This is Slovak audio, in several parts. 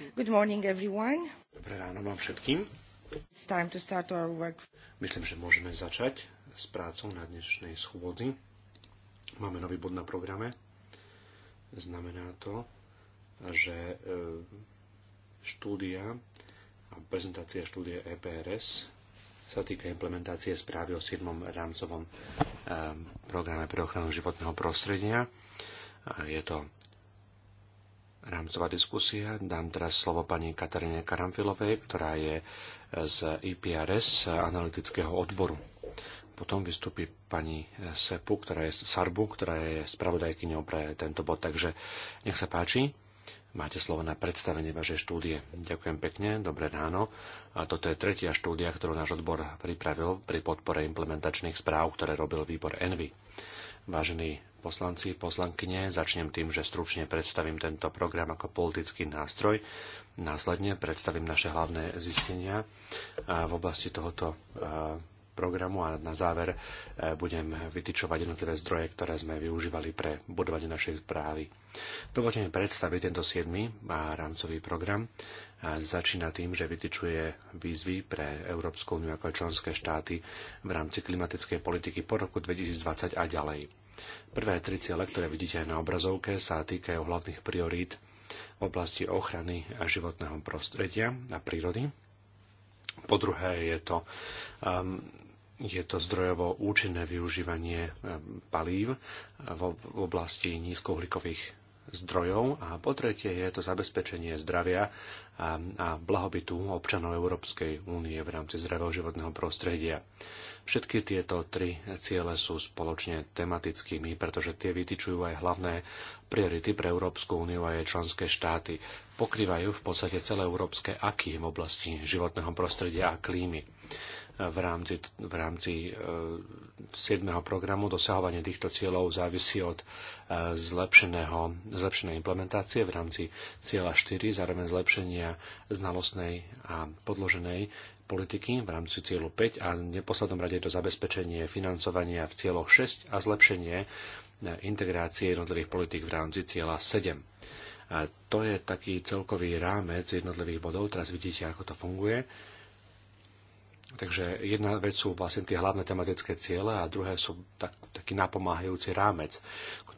Dobré ráno vám všetkým. It's time to start our work. Myslím, že môžeme začať s prácou na dnešnej schôdzi. Máme nový bod na programe. Znamená to, že e, štúdia a prezentácia štúdie EPRS sa týka implementácie správy o 7. rámcovom e, programe pre ochranu životného prostredia. Je to rámcová diskusia. Dám teraz slovo pani Katarine Karamfilovej, ktorá je e, z IPRS, e, analytického odboru. Potom vystúpi pani e, Sepu, ktorá je Sarbu, ktorá je spravodajkyňou pre tento bod. Takže nech sa páči. Máte slovo na predstavenie vašej štúdie. Ďakujem pekne, dobré ráno. A toto je tretia štúdia, ktorú náš odbor pripravil pri podpore implementačných správ, ktoré robil výbor Envy vážení poslanci, poslankyne. Začnem tým, že stručne predstavím tento program ako politický nástroj. Následne predstavím naše hlavné zistenia e, v oblasti tohoto e, programu a na záver e, budem vytičovať jednotlivé zdroje, ktoré sme využívali pre budovanie našej správy. Dovolte mi predstaviť tento 7. rámcový program. Začína tým, že vytičuje výzvy pre Európsku úniu ako členské štáty v rámci klimatickej politiky po roku 2020 a ďalej. Prvé tri ciele, ktoré vidíte aj na obrazovke, sa týkajú hlavných priorít v oblasti ochrany a životného prostredia a prírody. Po druhé je to, um, je to zdrojovo účinné využívanie um, palív uh, v oblasti nízkouhlíkových zdrojov a po tretie je to zabezpečenie zdravia a, um, a blahobytu občanov Európskej únie v rámci zdravého životného prostredia. Všetky tieto tri ciele sú spoločne tematickými, pretože tie vytyčujú aj hlavné priority pre Európsku úniu a jej členské štáty. Pokrývajú v podstate celé európske aky v oblasti životného prostredia a klímy v rámci, v rámci 7. E, programu dosahovanie týchto cieľov závisí od e, zlepšeného, zlepšenej implementácie v rámci cieľa 4, zároveň zlepšenia znalostnej a podloženej politiky v rámci cieľu 5 a v neposlednom rade je to zabezpečenie financovania v cieľoch 6 a zlepšenie e, integrácie jednotlivých politik v rámci cieľa 7. A to je taký celkový rámec jednotlivých bodov, teraz vidíte, ako to funguje. Takže jedna vec sú vlastne tie hlavné tematické ciele a druhé sú tak, taký napomáhajúci rámec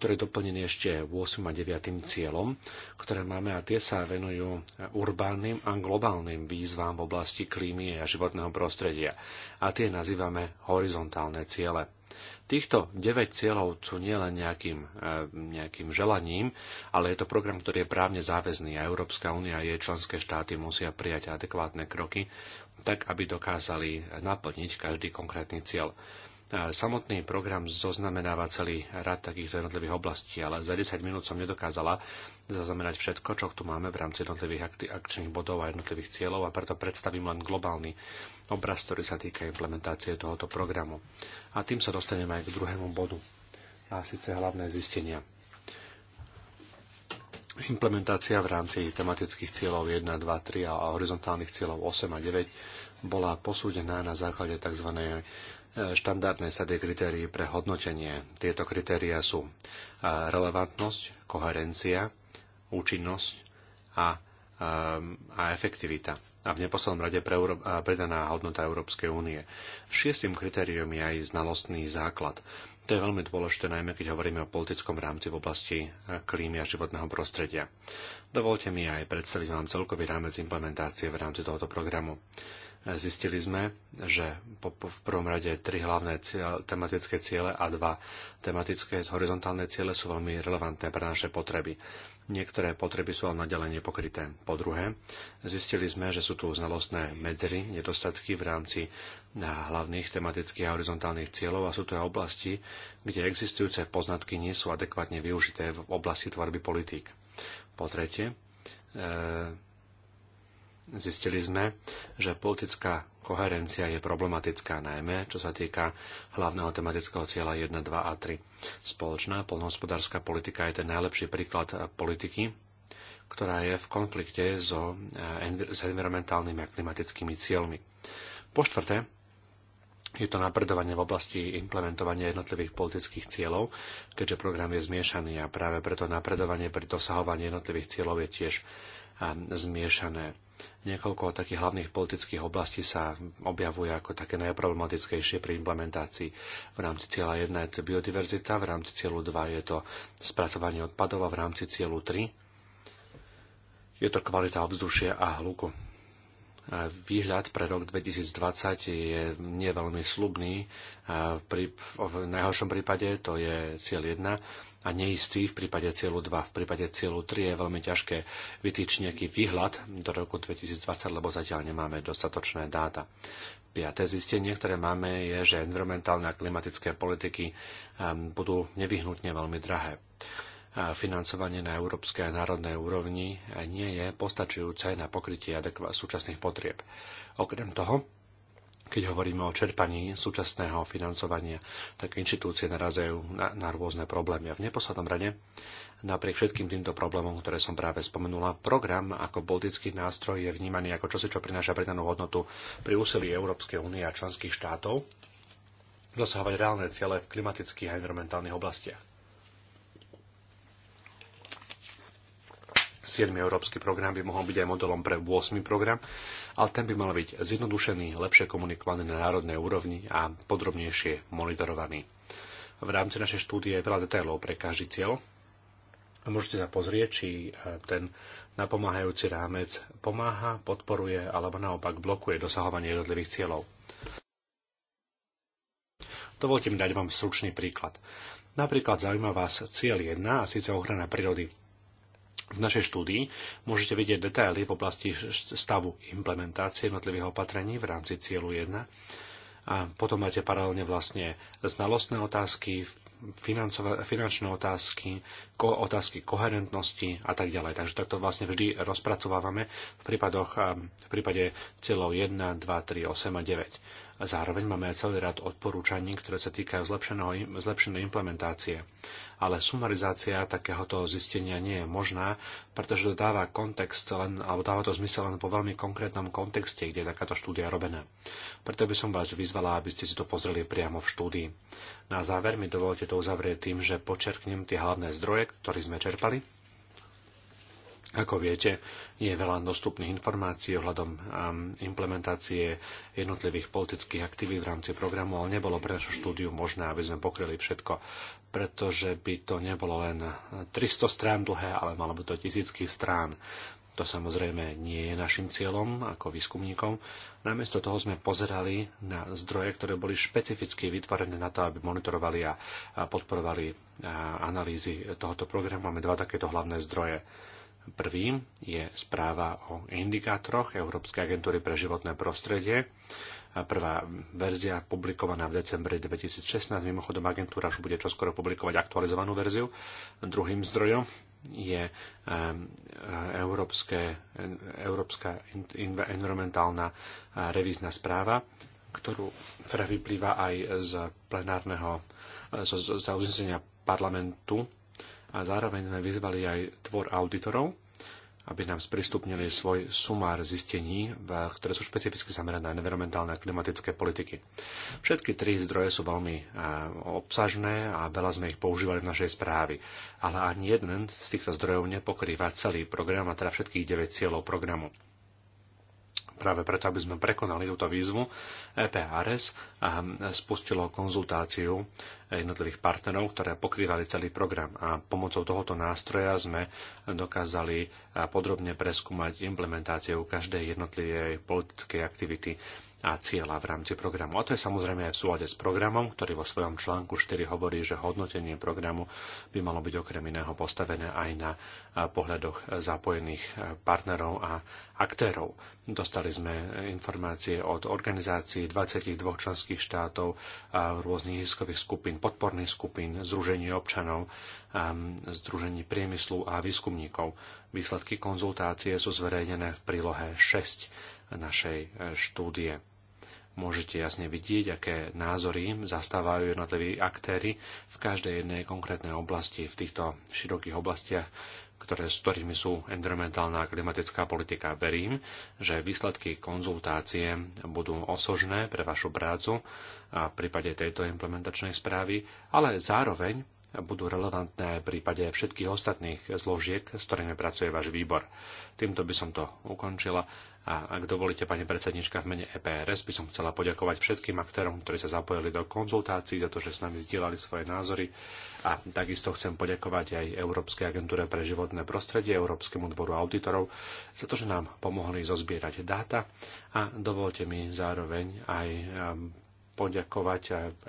ktorý je doplnený ešte 8 a 9 cieľom, ktoré máme a tie sa venujú urbánnym a globálnym výzvám v oblasti klímy a životného prostredia. A tie nazývame horizontálne ciele. Týchto 9 cieľov sú nielen nejakým, e, nejakým želaním, ale je to program, ktorý je právne záväzný a Európska únia a jej členské štáty musia prijať adekvátne kroky, tak aby dokázali naplniť každý konkrétny cieľ. Samotný program zoznamenáva celý rad takýchto jednotlivých oblastí, ale za 10 minút som nedokázala zaznamenať všetko, čo tu máme v rámci jednotlivých akčných bodov a jednotlivých cieľov a preto predstavím len globálny obraz, ktorý sa týka implementácie tohoto programu. A tým sa dostaneme aj k druhému bodu, a síce hlavné zistenia. Implementácia v rámci tematických cieľov 1, 2, 3 a horizontálnych cieľov 8 a 9 bola posúdená na základe tzv štandardné sady kritérií pre hodnotenie. Tieto kritéria sú relevantnosť, koherencia, účinnosť a, a efektivita a v neposlednom rade pre Euró- predaná hodnota Európskej únie. Šiestým kritériom je aj znalostný základ. To je veľmi dôležité, najmä keď hovoríme o politickom rámci v oblasti e, klímy a životného prostredia. Dovolte mi aj predstaviť vám celkový rámec implementácie v rámci tohoto programu. Zistili sme, že po, po, v prvom rade tri hlavné cieľ, tematické ciele a dva tematické horizontálne ciele sú veľmi relevantné pre naše potreby. Niektoré potreby sú ale naďalej nepokryté. Po druhé, zistili sme, že sú tu znalostné medzery, nedostatky v rámci eh, hlavných tematických a horizontálnych cieľov a sú to aj oblasti, kde existujúce poznatky nie sú adekvátne využité v oblasti tvorby politík. Po tretie, e Zistili sme, že politická koherencia je problematická najmä, čo sa týka hlavného tematického cieľa 1, 2 a 3. Spoločná polnohospodárska politika je ten najlepší príklad politiky, ktorá je v konflikte so, eh, s environmentálnymi a klimatickými cieľmi. Po štvrté, je to napredovanie v oblasti implementovania jednotlivých politických cieľov, keďže program je zmiešaný a práve preto napredovanie pri dosahovaní jednotlivých cieľov je tiež eh, zmiešané. Niekoľko takých hlavných politických oblastí sa objavuje ako také najproblematickejšie pri implementácii. V rámci cieľa 1 je to biodiverzita, v rámci cieľu 2 je to spracovanie odpadov a v rámci cieľu 3 je to kvalita ovzdušia a hluku výhľad pre rok 2020 je nie veľmi slubný. Pri, v najhoršom prípade to je cieľ 1 a neistý v prípade cieľu 2. V prípade cieľu 3 je veľmi ťažké vytýčiť nejaký výhľad do roku 2020, lebo zatiaľ nemáme dostatočné dáta. Piaté zistenie, ktoré máme, je, že environmentálne a klimatické politiky ehm, budú nevyhnutne veľmi drahé financovanie na európskej a národnej úrovni nie je postačujúce na pokrytie súčasných potrieb. Okrem toho, keď hovoríme o čerpaní súčasného financovania, tak inštitúcie narazajú na, na rôzne problémy. A v neposlednom rade, napriek všetkým týmto problémom, ktoré som práve spomenula, program ako politický nástroj je vnímaný ako čosi, čo prináša pridanú hodnotu pri úsilí Európskej únie a členských štátov dosahovať reálne ciele v klimatických a environmentálnych oblastiach. 7. európsky program by mohol byť aj modelom pre 8. program, ale ten by mal byť zjednodušený, lepšie komunikovaný na národnej úrovni a podrobnejšie monitorovaný. V rámci našej štúdie je veľa detailov pre každý cieľ. Môžete sa pozrieť, či e, ten napomáhajúci rámec pomáha, podporuje alebo naopak blokuje dosahovanie jednotlivých cieľov. Dovolte mi dať vám stručný príklad. Napríklad zaujíma vás cieľ 1, a síce ochrana prírody v našej štúdii môžete vidieť detaily v oblasti stavu implementácie jednotlivých opatrení v rámci cieľu 1 a potom máte paralelne vlastne znalostné otázky, finančné otázky, ko- otázky koherentnosti a tak ďalej. Takže takto vlastne vždy rozpracovávame v, prípadoch, v prípade cieľov 1, 2, 3, 8 a 9 a zároveň máme aj celý rad odporúčaní, ktoré sa týkajú zlepšenej implementácie. Ale sumarizácia takéhoto zistenia nie je možná, pretože to dáva kontext len, alebo dáva to zmysel len po veľmi konkrétnom kontexte, kde je takáto štúdia robená. Preto by som vás vyzvala, aby ste si to pozreli priamo v štúdii. Na záver mi dovolte to uzavrieť tým, že počerknem tie hlavné zdroje, ktoré sme čerpali. Ako viete, je veľa dostupných informácií ohľadom um, implementácie jednotlivých politických aktivít v rámci programu, ale nebolo pre našu štúdiu možné, aby sme pokryli všetko, pretože by to nebolo len 300 strán dlhé, ale malo by to tisícky strán. To samozrejme nie je našim cieľom ako výskumníkom. Namiesto toho sme pozerali na zdroje, ktoré boli špecificky vytvorené na to, aby monitorovali a podporovali analýzy tohoto programu. Máme dva takéto hlavné zdroje. Prvý je správa o indikátoroch Európskej agentúry pre životné prostredie. Prvá verzia publikovaná v decembri 2016. Mimochodom, agentúra už bude čoskoro publikovať aktualizovanú verziu. Druhým zdrojom je ehm, Európske, Európska environmentálna eh, revízna správa, ktorú, ktorá vyplýva aj z plenárneho, eh, z, z, z uznesenia parlamentu a zároveň sme vyzvali aj tvor auditorov, aby nám sprístupnili svoj sumár zistení, ktoré sú špecificky zamerané na environmentálne a klimatické politiky. Všetky tri zdroje sú veľmi obsažné a veľa sme ich používali v našej správy, ale ani jeden z týchto zdrojov nepokrýva celý program a teda všetkých 9 cieľov programu. Práve preto, aby sme prekonali túto výzvu, EPRS spustilo konzultáciu jednotlivých partnerov, ktoré pokrývali celý program. A pomocou tohoto nástroja sme dokázali eh, podrobne preskúmať implementáciu každej jednotlivej politickej aktivity a cieľa v rámci programu. A to je samozrejme aj v súlade s programom, ktorý vo svojom článku 4 hovorí, že hodnotenie programu by malo byť okrem iného postavené aj na eh, pohľadoch zapojených eh, partnerov a aktérov. Dostali sme informácie od organizácií 22 členských štátov, a rôznych hiskových skupín podporných skupín, združení občanov, združení priemyslu a výskumníkov. Výsledky konzultácie sú zverejnené v prílohe 6 našej e, štúdie. Môžete jasne vidieť, aké názory zastávajú jednotliví aktéry v každej jednej konkrétnej oblasti v týchto širokých oblastiach, ktoré, s ktorými sú environmentálna a klimatická politika. Verím, že výsledky konzultácie budú osožné pre vašu prácu a v prípade tejto implementačnej správy, ale zároveň budú relevantné aj v prípade všetkých ostatných zložiek, s ktorými pracuje váš výbor. Týmto by som to ukončila a ak dovolíte, pani predsednička, v mene EPRS by som chcela poďakovať všetkým aktérom, ktorí sa zapojili do konzultácií za to, že s nami zdieľali svoje názory a takisto chcem poďakovať aj Európskej agentúre pre životné prostredie, Európskemu dvoru auditorov za to, že nám pomohli zozbierať dáta a dovolte mi zároveň aj poďakovať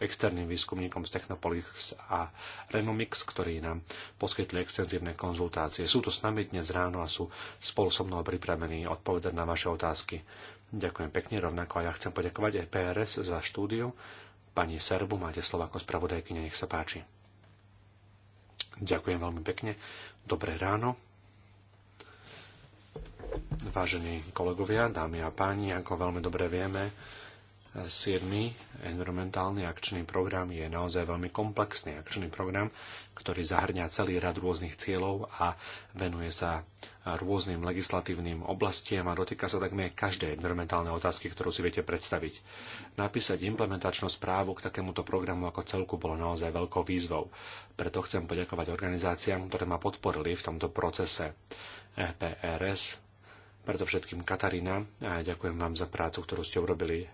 externým výskumníkom z Technopolis a Renomix, ktorí nám poskytli extenzívne konzultácie. Sú tu s nami dnes ráno a sú spolu so mnou pripravení odpovedať na vaše otázky. Ďakujem pekne, rovnako a ja chcem poďakovať aj PRS za štúdiu. Pani Serbu, máte slovo ako spravodajkyne, nech sa páči. Ďakujem veľmi pekne. Dobré ráno. Vážení kolegovia, dámy a páni, ako veľmi dobre vieme, 7. environmentálny akčný program je naozaj veľmi komplexný akčný program, ktorý zahrňa celý rad rôznych cieľov a venuje sa rôznym legislatívnym oblastiam a dotýka sa takmer každej environmentálnej otázky, ktorú si viete predstaviť. Napísať implementačnú správu k takémuto programu ako celku bolo naozaj veľkou výzvou. Preto chcem poďakovať organizáciám, ktoré ma podporili v tomto procese. EPRS, predovšetkým Katarína, a ďakujem vám za prácu, ktorú ste urobili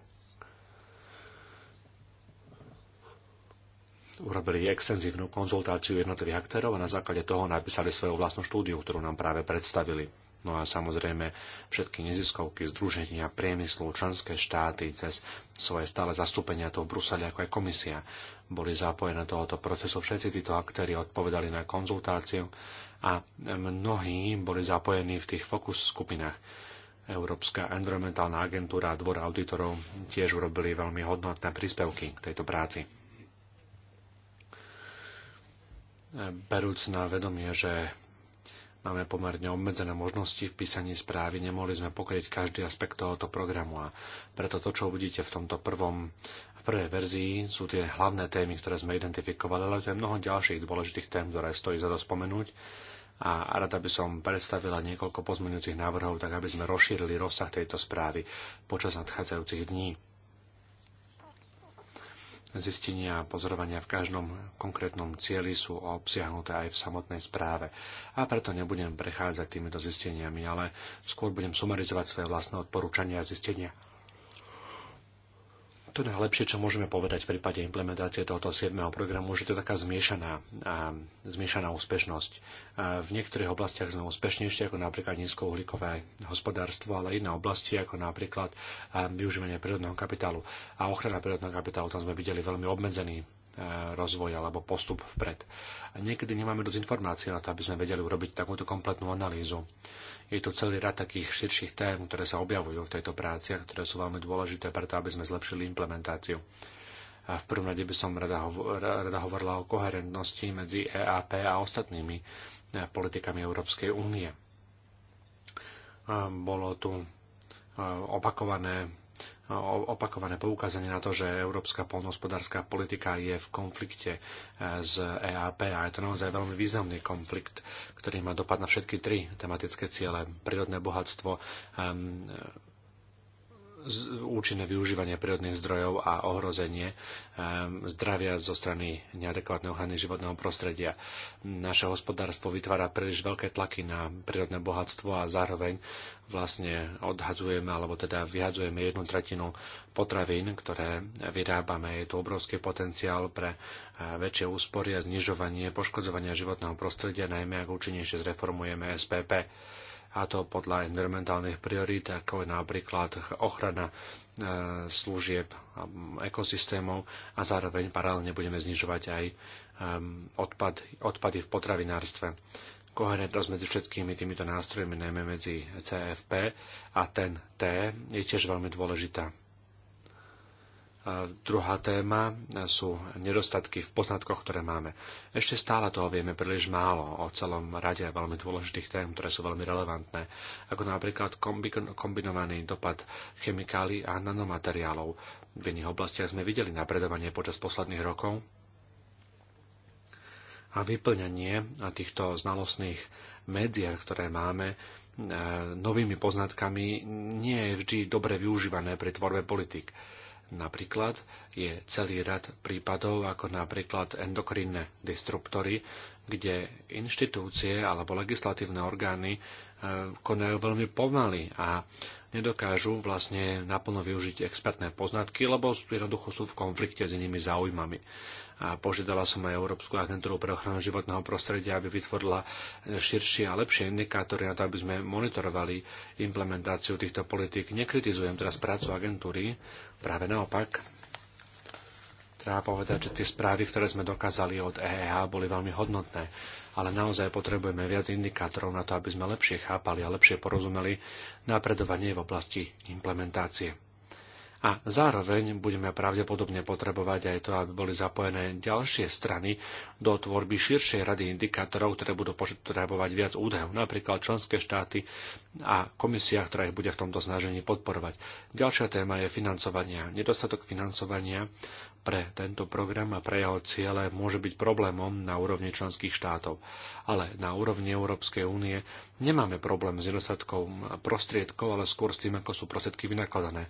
urobili extenzívnu konzultáciu jednotlivých aktérov a na základe toho napísali svoju vlastnú štúdiu, ktorú nám práve predstavili. No a samozrejme všetky neziskovky, združenia, priemyslu, členské štáty cez svoje stále zastúpenia to v Bruseli, ako aj komisia, boli zapojené do tohoto procesu. Všetci títo aktéry odpovedali na konzultáciu a mnohí boli zapojení v tých fokus skupinách. Európska environmentálna agentúra a dvor auditorov tiež urobili veľmi hodnotné príspevky k tejto práci. berúc na vedomie, že máme pomerne obmedzené možnosti v písaní správy, nemohli sme pokryť každý aspekt tohoto programu a preto to, čo uvidíte v tomto prvom v prvej verzii sú tie hlavné témy, ktoré sme identifikovali, ale to je mnoho ďalších dôležitých tém, ktoré stojí za to spomenúť. A rada by som predstavila niekoľko pozmeňujúcich návrhov, tak aby sme rozšírili rozsah tejto správy počas nadchádzajúcich dní. Zistenia a pozorovania v každom konkrétnom cieli sú obsiahnuté aj v samotnej správe a preto nebudem prechádzať týmito zisteniami, ale skôr budem sumarizovať svoje vlastné odporúčania a zistenia to najlepšie, čo môžeme povedať v prípade implementácie tohoto 7. programu, že to je taká zmiešaná, a, zmiešaná úspešnosť. A v niektorých oblastiach sme úspešnejšie, ako napríklad nízkouhlíkové hospodárstvo, ale iné oblasti, ako napríklad a, využívanie prírodného kapitálu a ochrana prírodného kapitálu, tam sme videli veľmi obmedzený rozvoj alebo postup vpred. A niekedy nemáme dosť informácií na to, aby sme vedeli urobiť takúto kompletnú analýzu. Je tu celý rad takých širších tém, ktoré sa objavujú v tejto práci a ktoré sú veľmi dôležité preto, aby sme zlepšili implementáciu. A v prvom rade by som rada, hovor, rada hovorila o koherentnosti medzi EAP a ostatnými e, politikami Európskej únie. Bolo tu e, opakované opakované poukázanie na to, že európska polnohospodárska politika je v konflikte e, s EAP a je to naozaj veľmi významný konflikt, ktorý má dopad na všetky tri tematické ciele. Prírodné bohatstvo, e, účinné využívanie prírodných zdrojov a ohrozenie eh, zdravia zo strany neadekvátnej ochrany životného prostredia. Naše hospodárstvo vytvára príliš veľké tlaky na prírodné bohatstvo a zároveň vlastne odhadzujeme alebo teda vyhadzujeme jednu tretinu potravín, ktoré vyrábame. Je tu obrovský potenciál pre eh, väčšie úspory a znižovanie poškodzovania životného prostredia, najmä ak účinnejšie zreformujeme SPP a to podľa environmentálnych priorít, ako je napríklad ochrana e, služieb a ekosystémov a zároveň paralelne budeme znižovať aj e, odpad, odpady v potravinárstve. Koherentnosť medzi všetkými týmito nástrojmi, najmä medzi CFP a TEN-T, je tiež veľmi dôležitá. Druhá téma e, sú nedostatky v poznatkoch, ktoré máme. Ešte stále toho vieme príliš málo o celom rade veľmi dôležitých tém, ktoré sú veľmi relevantné, ako napríklad kombinovaný dopad chemikálií a nanomateriálov. V iných oblastiach sme videli napredovanie počas posledných rokov a vyplňanie týchto znalostných médiách, ktoré máme, e, novými poznatkami nie je vždy dobre využívané pri tvorbe politik. Napríklad je celý rad prípadov, ako napríklad endokrinné disruptory, kde inštitúcie alebo legislatívne orgány e, konajú veľmi pomaly a nedokážu vlastne naplno využiť expertné poznatky, lebo jednoducho sú v konflikte s inými záujmami. A požiadala som aj Európsku agentúru pre ochranu životného prostredia, aby vytvorila širšie a lepšie indikátory na to, aby sme monitorovali implementáciu týchto politík. Nekritizujem teraz prácu agentúry, Práve naopak, treba povedať, že tie správy, ktoré sme dokázali od EEH, boli veľmi hodnotné, ale naozaj potrebujeme viac indikátorov na to, aby sme lepšie chápali a lepšie porozumeli napredovanie v oblasti implementácie a zároveň budeme pravdepodobne potrebovať aj to, aby boli zapojené ďalšie strany do tvorby širšej rady indikátorov, ktoré budú potrebovať viac údajov, napríklad členské štáty a komisia, ktorá ich bude v tomto snažení podporovať. Ďalšia téma je financovania. Nedostatok financovania pre tento program a pre jeho ciele môže byť problémom na úrovni členských štátov. Ale na úrovni Európskej únie nemáme problém s nedostatkom prostriedkov, ale skôr s tým, ako sú prostriedky vynakladané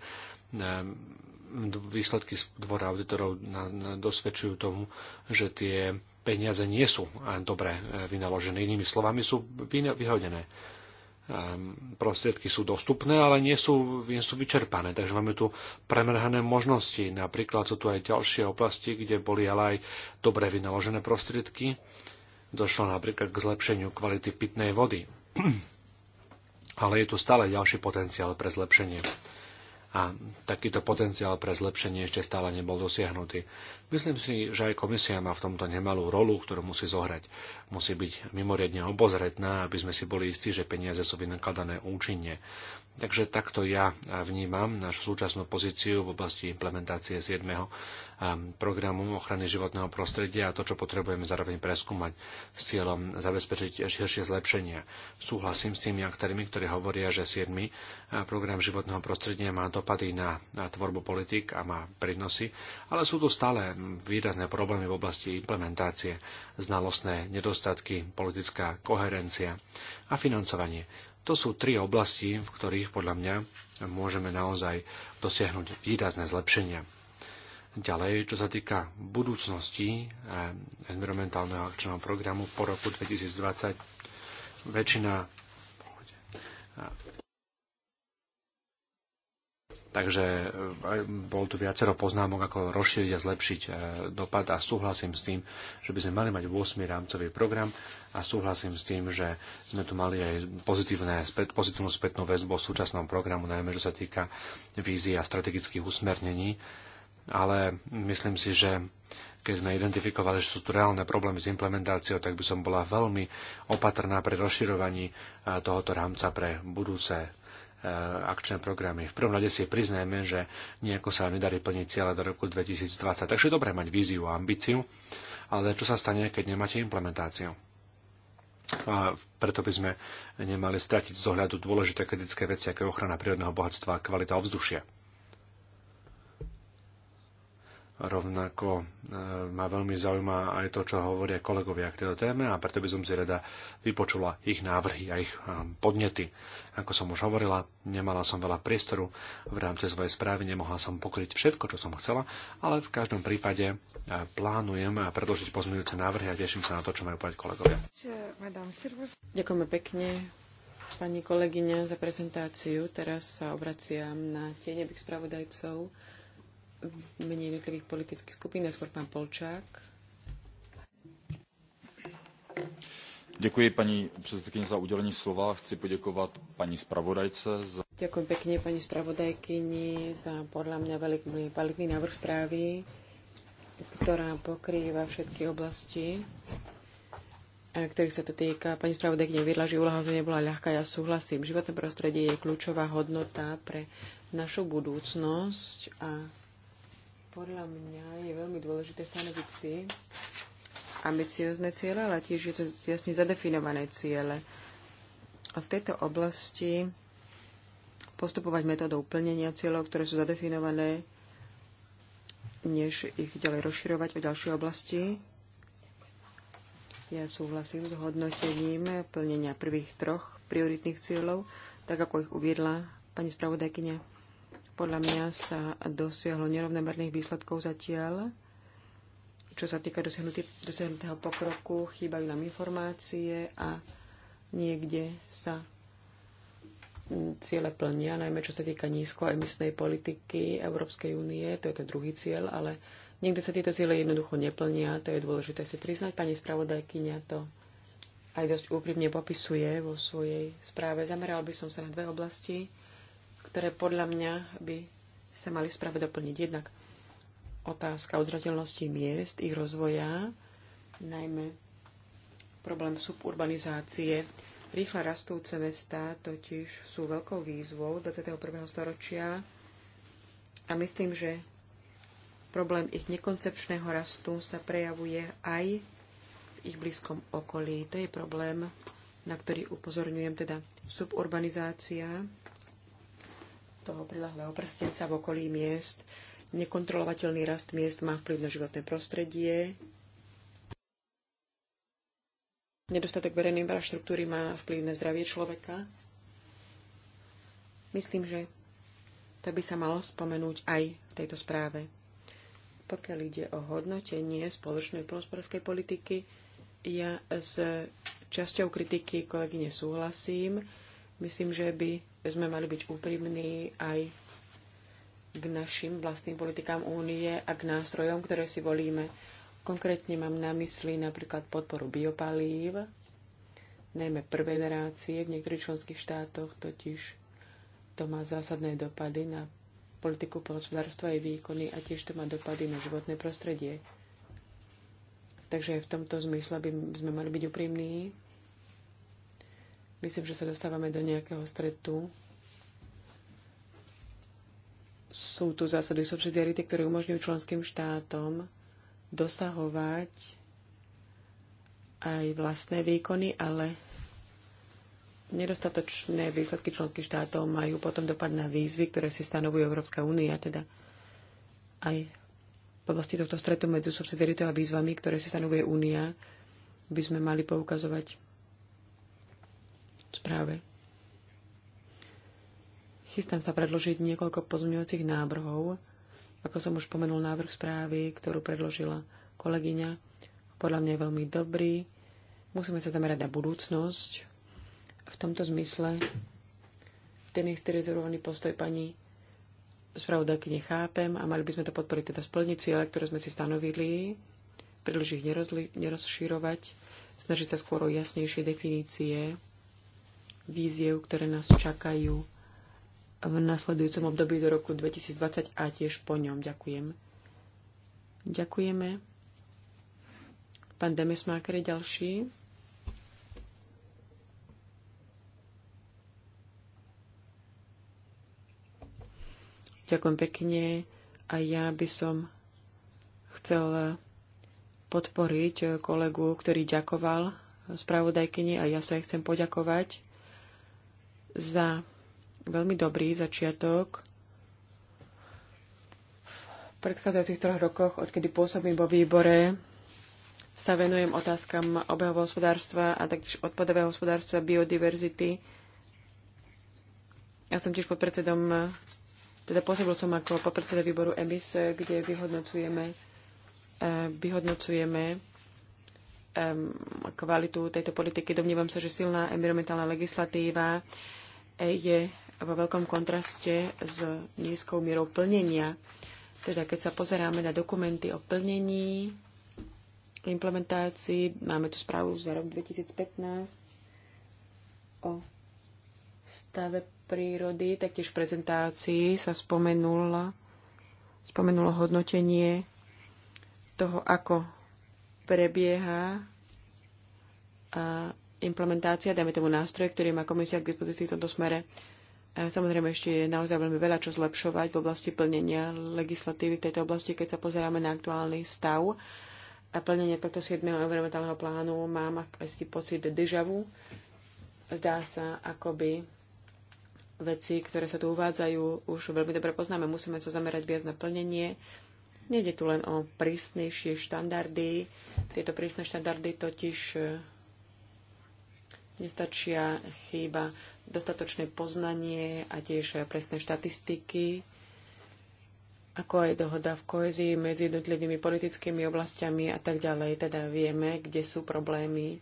výsledky z dvora auditorov dosvedčujú tomu, že tie peniaze nie sú dobre e, vynaložené. Inými slovami sú vyhodené. Ehm, prostriedky sú dostupné, ale nie sú, nie sú vyčerpané. Takže máme tu premrhané možnosti. Napríklad sú tu aj ďalšie oblasti, kde boli ale aj dobre vynaložené prostriedky. Došlo napríklad k zlepšeniu kvality pitnej vody. ale je tu stále ďalší potenciál pre zlepšenie a takýto potenciál pre zlepšenie ešte stále nebol dosiahnutý. Myslím si, že aj komisia má v tomto nemalú rolu, ktorú musí zohrať. Musí byť mimoriadne obozretná, aby sme si boli istí, že peniaze sú vynakladané účinne. Takže takto ja vnímam našu súčasnú pozíciu v oblasti implementácie 7. Ehm, programu ochrany životného prostredia a to, čo potrebujeme zároveň preskúmať s cieľom zabezpečiť širšie zlepšenia. Súhlasím s tými aktérmi, ktorí hovoria, že 7. Eh, program životného prostredia má dopady na tvorbu politik a má prínosy, ale sú tu stále hm, výrazné problémy v oblasti implementácie, znalostné nedostatky, politická koherencia a financovanie. To sú tri oblasti, v ktorých podľa mňa môžeme naozaj dosiahnuť výrazné zlepšenia. Ďalej, čo sa týka budúcnosti eh, environmentálneho akčného programu po roku 2020, väčšina eh, Takže eh, bol tu viacero poznámok, ako rozšíriť a zlepšiť eh, dopad a súhlasím s tým, že by sme mali mať 8. rámcový program a súhlasím s tým, že sme tu mali aj pozitívne, pozitívnu spätnú väzbu v súčasnom programu, najmä čo sa týka vízie a strategických usmernení. Ale myslím si, že keď sme identifikovali, že sú tu reálne problémy s implementáciou, tak by som bola veľmi opatrná pri rozširovaní eh, tohoto rámca pre budúce Eh, akčné programy. V prvom rade si priznajme, že nejako sa nedarí plniť cieľa do roku 2020. Takže je dobré mať víziu a ambíciu, ale čo sa stane, keď nemáte implementáciu? A preto by sme nemali stratiť z dohľadu dôležité kritické veci, ako je ochrana prírodného bohatstva a kvalita ovzdušia. Rovnako e, ma veľmi zaujíma aj to, čo hovoria kolegovia k tejto téme a preto by som si rada vypočula ich návrhy a ich e, podnety. Ako som už hovorila, nemala som veľa priestoru v rámci svojej správy, nemohla som pokryť všetko, čo som chcela, ale v každom prípade e, plánujem predložiť pozmeňujúce návrhy a teším sa na to, čo majú povedať kolegovia. Ďakujeme pekne pani kolegyňa za prezentáciu. Teraz sa obraciam na tieňových spravodajcov menej jednotlivých politických skupín, skôr pán Polčák. Děkuji paní předsedkyně za udělení slova. Chci poděkovat paní spravodajce za... Ďakujem pekne pani spravodajkyni za podľa mňa veľmi kvalitný návrh správy, ktorá pokrýva všetky oblasti, ktorých sa to týka. Pani spravodajkyňa uviedla, že úloha zóne bola ľahká, ja súhlasím. Životné prostredie je kľúčová hodnota pre našu budúcnosť a podľa mňa je veľmi dôležité stanoviť si ambiciozne ciele, ale tiež je to jasne zadefinované ciele. A v tejto oblasti postupovať metodou plnenia cieľov, ktoré sú zadefinované, než ich ďalej rozširovať o ďalšie oblasti. Ja súhlasím s hodnotením plnenia prvých troch prioritných cieľov, tak ako ich uviedla pani spravodajkyňa. Podľa mňa sa dosiahlo nerovnomerných výsledkov zatiaľ. Čo sa týka dosiahnutého pokroku, chýbajú nám informácie a niekde sa ciele plnia, najmä čo sa týka nízkoemisnej politiky Európskej únie, to je ten druhý cieľ, ale niekde sa tieto ciele jednoducho neplnia, to je dôležité si priznať. Pani spravodajkyňa to aj dosť úprimne popisuje vo svojej správe. Zameral by som sa na dve oblasti ktoré podľa mňa by sa mali v správe doplniť. Jednak otázka udržateľnosti miest, ich rozvoja, najmä problém suburbanizácie. Rýchle rastúce mesta totiž sú veľkou výzvou 21. storočia a myslím, že problém ich nekoncepčného rastu sa prejavuje aj v ich blízkom okolí. To je problém, na ktorý upozorňujem, teda suburbanizácia toho prilahlého prstenca v okolí miest. Nekontrolovateľný rast miest má vplyv na životné prostredie. Nedostatok verejnej infraštruktúry má vplyv na zdravie človeka. Myslím, že to by sa malo spomenúť aj v tejto správe. Pokiaľ ide o hodnotenie spoločnej polospodárskej politiky, ja s časťou kritiky kolegyne súhlasím. Myslím, že by sme mali byť úprimní aj k našim vlastným politikám únie a k nástrojom, ktoré si volíme. Konkrétne mám na mysli napríklad podporu biopalív, najmä prvé generácie v niektorých členských štátoch, totiž to má zásadné dopady na politiku pohospodárstva aj výkony a tiež to má dopady na životné prostredie. Takže v tomto zmysle by sme mali byť úprimní Myslím, že sa dostávame do nejakého stretu. Sú tu zásady subsidiarity, ktoré umožňujú členským štátom dosahovať aj vlastné výkony, ale nedostatočné výsledky členských štátov majú potom dopad na výzvy, ktoré si stanovuje Európska únia, teda aj v oblasti tohto stretu medzi subsidiaritou a výzvami, ktoré si stanovuje únia, by sme mali poukazovať správe. Chystám sa predložiť niekoľko pozmeňujúcich návrhov. Ako som už pomenul návrh správy, ktorú predložila kolegyňa, podľa mňa je veľmi dobrý. Musíme sa zamerať na budúcnosť. V tomto zmysle ten istý rezervovaný postoj pani spravodajky nechápem a mali by sme to podporiť, teda splniť cieľe, ktoré sme si stanovili, príliš ich nerozširovať, snažiť sa skôr o jasnejšie definície víziev, ktoré nás čakajú v nasledujúcom období do roku 2020 a tiež po ňom. Ďakujem. Ďakujeme. Pán Demesmáker je ďalší. Ďakujem pekne. A ja by som chcel podporiť kolegu, ktorý ďakoval spravodajkyni a ja sa jej chcem poďakovať za veľmi dobrý začiatok v predchádzajúcich troch rokoch, odkedy pôsobím vo výbore, sa venujem otázkam obehového hospodárstva a taktiež odpadového hospodárstva, biodiverzity. Ja som tiež podpredsedom, teda pôsobil som ako podpredseda výboru EMIS, kde vyhodnocujeme, eh, vyhodnocujeme Um, kvalitu tejto politiky. Domnívam sa, že silná environmentálna legislatíva eh, je vo veľkom kontraste s nízkou mierou plnenia. Teda keď sa pozeráme na dokumenty o plnení, implementácii, máme tu správu za rok 2015 o stave prírody, taktiež v prezentácii sa spomenula, spomenulo hodnotenie toho, ako prebieha implementácia, dajme tomu nástroj, ktorý má komisia k dispozícii v tomto smere. Samozrejme, ešte je naozaj veľmi veľa čo zlepšovať v oblasti plnenia legislatívy v tejto oblasti, keď sa pozeráme na aktuálny stav. A plnenie tohto 7. environmentálneho plánu mám akýsi pocit vu. Zdá sa, akoby veci, ktoré sa tu uvádzajú, už veľmi dobre poznáme. Musíme sa zamerať viac na plnenie. Nede tu len o prísnejšie štandardy, tieto prísne štandardy totiž e, nestačia, chýba dostatočné poznanie a tiež presné štatistiky, ako aj dohoda v kohezii medzi jednotlivými politickými oblastiami a tak ďalej. Teda vieme, kde sú problémy.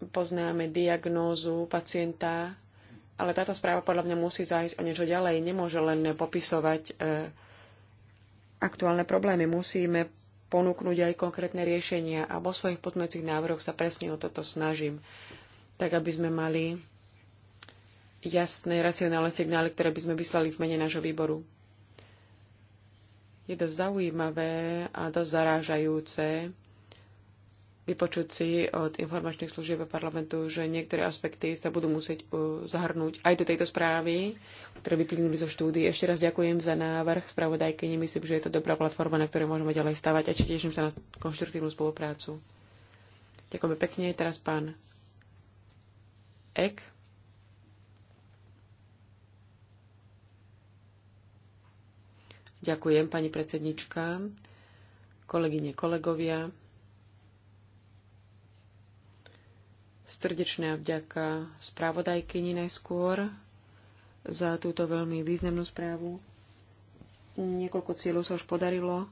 Poznáme diagnózu pacienta, ale táto správa podľa mňa musí zájsť o niečo ďalej. Nemôže len popisovať e, aktuálne problémy. Musíme ponúknuť aj konkrétne riešenia a vo svojich podmecích návrhoch sa presne o toto snažím, tak aby sme mali jasné, racionálne signály, ktoré by sme vyslali v mene nášho výboru. Je dosť zaujímavé a dosť zarážajúce, vypočuť si od informačných služieb parlamentu, že niektoré aspekty sa budú musieť uh, zahrnúť aj do tejto správy, ktoré vyplynuli zo štúdie. Ešte raz ďakujem za návrh spravodajky. Myslím, že je to dobrá platforma, na ktorej môžeme ďalej stavať a teším sa na konštruktívnu spoluprácu. Ďakujem pekne. Teraz pán Ek. Ďakujem, pani predsednička, kolegyne, kolegovia. Srdečná vďaka správodajkyni najskôr za túto veľmi významnú správu. Niekoľko cieľov sa už podarilo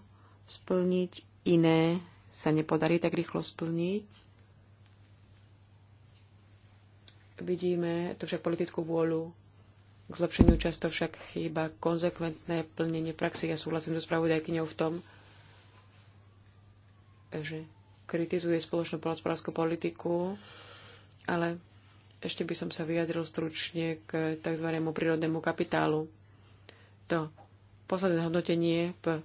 splniť, iné sa nepodarí tak rýchlo splniť. Vidíme tu však politickú vôľu k zlepšeniu často však chýba konzekventné plnenie praxi. Ja súhlasím so spravodajkyňou v tom, že kritizuje spoločnú polospodárskú politiku ale ešte by som sa vyjadril stručne k tzv. prírodnému kapitálu. To posledné hodnotenie v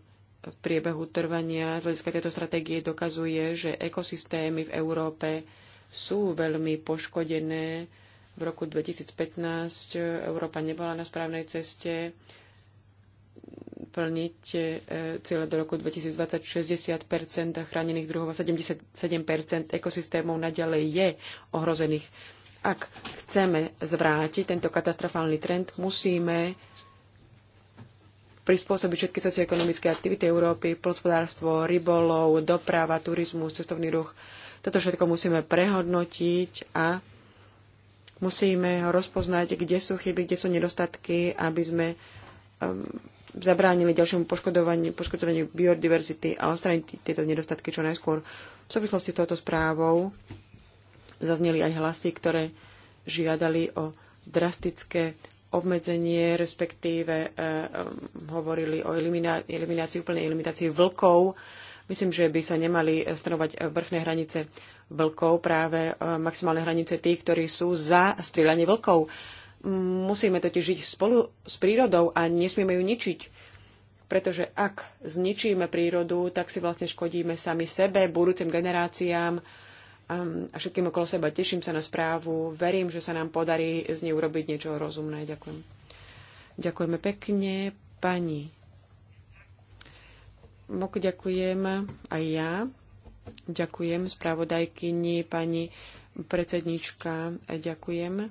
priebehu trvania z hľadiska tejto stratégie dokazuje, že ekosystémy v Európe sú veľmi poškodené. V roku 2015 Európa nebola na správnej ceste, plniť e, cieľe do roku 2020 60 chránených druhov a 77 ekosystémov naďalej je ohrozených. Ak chceme zvrátiť tento katastrofálny trend, musíme prispôsobiť všetky socioekonomické aktivity Európy, hospodárstvo, rybolov, doprava, turizmus, cestovný ruch. Toto všetko musíme prehodnotiť a musíme rozpoznať, kde sú chyby, kde sú nedostatky, aby sme um, zabránili ďalšiemu poškodovaniu, poškodovaniu biodiverzity a odstrániť tieto nedostatky čo najskôr. V súvislosti s touto správou zazneli aj hlasy, ktoré žiadali o drastické obmedzenie, respektíve um, hovorili o eliminá- eliminácii, úplnej eliminácii vlkov. Myslím, že by sa nemali eh, stanovať eh, vrchné hranice vlkov, práve maximálne hranice tých, ktorí sú za strieľanie vlkov. Musíme totiž žiť spolu s prírodou a nesmieme ju ničiť. Pretože ak zničíme prírodu, tak si vlastne škodíme sami sebe, budúcim generáciám um, a všetkým okolo seba. Teším sa na správu, verím, že sa nám podarí z nej urobiť niečo rozumné. Ďakujem. Ďakujeme pekne. Pani. Moku ďakujem aj ja. Ďakujem spravodajkyni, pani predsednička. Ďakujem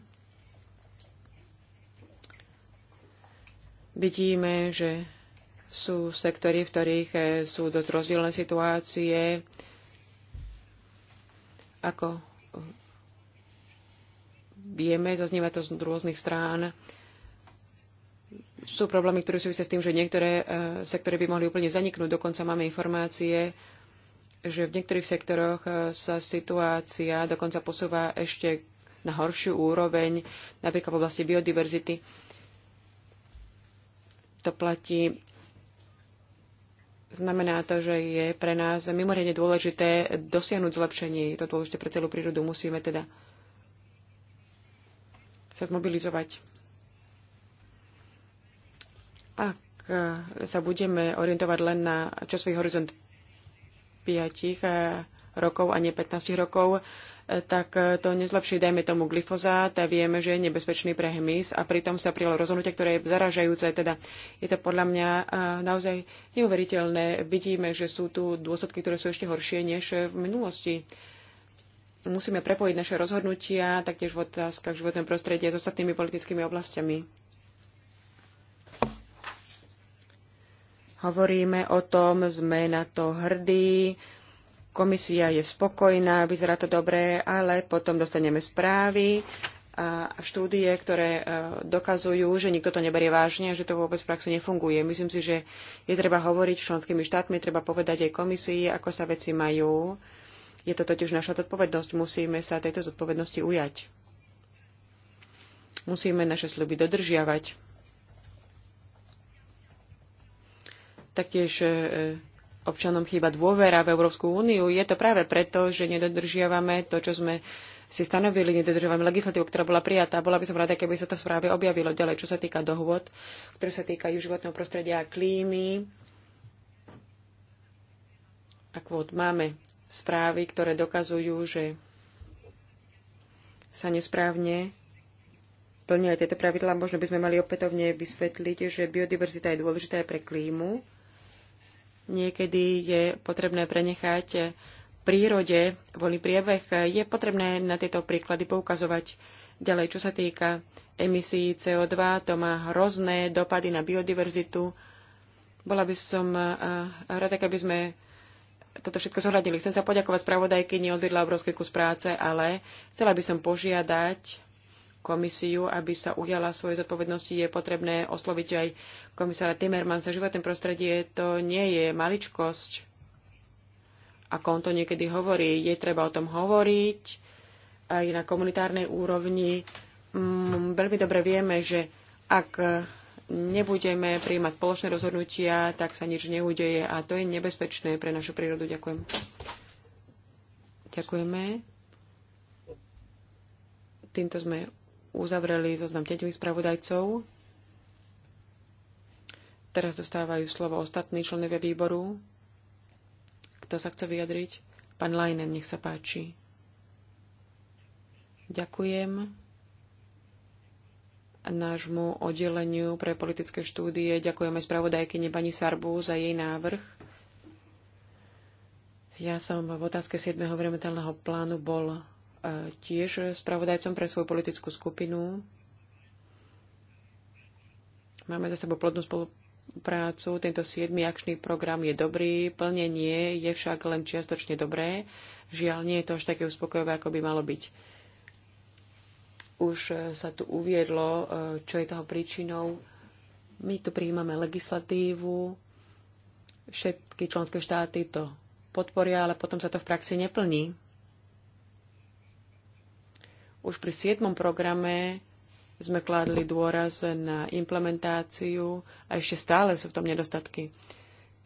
Vidíme, že sú sektory, v ktorých eh, sú dosť rozdielne situácie, ako eh, vieme, zaznieva to z rôznych strán. Sú problémy, ktoré súvisia s tým, že niektoré eh, sektory by mohli úplne zaniknúť. Dokonca máme informácie, že v niektorých sektoroch sa situácia dokonca posúva ešte na horšiu úroveň, napríklad v oblasti biodiverzity to platí. Znamená to, že je pre nás mimoriadne dôležité dosiahnuť zlepšenie. Je to dôležité pre celú prírodu. Musíme teda sa zmobilizovať. Ak sa budeme orientovať len na časový horizont 5 rokov a nie 15 rokov, tak e, to nezlepší, dajme tomu, glyfozát a vieme, že je nebezpečný pre hmyz a pritom sa prijalo rozhodnutie, ktoré je zaražajúce. Teda je to podľa mňa e, naozaj neuveriteľné. Vidíme, že sú tu dôsledky, ktoré sú ešte horšie než v minulosti. Musíme prepojiť naše rozhodnutia taktiež v otázkach životného prostredia s ostatnými politickými oblastiami. Hovoríme o tom, sme na to hrdí, Komisia je spokojná, vyzerá to dobre, ale potom dostaneme správy a štúdie, ktoré e, dokazujú, že nikto to neberie vážne a že to vôbec v praxi nefunguje. Myslím si, že je treba hovoriť s členskými štátmi, treba povedať aj komisii, ako sa veci majú. Je to totiž naša zodpovednosť, musíme sa tejto zodpovednosti ujať. Musíme naše sľuby dodržiavať. Taktiež e, občanom chýba dôvera v Európsku úniu, je to práve preto, že nedodržiavame to, čo sme si stanovili, nedodržiavame legislatívu, ktorá bola prijatá. Bola by som rada, keby sa to v správe objavilo ďalej, čo sa týka dohôd, ktoré sa týkajú životného prostredia a klímy. A kvót máme správy, ktoré dokazujú, že sa nesprávne plnia tieto pravidlá. Možno by sme mali opätovne vysvetliť, že biodiverzita je dôležitá aj pre klímu Niekedy je potrebné prenechať prírode voľný priebeh. Je potrebné na tieto príklady poukazovať. Ďalej, čo sa týka emisí CO2, to má hrozné dopady na biodiverzitu. Bola by som eh, rada, keby sme toto všetko zohľadnili. Chcem sa poďakovať spravodajky, neodvedla obrovský kus práce, ale chcela by som požiadať komisiu, aby sa ujala svoje zodpovednosti, je potrebné osloviť aj komisára Timmermansa. Životné prostredie to nie je maličkosť, ako on to niekedy hovorí. Je treba o tom hovoriť aj na komunitárnej úrovni. Mm, veľmi dobre vieme, že ak nebudeme prijímať spoločné rozhodnutia, tak sa nič neudeje a to je nebezpečné pre našu prírodu. Ďakujem. Ďakujeme. Týmto sme uzavreli zoznam tieňových spravodajcov. Teraz dostávajú slovo ostatní členovia výboru. Kto sa chce vyjadriť? Pán Lajnen, nech sa páči. Ďakujem nášmu oddeleniu pre politické štúdie. Ďakujeme spravodajkyni pani Sarbu za jej návrh. Ja som v otázke 7. environmentálneho plánu bol E, tiež spravodajcom pre svoju politickú skupinu. Máme za sebou plodnú spoluprácu. Tento 7. akčný program je dobrý, plnenie je však len čiastočne dobré. Žiaľ, nie je to až také uspokojové, ako by malo byť. Už e, sa tu uviedlo, e, čo je toho príčinou. My tu prijímame legislatívu, všetky členské štáty to podporia, ale potom sa to v praxi neplní už pri 7. programe sme kládli dôraz na implementáciu a ešte stále sú v tom nedostatky.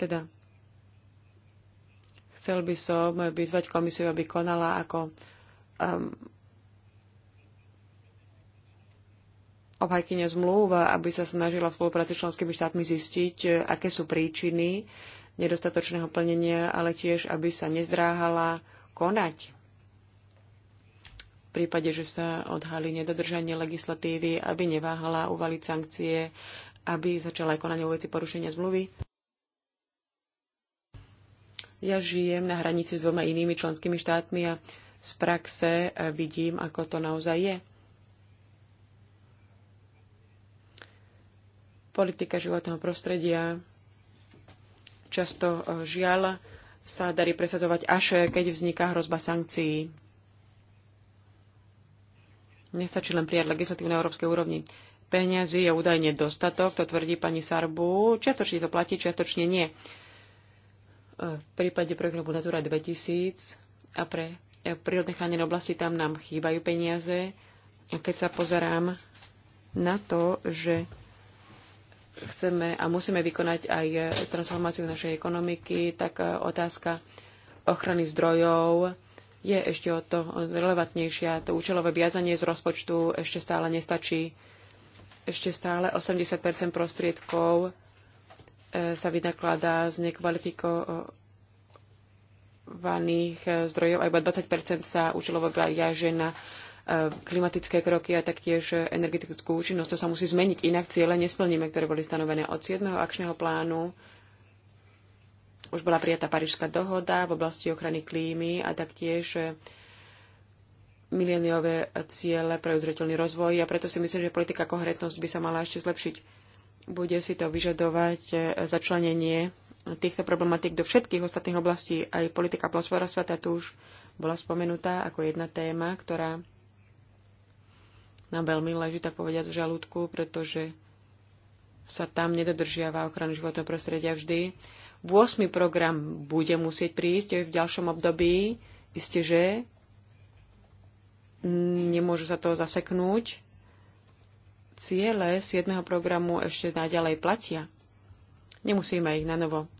Teda chcel by som vyzvať komisiu, aby konala ako um, obhajkynia zmluv, aby sa snažila v spolupráci s členskými štátmi zistiť, aké sú príčiny nedostatočného plnenia, ale tiež, aby sa nezdráhala konať prípade, že sa odhalí nedodržanie legislatívy, aby neváhala uvaliť sankcie, aby začala aj konanie veci porušenia zmluvy? Ja žijem na hranici s dvoma inými členskými štátmi a z praxe vidím, ako to naozaj je. Politika životného prostredia často eh, žiaľ sa darí presadzovať až eh, keď vzniká hrozba sankcií Nestačí len prijať legislatívu na európskej úrovni. Peňazí je údajne dostatok, to tvrdí pani Sarbu. Čiastočne to platí, čiastočne nie. E, v prípade programu Natura 2000 a pre e, prírodné chránené oblasti tam nám chýbajú peniaze. A keď sa pozerám na to, že chceme a musíme vykonať aj transformáciu našej ekonomiky, tak e, otázka ochrany zdrojov je ešte o to relevantnejšia. To účelové viazanie z rozpočtu ešte stále nestačí. Ešte stále 80 prostriedkov e, sa vynakladá z nekvalifikovaných e, zdrojov a iba 20 sa účelovo viaže na e, klimatické kroky a taktiež energetickú účinnosť. To sa musí zmeniť, inak ciele nesplníme, ktoré boli stanovené od 7. akčného plánu už bola prijatá Parížská dohoda v oblasti ochrany klímy a taktiež eh, mileniové ciele pre uzretelný rozvoj a preto si myslím, že politika koherentnosť by sa mala ešte zlepšiť. Bude si to vyžadovať eh, začlenenie týchto problematík do všetkých ostatných oblastí. Aj politika plnospodárstva tá tu už bola spomenutá ako jedna téma, ktorá nám veľmi leží, tak povediať, v žalúdku, pretože sa tam nedodržiava ochranu životného prostredia vždy. 8. program bude musieť prísť v ďalšom období. Isté, že nemôže sa to zaseknúť. Ciele 7. programu ešte naďalej platia. Nemusíme ich na novo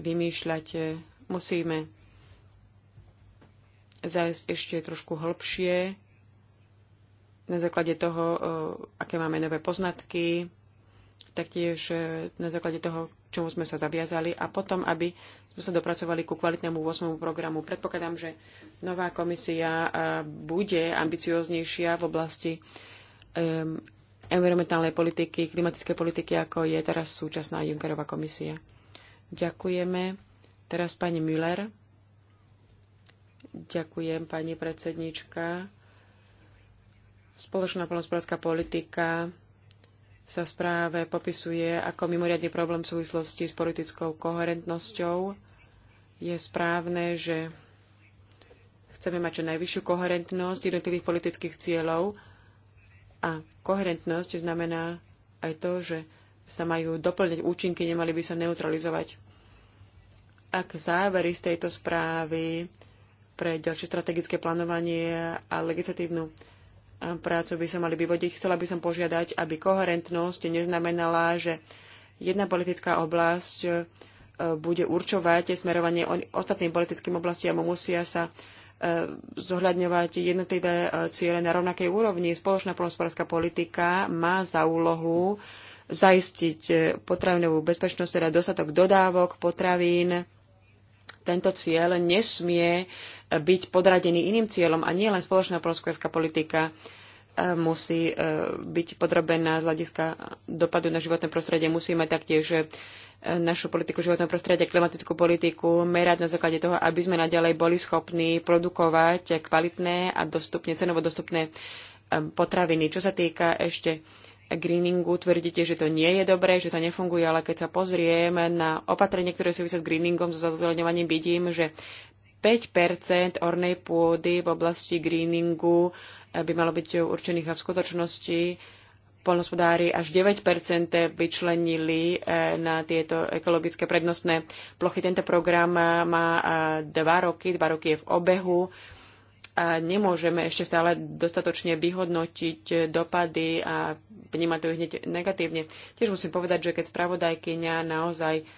vymýšľať. Musíme zajsť ešte trošku hĺbšie na základe toho, aké máme nové poznatky, taktiež e, na základe toho, čomu sme sa zaviazali a potom, aby sme sa dopracovali ku kvalitnému 8. programu. Predpokladám, že nová komisia e, bude ambicioznejšia v oblasti um, environmentálnej politiky, klimatickej politiky, ako je teraz súčasná Junckerová komisia. Ďakujeme. Teraz pani Müller. Ďakujem, pani predsednička. Spoločná polnospodárska politika sa v správe popisuje ako mimoriadný problém v súvislosti s politickou koherentnosťou. Je správne, že chceme mať čo najvyššiu koherentnosť jednotlivých politických cieľov a koherentnosť znamená aj to, že sa majú doplňať účinky, nemali by sa neutralizovať. Ak závery z tejto správy pre ďalšie strategické plánovanie a legislatívnu prácu by sa mali vyvodiť. Chcela by som požiadať, aby koherentnosť neznamenala, že jedna politická oblasť e, bude určovať smerovanie ostatným politickým oblastiam. Musia sa e, zohľadňovať jednotlivé e, ciele na rovnakej úrovni. Spoločná polnospodárska politika má za úlohu zaistiť potravinovú bezpečnosť, teda dostatok dodávok potravín, tento cieľ nesmie byť podradený iným cieľom a nie len spoločná polskovská politika e, musí e, byť podrobená z hľadiska dopadu na životné prostredie. Musíme taktiež e, našu politiku životného prostredia, klimatickú politiku merať na základe toho, aby sme naďalej boli schopní produkovať kvalitné a dostupne, cenovo dostupné potraviny. Čo sa týka ešte greeningu tvrdíte, že to nie je dobré, že to nefunguje, ale keď sa pozriem na opatrenie, ktoré súvisia s greeningom, so zazeleňovaním, vidím, že 5 ornej pôdy v oblasti greeningu eh, by malo byť určených a v skutočnosti polnospodári až 9 vyčlenili eh, na tieto ekologické prednostné plochy. Tento program eh, má dva roky, dva roky je v obehu a nemôžeme ešte stále dostatočne vyhodnotiť dopady a vnímať to hneď negatívne. Tiež musím povedať, že keď spravodajkyňa naozaj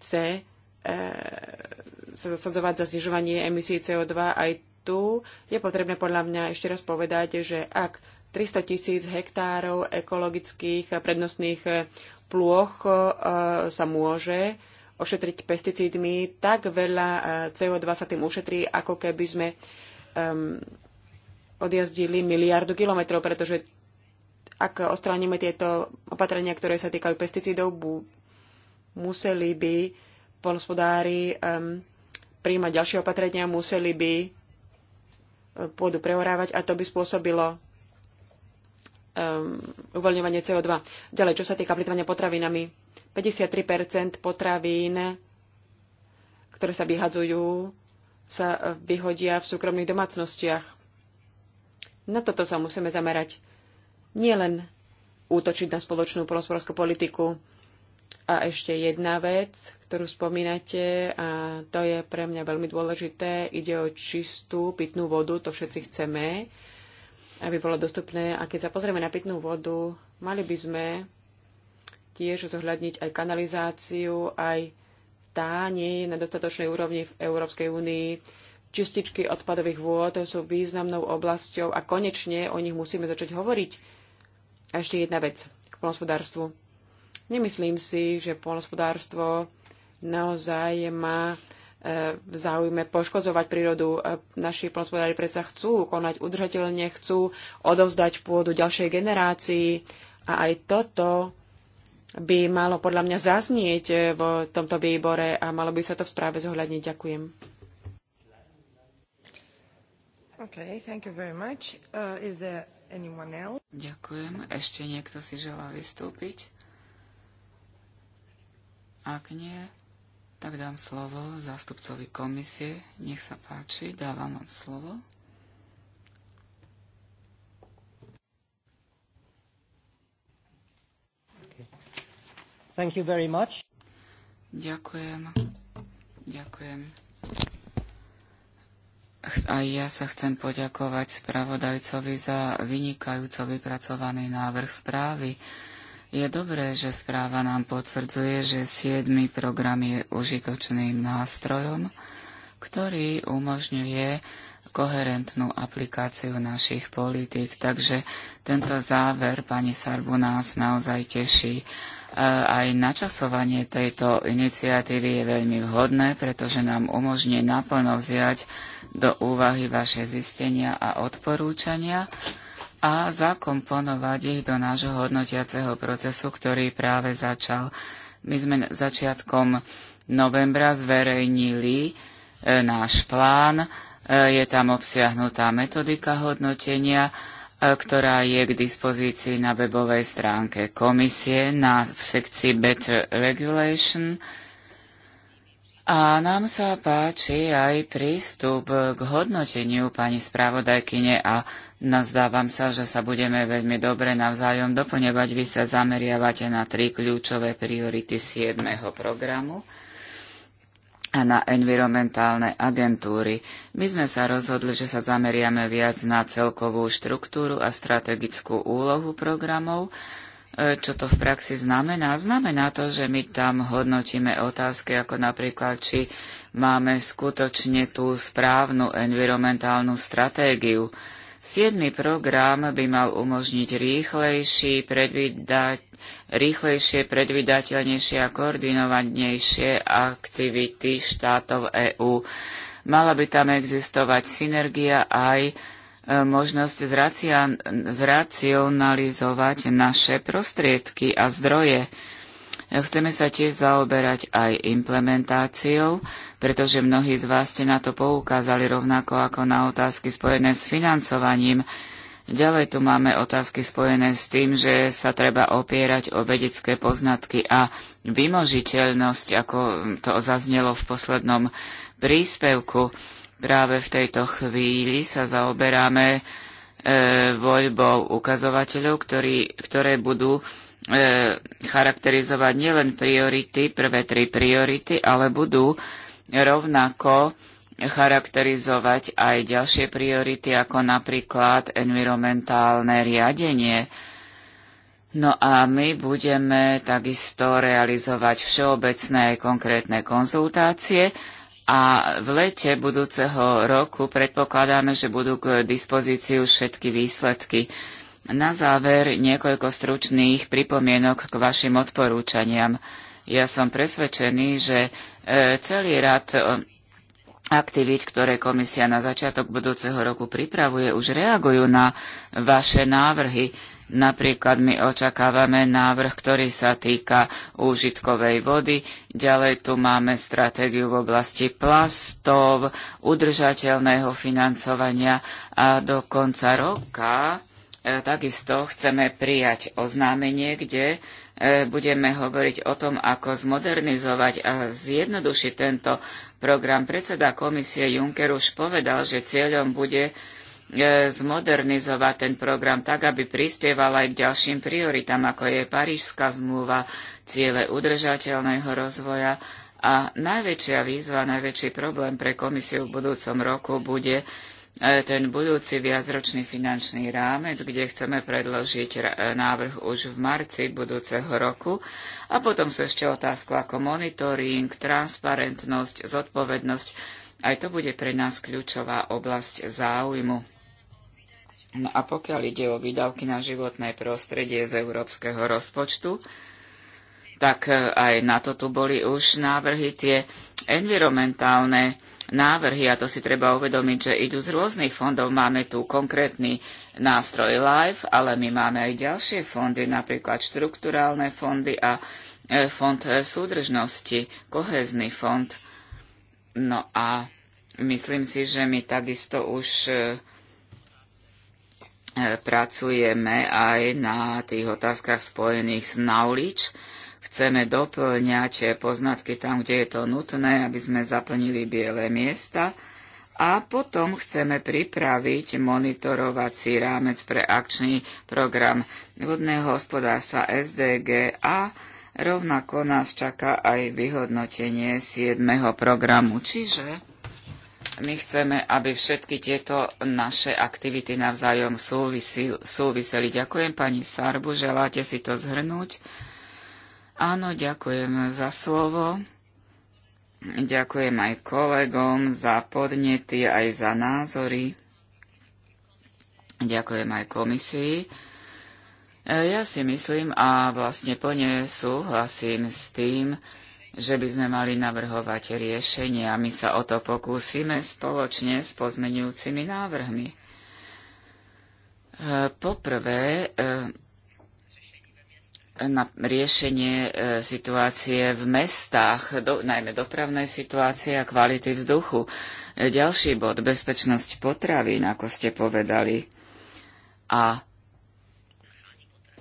chce e, sa zasadzovať za znižovanie emisí CO2, aj tu je potrebné podľa mňa ešte raz povedať, že ak 300 tisíc hektárov ekologických prednostných eh, plôch e, sa môže ošetriť pesticídmi, tak veľa CO2 sa tým ušetrí, ako keby sme e, um, odjazdili miliardu kilometrov, pretože ak ostránime tieto opatrenia, ktoré sa týkajú pesticídov, bu- museli by polospodári um, príjmať ďalšie opatrenia, museli by uh, pôdu preorávať a to by spôsobilo um, uvoľňovanie CO2. Ďalej, čo sa týka plitvania potravinami, 53% potravín, ktoré sa vyhadzujú, sa vyhodia v súkromných domácnostiach. Na toto sa musíme zamerať. Nie len útočiť na spoločnú polospodárskú politiku. A ešte jedna vec, ktorú spomínate, a to je pre mňa veľmi dôležité, ide o čistú pitnú vodu, to všetci chceme, aby bolo dostupné. A keď sa pozrieme na pitnú vodu, mali by sme tiež zohľadniť aj kanalizáciu, aj tá nie je na dostatočnej úrovni v Európskej únii. Čističky odpadových vôd sú významnou oblasťou a konečne o nich musíme začať hovoriť. A ešte jedna vec k polnospodárstvu. Nemyslím si, že polnospodárstvo naozaj má e, v záujme poškodzovať prírodu. E, naši polnospodári predsa chcú konať udržateľne, chcú odovzdať pôdu ďalšej generácii a aj toto by malo podľa mňa zaznieť eh, v tomto výbore a malo by sa to v správe zohľadniť. Ďakujem. Okay, uh, Ďakujem. Ešte niekto si želá vystúpiť? Ak nie, tak dám slovo zástupcovi komisie. Nech sa páči, dávam vám slovo. Thank you very much. Ďakujem. Ďakujem. A ja sa chcem poďakovať spravodajcovi za vynikajúco vypracovaný návrh správy. Je dobré, že správa nám potvrdzuje, že 7. program je užitočným nástrojom, ktorý umožňuje koherentnú aplikáciu našich politík. Takže tento záver, pani Sarbu, nás naozaj teší aj načasovanie tejto iniciatívy je veľmi vhodné, pretože nám umožní naplno vziať do úvahy vaše zistenia a odporúčania a zakomponovať ich do nášho hodnotiaceho procesu, ktorý práve začal. My sme začiatkom novembra zverejnili e, náš plán, e, je tam obsiahnutá metodika hodnotenia, ktorá je k dispozícii na webovej stránke komisie na, v sekcii Better Regulation. A nám sa páči aj prístup k hodnoteniu pani spravodajkyne a nazdávam sa, že sa budeme veľmi dobre navzájom doplňovať. Vy sa zameriavate na tri kľúčové priority 7. programu a na environmentálne agentúry. My sme sa rozhodli, že sa zameriame viac na celkovú štruktúru a strategickú úlohu programov. E, čo to v praxi znamená? Znamená to, že my tam hodnotíme otázky ako napríklad, či máme skutočne tú správnu environmentálnu stratégiu. Siedmy program by mal umožniť rýchlejší, predvídať, rýchlejšie, predvydateľnejšie a koordinovanejšie aktivity štátov EÚ. Mala by tam existovať synergia aj e, možnosť zracionalizovať naše prostriedky a zdroje. Chceme sa tiež zaoberať aj implementáciou, pretože mnohí z vás ste na to poukázali rovnako ako na otázky spojené s financovaním. Ďalej tu máme otázky spojené s tým, že sa treba opierať o vedecké poznatky a vymožiteľnosť, ako to zaznelo v poslednom príspevku. Práve v tejto chvíli sa zaoberáme e, voľbou ukazovateľov, ktorý, ktoré budú E, charakterizovať nielen priority, prvé tri priority, ale budú rovnako charakterizovať aj ďalšie priority, ako napríklad environmentálne riadenie. No a my budeme takisto realizovať všeobecné aj konkrétne konzultácie a v lete budúceho roku predpokladáme, že budú k dispozícii všetky výsledky. Na záver niekoľko stručných pripomienok k vašim odporúčaniam. Ja som presvedčený, že e, celý rad e, aktivít, ktoré komisia na začiatok budúceho roku pripravuje, už reagujú na vaše návrhy. Napríklad my očakávame návrh, ktorý sa týka úžitkovej vody. Ďalej tu máme stratégiu v oblasti plastov, udržateľného financovania a do konca roka E, takisto chceme prijať oznámenie, kde e, budeme hovoriť o tom, ako zmodernizovať a zjednodušiť tento program. Predseda komisie Juncker už povedal, že cieľom bude e, zmodernizovať ten program tak, aby prispieval aj k ďalším prioritám, ako je Parížská zmluva, ciele udržateľného rozvoja. A najväčšia výzva, najväčší problém pre komisiu v budúcom roku bude E, ten budúci viacročný finančný rámec, kde chceme predložiť e, návrh už v marci budúceho roku. A potom sú ešte otázku ako monitoring, transparentnosť, zodpovednosť. Aj to bude pre nás kľúčová oblasť záujmu. No a pokiaľ ide o výdavky na životné prostredie z európskeho rozpočtu, tak e, aj na to tu boli už návrhy tie environmentálne návrhy, a to si treba uvedomiť, že idú z rôznych fondov. Máme tu konkrétny nástroj LIFE, ale my máme aj ďalšie fondy, napríklad štrukturálne fondy a e, fond e, súdržnosti, kohezný fond. No a myslím si, že my takisto už e, pracujeme aj na tých otázkach spojených s knowledge, chceme doplňať poznatky tam, kde je to nutné, aby sme zaplnili biele miesta a potom chceme pripraviť monitorovací rámec pre akčný program vodného hospodárstva SDG a rovnako nás čaká aj vyhodnotenie 7. programu. Čiže my chceme, aby všetky tieto naše aktivity navzájom súviseli. Ďakujem pani Sarbu, želáte si to zhrnúť? Áno, ďakujem za slovo. Ďakujem aj kolegom za podnety, aj za názory. Ďakujem aj komisii. E, ja si myslím a vlastne plne súhlasím s tým, že by sme mali navrhovať riešenie a my sa o to pokúsime spoločne s pozmenujúcimi návrhmi. E, poprvé, e, na riešenie e, situácie v mestách, do, najmä dopravnej situácie a kvality vzduchu. E, ďalší bod, bezpečnosť potravín, ako ste povedali. A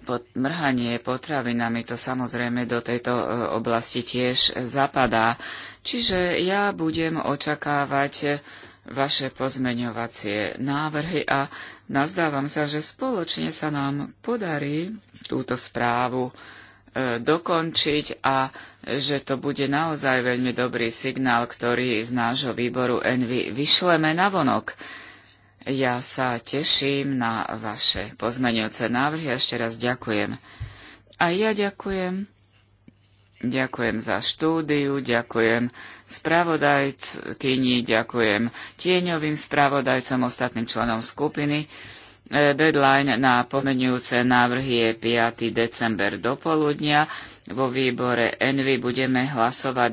pod mrhanie potravinami to samozrejme do tejto e, oblasti tiež zapadá. Čiže ja budem očakávať vaše pozmeňovacie návrhy a nazdávam sa, že spoločne sa nám podarí túto správu e, dokončiť a že to bude naozaj veľmi dobrý signál, ktorý z nášho výboru Envy vyšleme na vonok. Ja sa teším na vaše pozmeňujúce návrhy a ešte raz ďakujem. A ja ďakujem. Ďakujem za štúdiu, ďakujem spravodajkyni, ďakujem tieňovým spravodajcom, ostatným členom skupiny. E, deadline na pomenujúce návrhy je 5. december do poludnia. Vo výbore Envy budeme hlasovať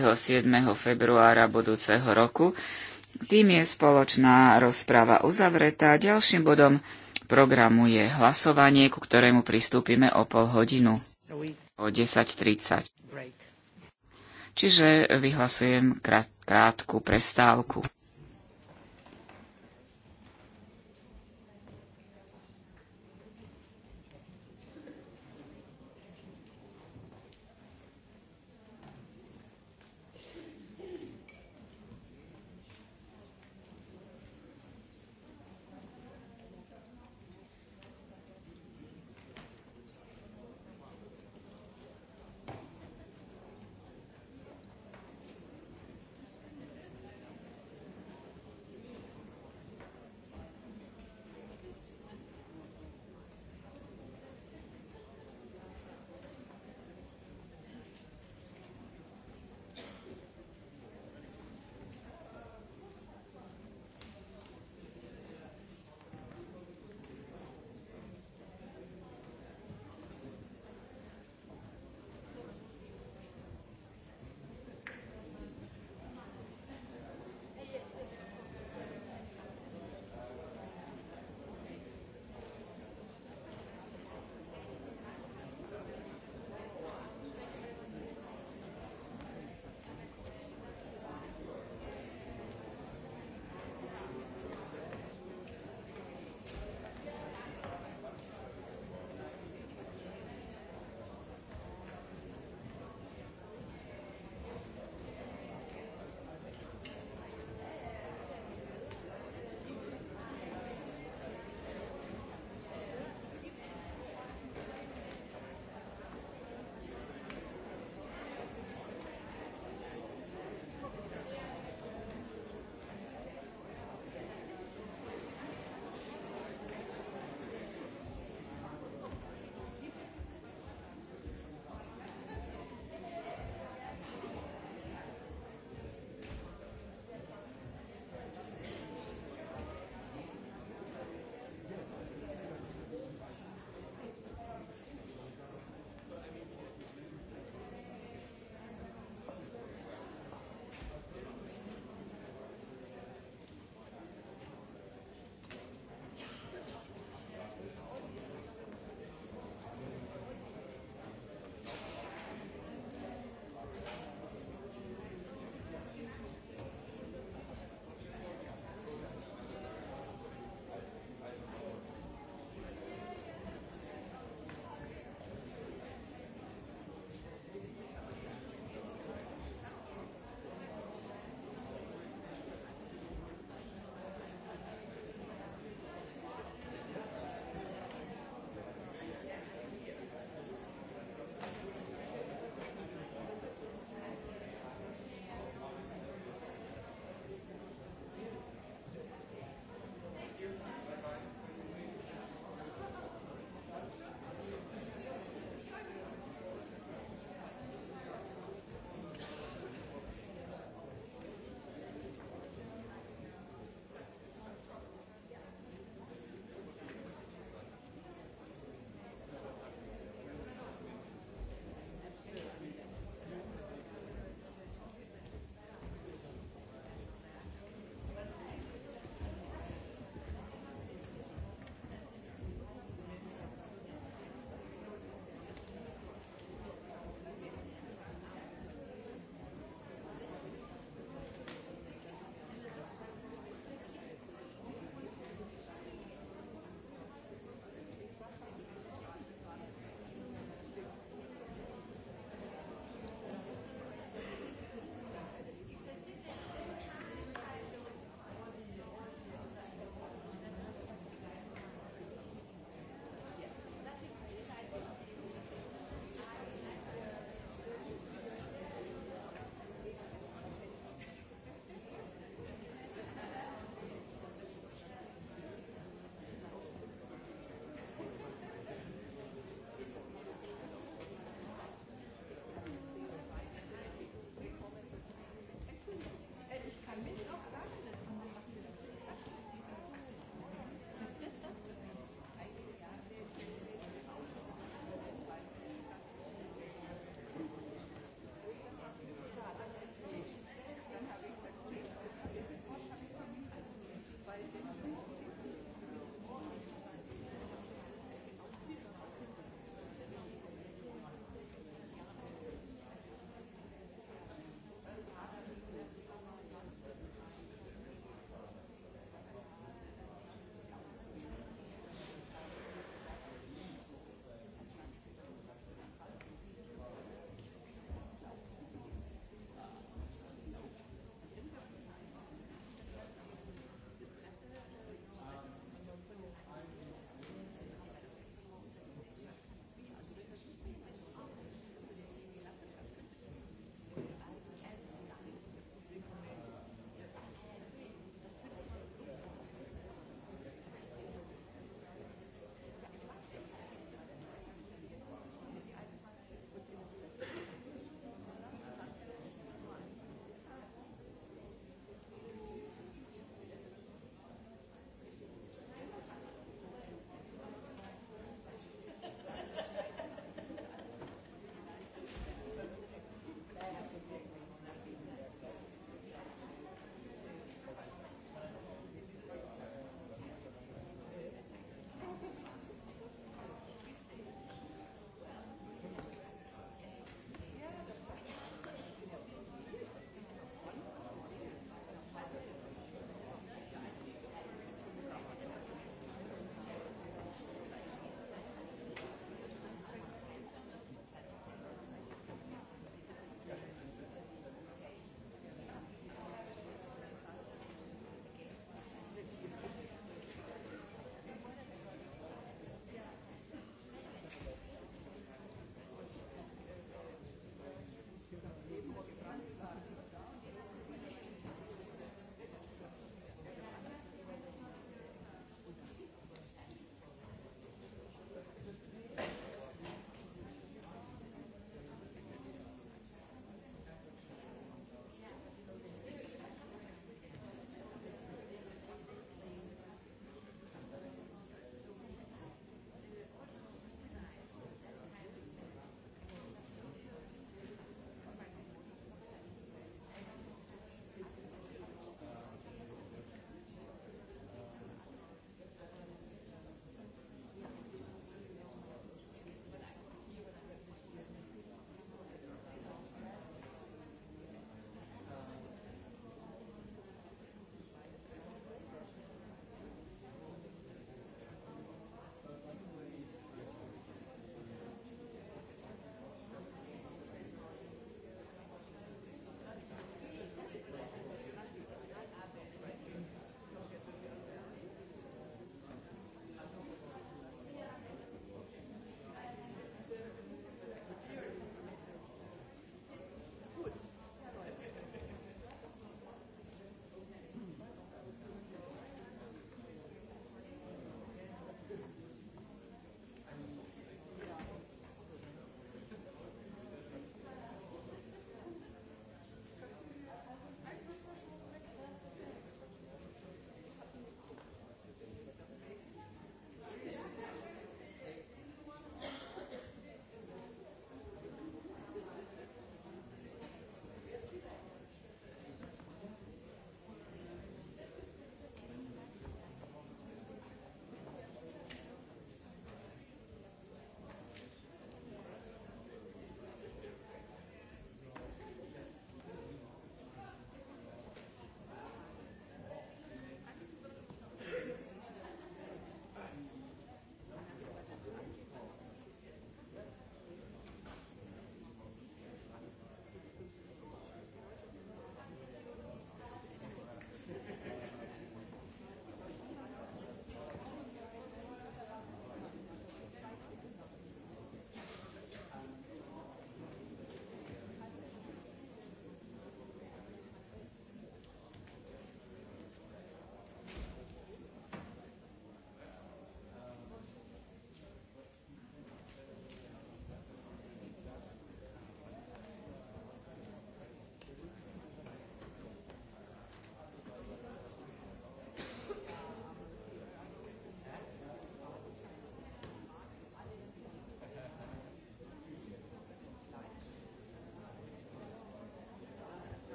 27. februára budúceho roku. Tým je spoločná rozprava uzavretá. Ďalším bodom programu je hlasovanie, ku ktorému pristúpime o pol hodinu o 10.30. Čiže vyhlasujem krátku prestávku.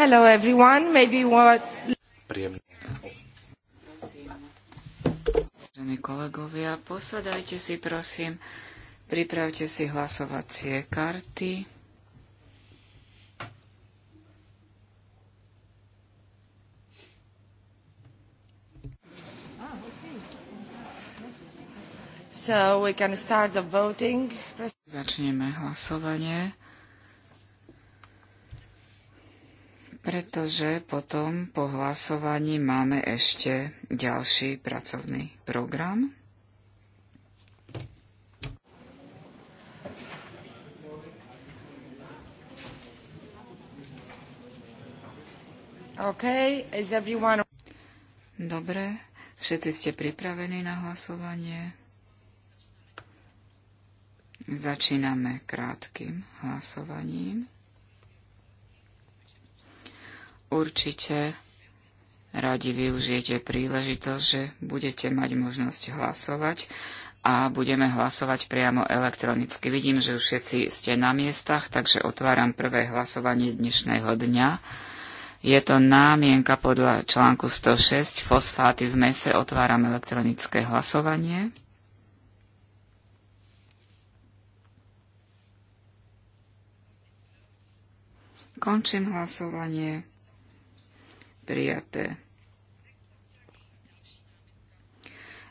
Hello everyone, maybe what... Príjemne. Vážení kolegovia, posadajte si prosím, pripravte si hlasovacie karty. So we can start the voting. Začneme hlasovanie. pretože potom po hlasovaní máme ešte ďalší pracovný program. Okay, is everyone... Dobre, všetci ste pripravení na hlasovanie. Začíname krátkým hlasovaním. Určite radi využijete príležitosť, že budete mať možnosť hlasovať a budeme hlasovať priamo elektronicky. Vidím, že už všetci ste na miestach, takže otváram prvé hlasovanie dnešného dňa. Je to námienka podľa článku 106 fosfáty v mese. Otváram elektronické hlasovanie. Končím hlasovanie prijaté.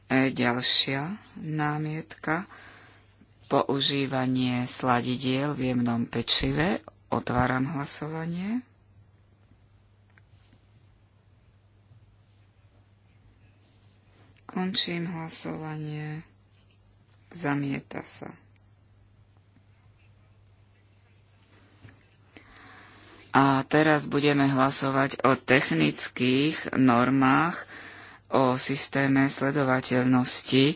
E, ďalšia námietka. Používanie sladidiel v jemnom pečive. Otváram hlasovanie. Končím hlasovanie. Zamieta sa. A teraz budeme hlasovať o technických normách, o systéme sledovateľnosti e,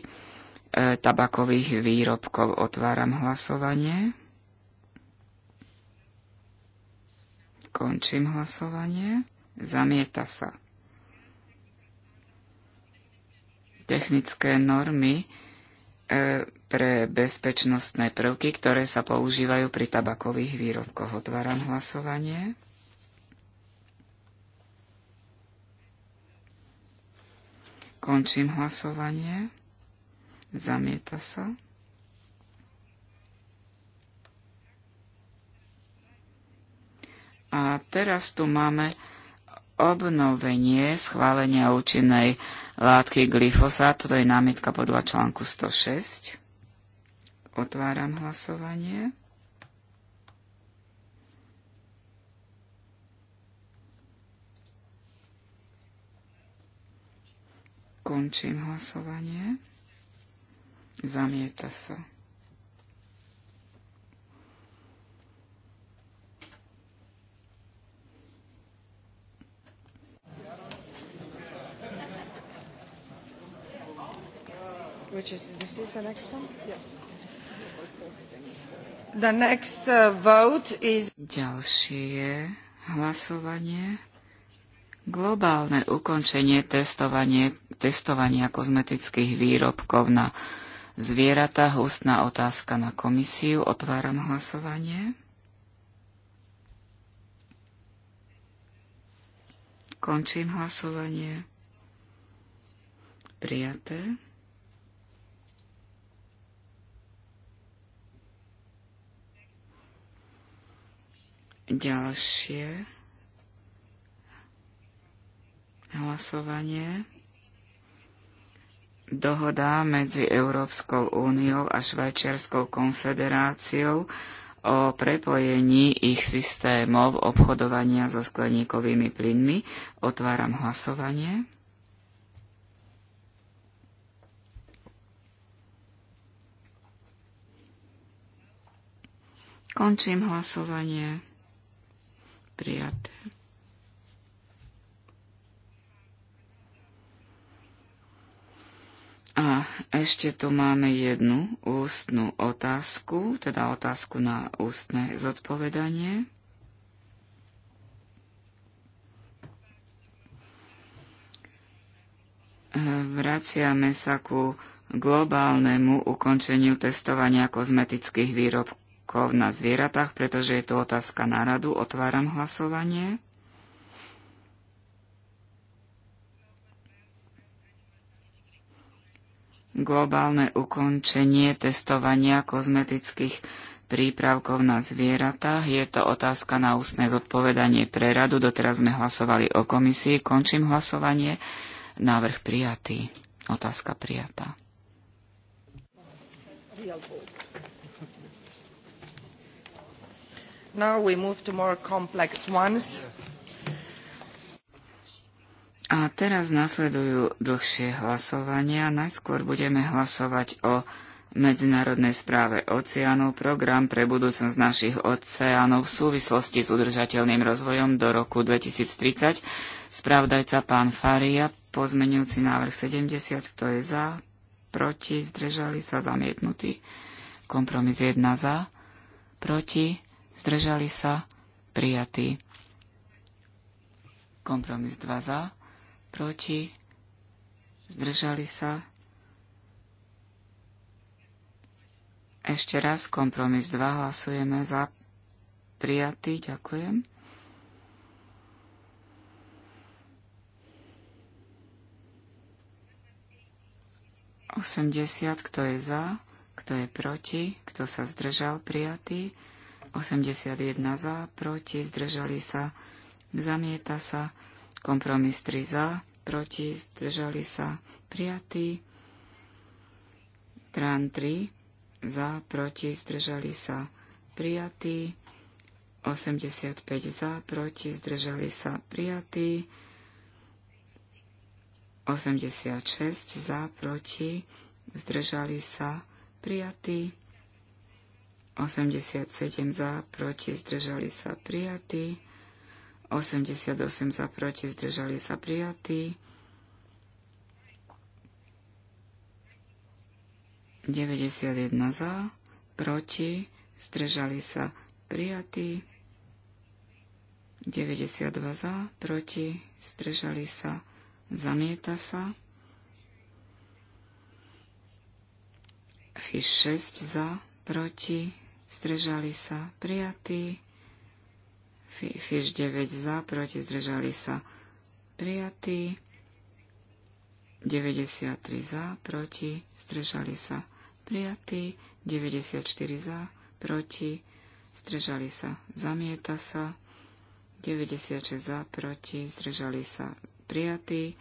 tabakových výrobkov. Otváram hlasovanie. Končím hlasovanie. Zamieta sa. Technické normy e, pre bezpečnostné prvky, ktoré sa používajú pri tabakových výrobkoch. Otváram hlasovanie. Končím hlasovanie. Zamieta sa. A teraz tu máme obnovenie schválenia účinnej látky glyfosát, to je námietka podľa článku 106. Otváram hlasovanie. Končím hlasovanie. Zamieta sa. Which is, this is the next one? Yes. The next uh, vote is... Ďalšie hlasovanie. Globálne ukončenie testovania kozmetických výrobkov na zvieratá. Hustná otázka na komisiu. Otváram hlasovanie. Končím hlasovanie. Prijaté. Ďalšie hlasovanie. Dohoda medzi Európskou úniou a Švajčiarskou konfederáciou o prepojení ich systémov obchodovania so skleníkovými plynmi. Otváram hlasovanie. Končím hlasovanie prijaté. A ešte tu máme jednu ústnu otázku, teda otázku na ústne zodpovedanie. Vraciame sa ku globálnemu ukončeniu testovania kozmetických výrobkov výrobkov na zvieratách, pretože je to otázka náradu. Otváram hlasovanie. Globálne ukončenie testovania kozmetických prípravkov na zvieratách. Je to otázka na ústne zodpovedanie pre radu. Doteraz sme hlasovali o komisii. Končím hlasovanie. Návrh prijatý. Otázka prijatá. Now we move to more complex ones. A teraz nasledujú dlhšie hlasovania. Najskôr budeme hlasovať o Medzinárodnej správe oceánov program pre budúcnosť našich oceánov v súvislosti s udržateľným rozvojom do roku 2030. Spravdajca pán Faria, pozmenujúci návrh 70, kto je za, proti, zdržali sa, zamietnutý. Kompromis 1 za, proti, zdržali sa, prijatý. Kompromis 2 za, proti, zdržali sa. Ešte raz kompromis 2 hlasujeme za prijatý. Ďakujem. Osemdesiat, kto je za, kto je proti, kto sa zdržal prijatý. 81 za, proti, zdržali sa, zamieta sa, kompromis 3 za, proti, zdržali sa, prijatý, trán 3 za, proti, zdržali sa, prijatý, 85 za, proti, zdržali sa, prijatý, 86 za, proti, zdržali sa, prijatý, 87 za, proti, zdržali sa prijatí. 88 za, proti, zdržali sa prijatí. 91 za, proti, zdržali sa prijatí. 92 za, proti, zdržali sa, zamieta sa. Fiš 6 za, proti, zdržali sa prijatí, FIŠ 9 za, proti zdržali sa prijatí, 93 za, proti zdržali sa prijatí, 94 za, proti zdržali sa, zamieta sa, 96 za, proti zdržali sa prijatí,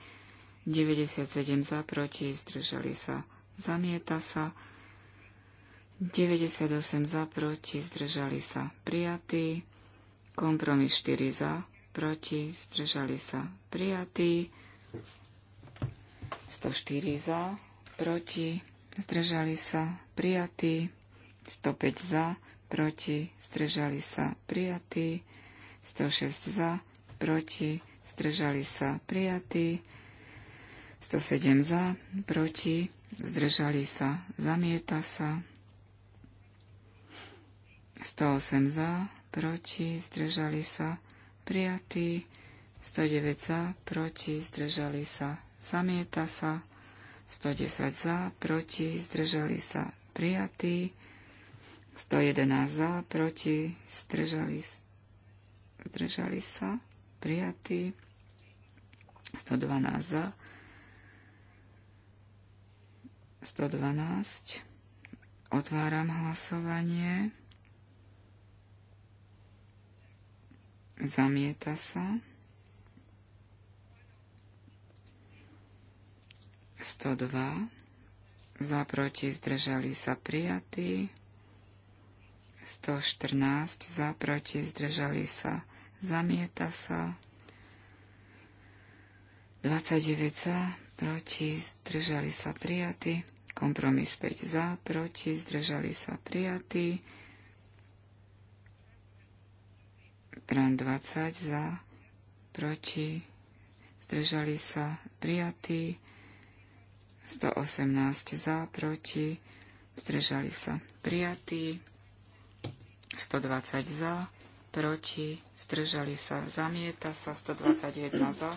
97 za, proti zdržali sa, zamieta sa, 98 za, proti, zdržali sa prijatí. Kompromis 4 za, proti, zdržali sa prijatí. 104 za, proti, zdržali sa prijatí. 105 za, proti, zdržali sa prijatí. 106 za, proti, zdržali sa prijatí. 107 za, proti, zdržali sa, zamieta sa. 108 za, proti, zdržali sa, prijatý. 109 za, proti, zdržali sa, zamieta sa. 110 za, proti, zdržali sa, prijatý. 111 za, proti, zdržali, zdržali sa, prijatý. 112 za, 112. Otváram hlasovanie. Zamieta sa. 102. Za proti zdržali sa prijatí. 114. Za proti zdržali sa. Zamieta sa. 29 za, proti, zdržali sa prijatí. Kompromis 5 za, proti, zdržali sa prijatí. Tran 20 za, proti, zdržali sa prijatí, 118 za, proti, zdržali sa prijatí, 120 za, proti, zdržali sa, zamieta sa, 121 za,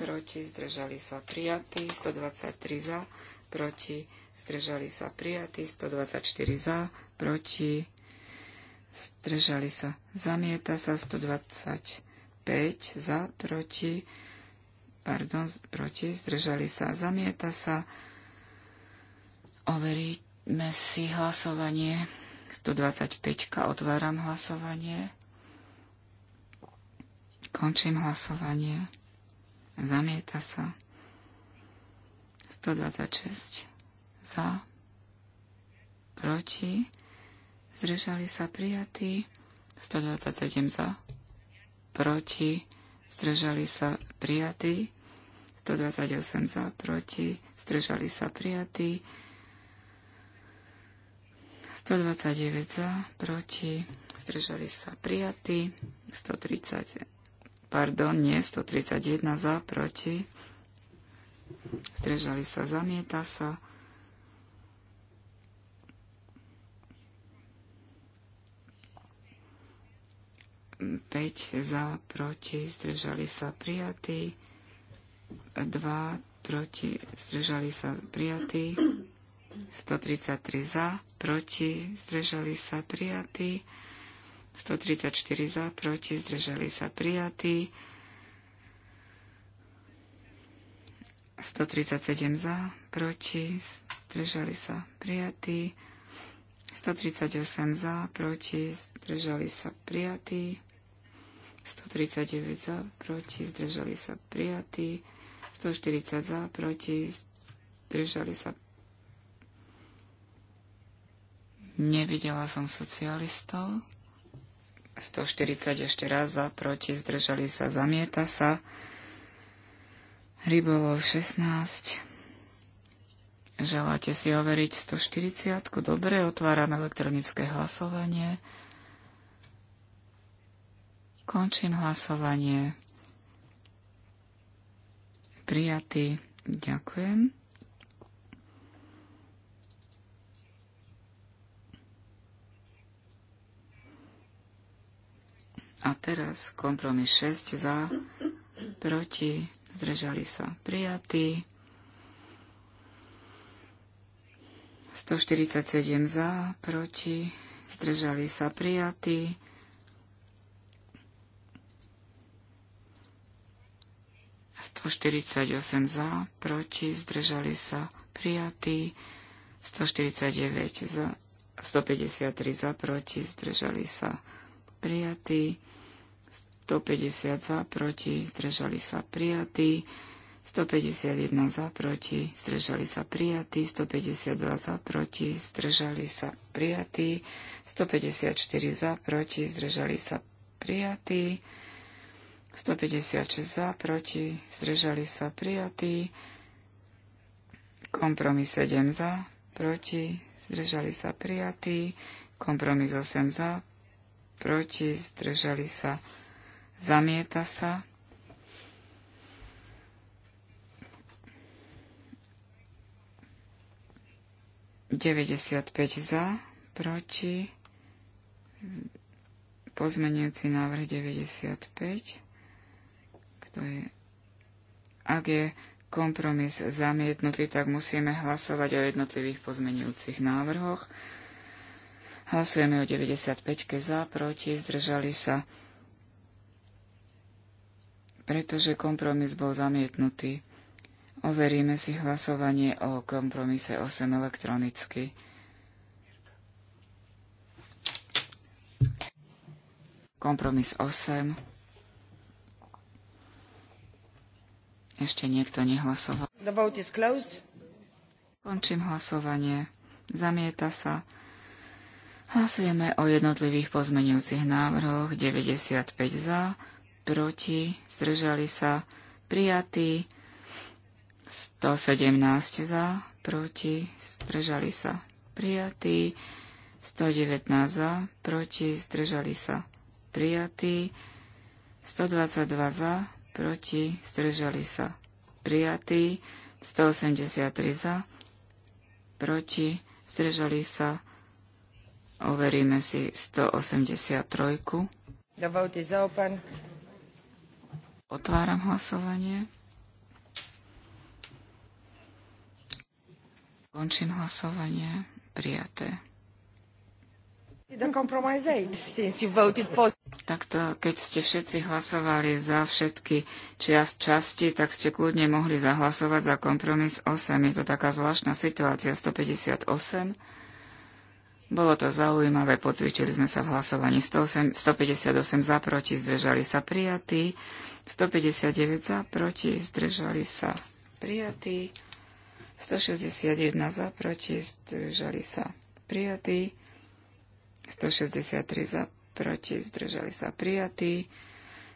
proti, zdržali sa prijatí, 123 za, proti, zdržali sa prijatí, 124 za, proti, zdržali sa, zamieta sa 125 za, proti, pardon, proti, zdržali sa, zamieta sa, overíme si hlasovanie, 125, otváram hlasovanie, končím hlasovanie, zamieta sa, 126 za, proti, zdržali sa prijatí, 127 za, proti, zdržali sa prijatí, 128 za, proti, zdržali sa prijatí, 129 za, proti, zdržali sa prijatí, 130, pardon, nie, 131 za, proti, zdržali sa, zamieta sa, 5 za, proti, zdržali sa prijatí. 2 proti, zdržali sa prijatí. 133 za, proti, zdržali sa prijatí. 134 za, proti, zdržali sa prijatí. 137 za, proti, zdržali sa prijatí. 138 za, proti, zdržali sa prijatí. 139 za, proti, zdržali sa prijatí, 140 za, proti, zdržali sa. Nevidela som socialistov. 140 ešte raz za, proti, zdržali sa, zamieta sa. Rybolov 16. Želáte si overiť 140? Dobre, otváram elektronické hlasovanie. Končím hlasovanie. Prijatý. Ďakujem. A teraz kompromis 6 za, proti, zdržali sa prijatí. 147 za, proti, zdržali sa prijatí. 148 za, proti, zdržali sa prijatí, 149 za, 153 za, proti, zdržali sa prijatí, 150 za, proti, zdržali sa prijatí, 151 za, proti, zdržali sa prijatí, 152 za, proti, zdržali sa prijatí, 154 za, proti, zdržali sa prijatí, 156 za, proti, zdržali sa prijatí. Kompromis 7 za, proti, zdržali sa prijatí. Kompromis 8 za, proti, zdržali sa, zamieta sa. Deväťdesiat päť za, proti, pozmenujúci návrh 95. To je, ak je kompromis zamietnutý, tak musíme hlasovať o jednotlivých pozmenujúcich návrhoch. Hlasujeme o 95 za, proti, zdržali sa, pretože kompromis bol zamietnutý. Overíme si hlasovanie o kompromise 8 elektronicky. Kompromis 8. Ešte niekto nehlasoval. The vote is closed. Končím hlasovanie. Zamieta sa. Hlasujeme o jednotlivých pozmenujúcich návrhoch 95 za, proti, zdržali sa, prijatí 117 za, proti, zdržali sa, prijatí 119 za, proti, zdržali sa, prijatí 122 za, proti, zdržali sa prijatí, 183 za, proti, zdržali sa, overíme si 183. Dovolte open. Otváram hlasovanie. Končím hlasovanie. Prijaté. Takto, keď ste všetci hlasovali za všetky čiast časti, tak ste kľudne mohli zahlasovať za kompromis 8. Je to taká zvláštna situácia, 158. Bolo to zaujímavé, pocvičili sme sa v hlasovaní 108, 158 za, proti, zdržali sa prijatí, 159 za, proti, zdržali sa prijatí, 161 za, proti, zdržali sa prijatí. 163 za, proti, zdržali sa prijatí.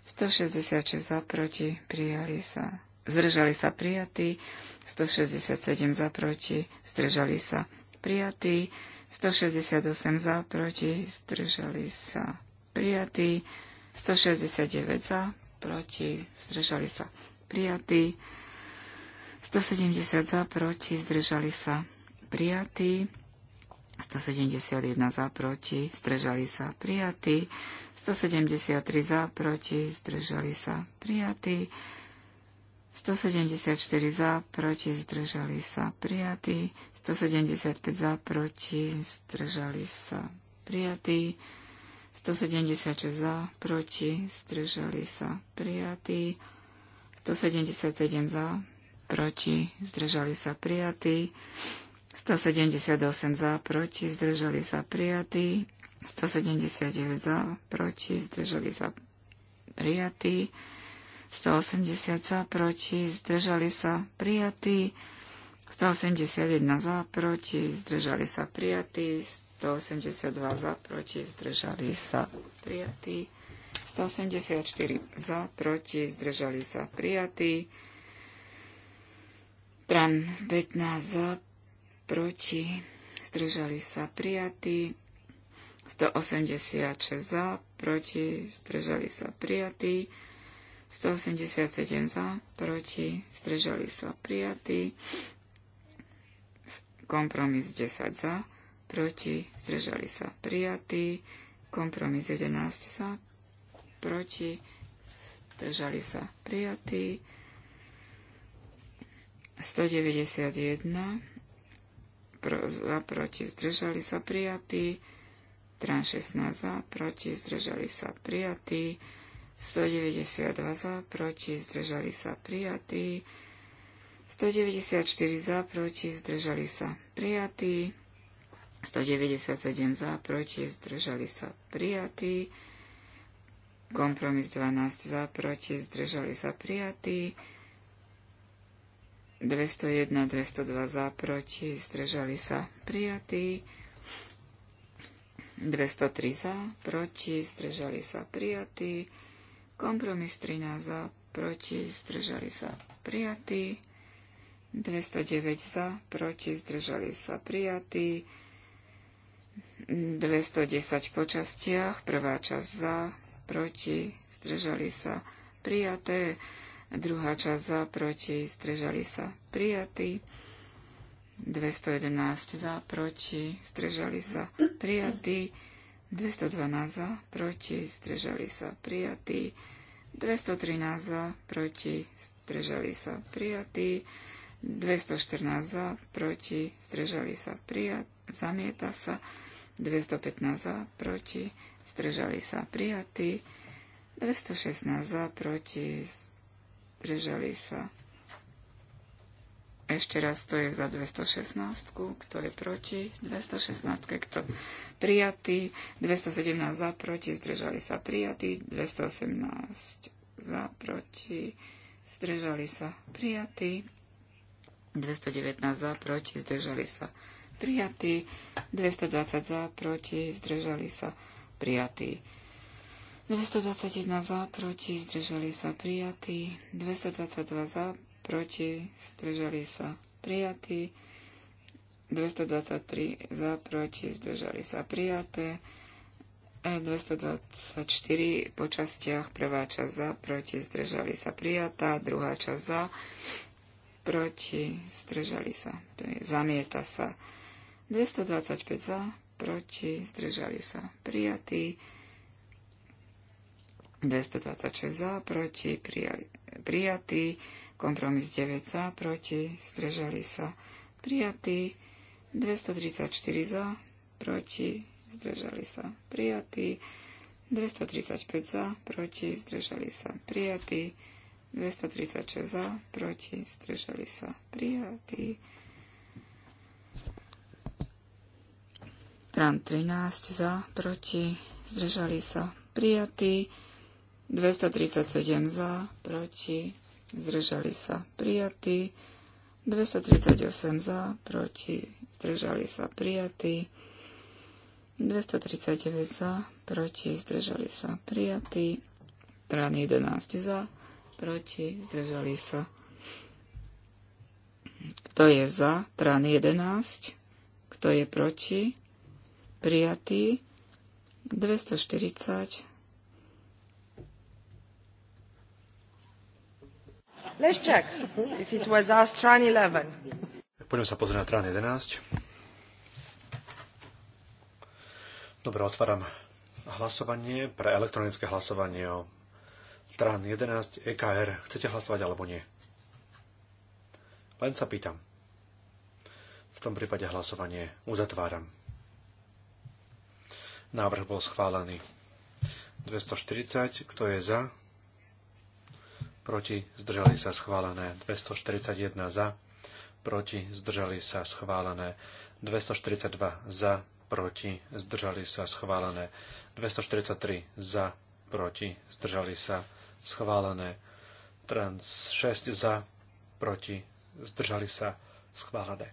166 za, proti, prijali sa, zdržali sa prijatí. 167 za, proti, zdržali sa prijatí. 168 za, proti, zdržali sa prijatí. 169 za, proti, zdržali sa prijatí. 170 za, proti, zdržali sa prijatí. 171 za proti, zdržali sa prijatí, 173 za proti, zdržali sa prijatí, 174 za proti, zdržali sa prijatí, 175 za proti, zdržali sa prijatí, 176 za proti, zdržali sa prijatí, 177 za proti, zdržali sa prijatí, 178 za, proti, zdržali sa prijatí. 179 za, proti, zdržali sa prijatí. 180 za, proti, zdržali sa prijatí. 181 za, proti, zdržali sa prijatí. 182 za, proti, zdržali sa prijatí. 184 za, proti, zdržali sa prijatí. Tran 15 za, proti, zdržali sa prijatí, 186 za, proti, zdržali sa prijatí, 187 za, proti, zdržali sa prijatí, kompromis 10 za, proti, zdržali sa prijatí, kompromis 11 za, proti, zdržali sa prijatí, 191 pro, za, proti, zdržali sa prijatí. Tran 16 za, proti, zdržali sa prijatí. 192 za, proti, zdržali sa prijatí. 194 za, proti, zdržali sa prijatí. 197 za, proti, zdržali sa prijatí. Kompromis 12 za, proti, zdržali sa prijatí. 201, 202 za, proti, zdržali sa prijatí. 203 za, proti, zdržali sa prijatí. Kompromis 13 za, proti, zdržali sa prijatí. 209 za, proti, zdržali sa prijatí. 210 po častiach, prvá časť za, proti, zdržali sa prijaté Druhá časť za, proti, zdržali sa prijatí. 211 za, proti, zdržali sa prijatí. 212 za, proti, zdržali sa prijatí. 213 za, proti, zdržali sa prijatí. 214 za, proti, zdržali sa prijat, zamieta sa, 215 za, proti, zdržali sa prijatí, 216 za, proti, Prižali sa. Ešte raz to je za 216, kto je proti, 216, kto prijatý, 217 za, proti, zdržali sa prijatý, 218 za, proti, zdržali sa prijatý, 219 za, proti, zdržali sa prijatý, 220 za, proti, zdržali sa prijatý. 221 za, proti, zdržali sa prijatí. 222 za, proti, zdržali sa prijatí. 223 za, proti, zdržali sa prijaté. 224 e, po častiach, prvá časť za, proti, zdržali sa prijatá, druhá časť za, proti, zdržali sa, zamieta sa. 225 za, proti, zdržali sa prijatí. 226 za, proti, prijali, prijatý, kompromis 9 za, proti, zdržali sa, prijatý, 234 za, proti, zdržali sa, prijatý, 235 za, proti, zdržali sa, prijatý, 236 za, proti, zdržali sa, prijatý, Tran 13 za, proti, zdržali sa, prijatý, 237 za, proti, zdržali sa prijatí. 238 za, proti, zdržali sa prijatí. 239 za, proti, zdržali sa prijatí. Trán 11 za, proti, zdržali sa. Kto je za? Trán 11. Kto je proti? Prijatý. 240 Let's check if it was us tran 11. Poďme sa pozrieť na tran 11. Dobre, otváram hlasovanie pre elektronické hlasovanie o tran 11 EKR. Chcete hlasovať alebo nie? Len sa pýtam. V tom prípade hlasovanie uzatváram. Návrh bol schválený. 240, kto je za? proti, zdržali sa schválené 241 za, proti, zdržali sa schválené 242 za, proti, zdržali sa schválené 243 za, proti, zdržali sa schválené trans 6 za, proti, zdržali sa schválené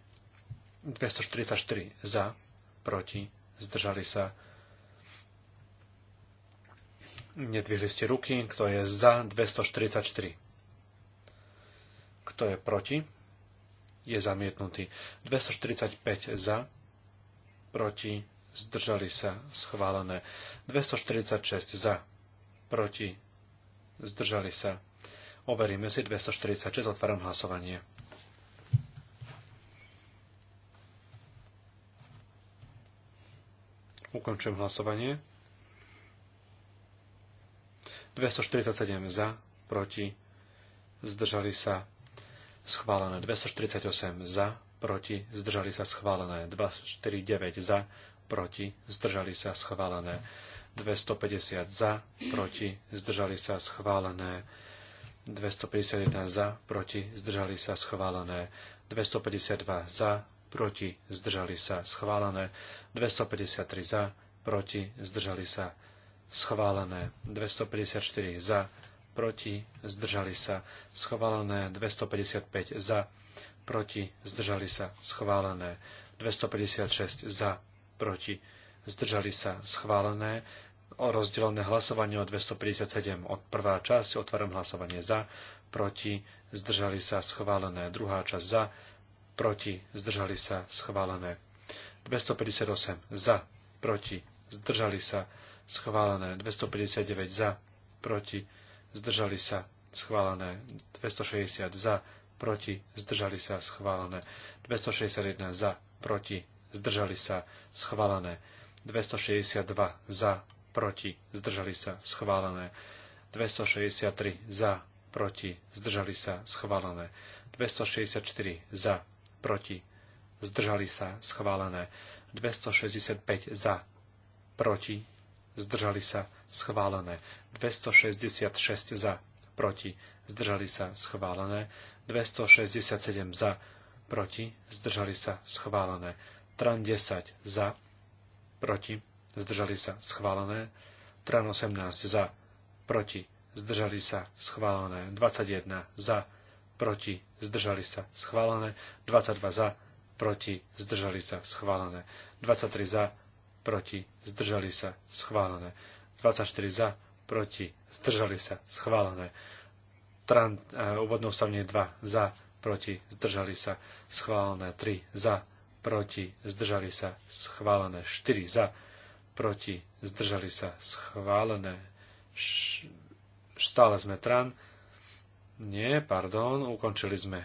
244 za, proti, zdržali sa schválené Nedvihli ste ruky. Kto je za 244? Kto je proti? Je zamietnutý. 245 za, proti, zdržali sa, schválené. 246 za, proti, zdržali sa. Overíme si 246, otváram hlasovanie. Ukončujem hlasovanie. 247 za, proti, zdržali sa schválené. 248 za, proti, zdržali sa schválené. 249 za, proti, zdržali sa schválené. 250 za, proti, zdržali sa schválené. 251 za, proti, zdržali sa schválené. 252 za, proti, zdržali sa schválené. 253 za, proti, zdržali sa schválené schválené 254 za, proti, zdržali sa, schválené 255 za, proti, zdržali sa, schválené 256 za, proti, zdržali sa, schválené o rozdelené hlasovanie o 257 od prvá časť, otváram hlasovanie za, proti, zdržali sa, schválené druhá časť za, proti, zdržali sa, schválené 258 za, proti, zdržali sa, schválené schválené 259 za, proti, zdržali sa, schválené 260 za, proti, zdržali sa, schválené 261 za, proti, zdržali sa, schválené 262 za, proti, zdržali sa, schválené 263 za, proti, zdržali sa, schválené 264 za, proti, zdržali sa, schválené 265 za, proti, zdržali sa, schválené. 266 za, proti, zdržali sa, schválené. 267 za, proti, zdržali sa, schválené. Tran 10 za, proti, zdržali sa, schválené. Tran 18 za, proti, zdržali sa, schválené. 21 za, proti, zdržali sa, schválené. 22 za, proti, zdržali sa, schválené. 23 za, proti, zdržali sa, schválené. 24 za, proti, zdržali sa, schválené. Tran, uh, úvodné 2 za, proti, zdržali sa, schválené. 3 za, proti, zdržali sa, schválené. 4 za, proti, zdržali sa, schválené. Š- stále sme tran. Nie, pardon, ukončili sme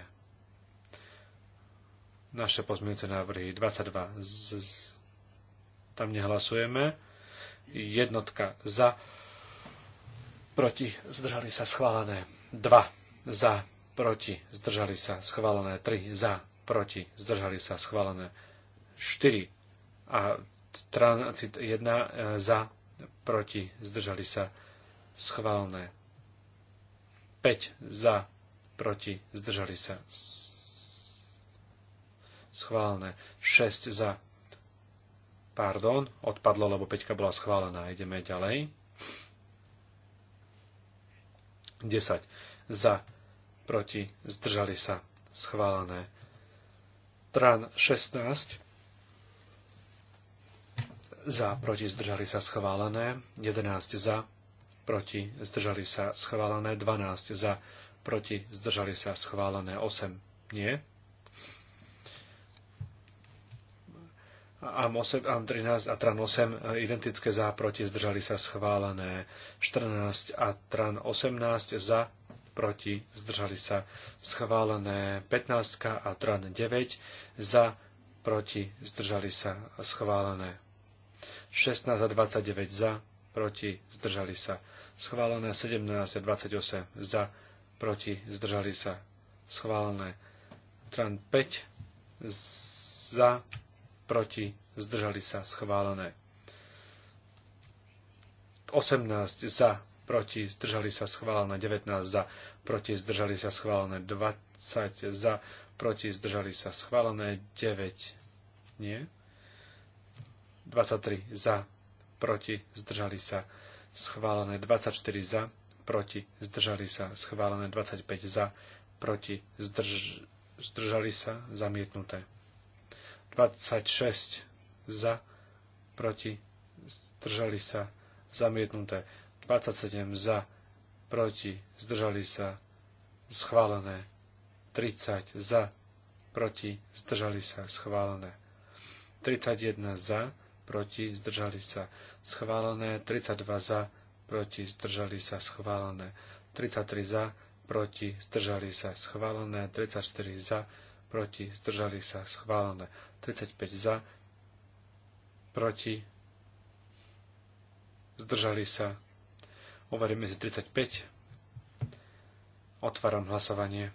naše pozmienujúce návrhy 22 z, z, tam nehlasujeme. Jednotka za, proti, zdržali sa schválené. 2 za, proti, zdržali sa schválené. 3 za, proti, zdržali sa schválené. 4 a transit 1 e, za, proti, zdržali sa schválené. 5 za, proti, zdržali sa schválené. Šesť za, Pardon, odpadlo, lebo peťka bola schválená. Ideme ďalej. 10. Za, proti, zdržali sa, schválené. Tran 16. Za, proti, zdržali sa, schválené. 11. Za, proti, zdržali sa, schválené. 12. Za, proti, zdržali sa, schválené. 8. Nie. AM8, AM13 a e e TRAN 8 e eh, identické za, proti, zdržali sa schválené. 14 a TRAN 18 za, proti, zdržali sa schválené. 15 a TRAN 9 za, proti, zdržali sa schválené. 16 a 29 za, proti, zdržali sa schválené. 17 a 28 za, proti, zdržali sa schválené. TRAN 5 za, proti, zdržali sa schválené. 18 za, proti, zdržali sa schválené, 19 za, proti, zdržali sa schválené, 20 za, proti, zdržali sa schválené, 9, nie? 23 za, proti, zdržali sa schválené, 24 za, proti, zdržali sa schválené, 25 za, proti, zdrž, zdržali sa zamietnuté. 26 za, proti, zdržali sa, zamietnuté. 27 za, proti, zdržali sa, schválené. 30 za, proti, zdržali sa, schválené. 31 za, proti, zdržali sa, schválené. 32 za, proti, zdržali sa, schválené. 33 za, proti, zdržali sa, schválené. 34 za, proti, zdržali sa, schválené. 35 za, proti, zdržali sa. Overíme si 35. Otváram hlasovanie.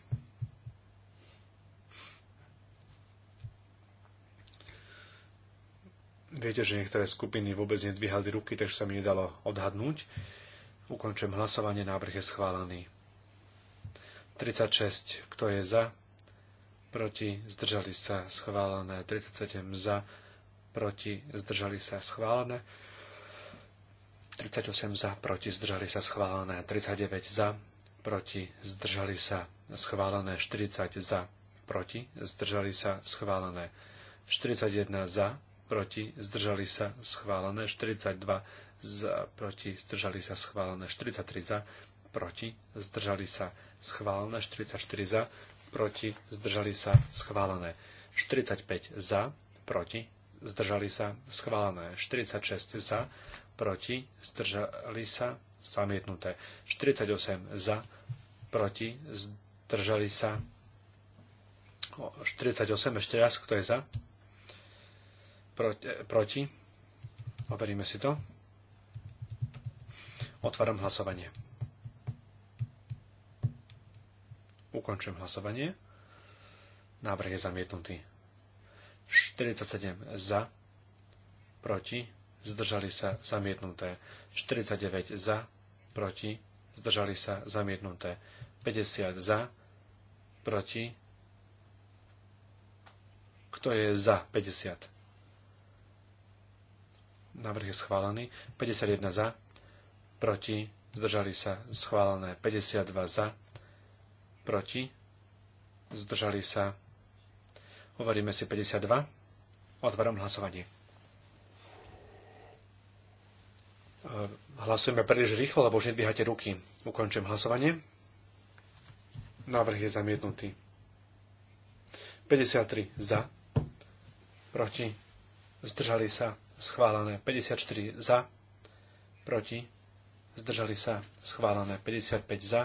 Viete, že niektoré skupiny vôbec nedvíhali ruky, takže sa mi nedalo odhadnúť. Ukončujem hlasovanie, návrh je schválený. 36. Kto je za? proti, zdržali sa schválené, 37 za, proti, zdržali sa schválené, 38 za, proti, zdržali sa schválené, 39 za, proti, zdržali sa schválené, 40 za, proti, zdržali sa schválené, 41 za, proti, zdržali sa schválené, 42 za, proti, zdržali sa schválené, 43 za, proti, zdržali sa schválené, 44 za, proti, zdržali sa, schválené. 45 za, proti, zdržali sa, schválené. 46 za, proti, zdržali sa, zamietnuté. 48 za, proti, zdržali sa. 48 ešte raz, kto je za? Proti. proti. Overíme si to. Otváram hlasovanie. Ukončujem hlasovanie. Návrh je zamietnutý. 47 za, proti, zdržali sa zamietnuté. 49 za, proti, zdržali sa zamietnuté. 50 za, proti. Kto je za 50? Návrh je schválený. 51 za, proti, zdržali sa schválené. 52 za, proti, zdržali sa. Hovoríme si 52, otváram hlasovanie. Hlasujeme príliš rýchlo, lebo už nedvíhate ruky. Ukončím hlasovanie. Návrh je zamietnutý. 53 za, proti, zdržali sa, schválené. 54 za, proti, zdržali sa, schválené. 55 za,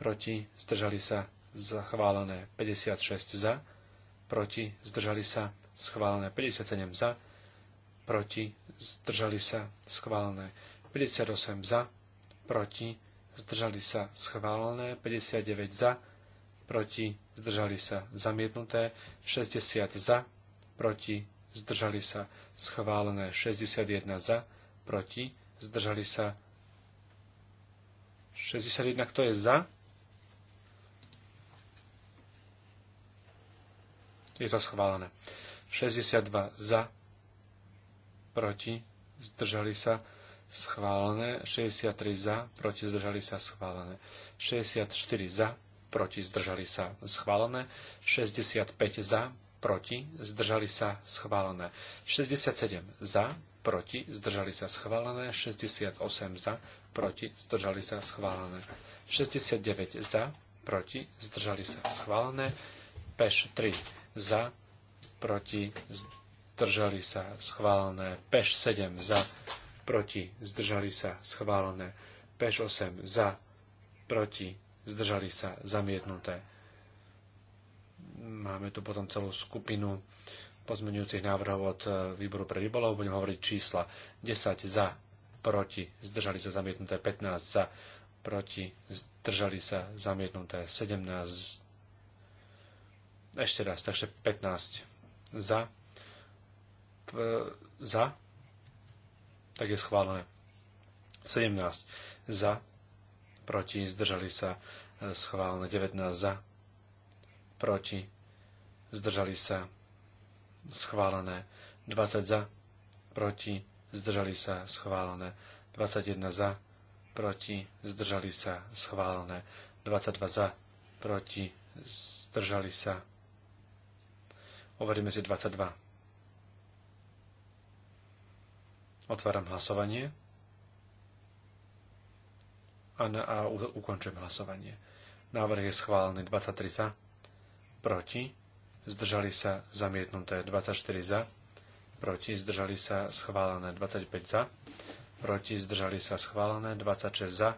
proti, zdržali sa, schválené 56 za, proti, zdržali sa, schválené 57 za, proti, zdržali sa, schválené 58 za, proti, zdržali sa, schválené 59 za, proti, zdržali sa, zamietnuté 60 za, proti, zdržali sa, schválené 61 za, proti, zdržali sa, 61, kto je za, je to schválené. 62 za, proti, zdržali sa, schválené. 63 za, proti, zdržali sa, schválené. 64 za, proti, zdržali sa, schválené. 65 za, proti, zdržali sa, schválené. 67 za, proti, zdržali sa, schválené. 68 za, proti, zdržali sa, schválené. 69 za, proti, zdržali sa, schválené. Peš 3 za, proti, zdržali sa schválené, peš 7 za, proti, zdržali sa schválené, peš 8 za, proti, zdržali sa zamietnuté. Máme tu potom celú skupinu pozmeňujúcich návrhov od e, výboru pre rybolov, budem hovoriť čísla 10 za, proti, zdržali sa zamietnuté, 15 za, proti, zdržali sa zamietnuté, 17 ešte raz, takže 15 za, za, tak je schválené. 17 za, proti, zdržali sa, schválené. 19 za, proti, zdržali sa, schválené. 20 za, proti, zdržali sa, schválené. 21 za, proti, zdržali sa, schválené. 22 za, proti, zdržali sa, Overíme si 22. Otváram hlasovanie. A, na, a ukončujem hlasovanie. Návrh je schválený 23 za, proti, zdržali sa zamietnuté 24 za, proti, zdržali sa schválené 25 za, proti, zdržali sa schválené 26 za,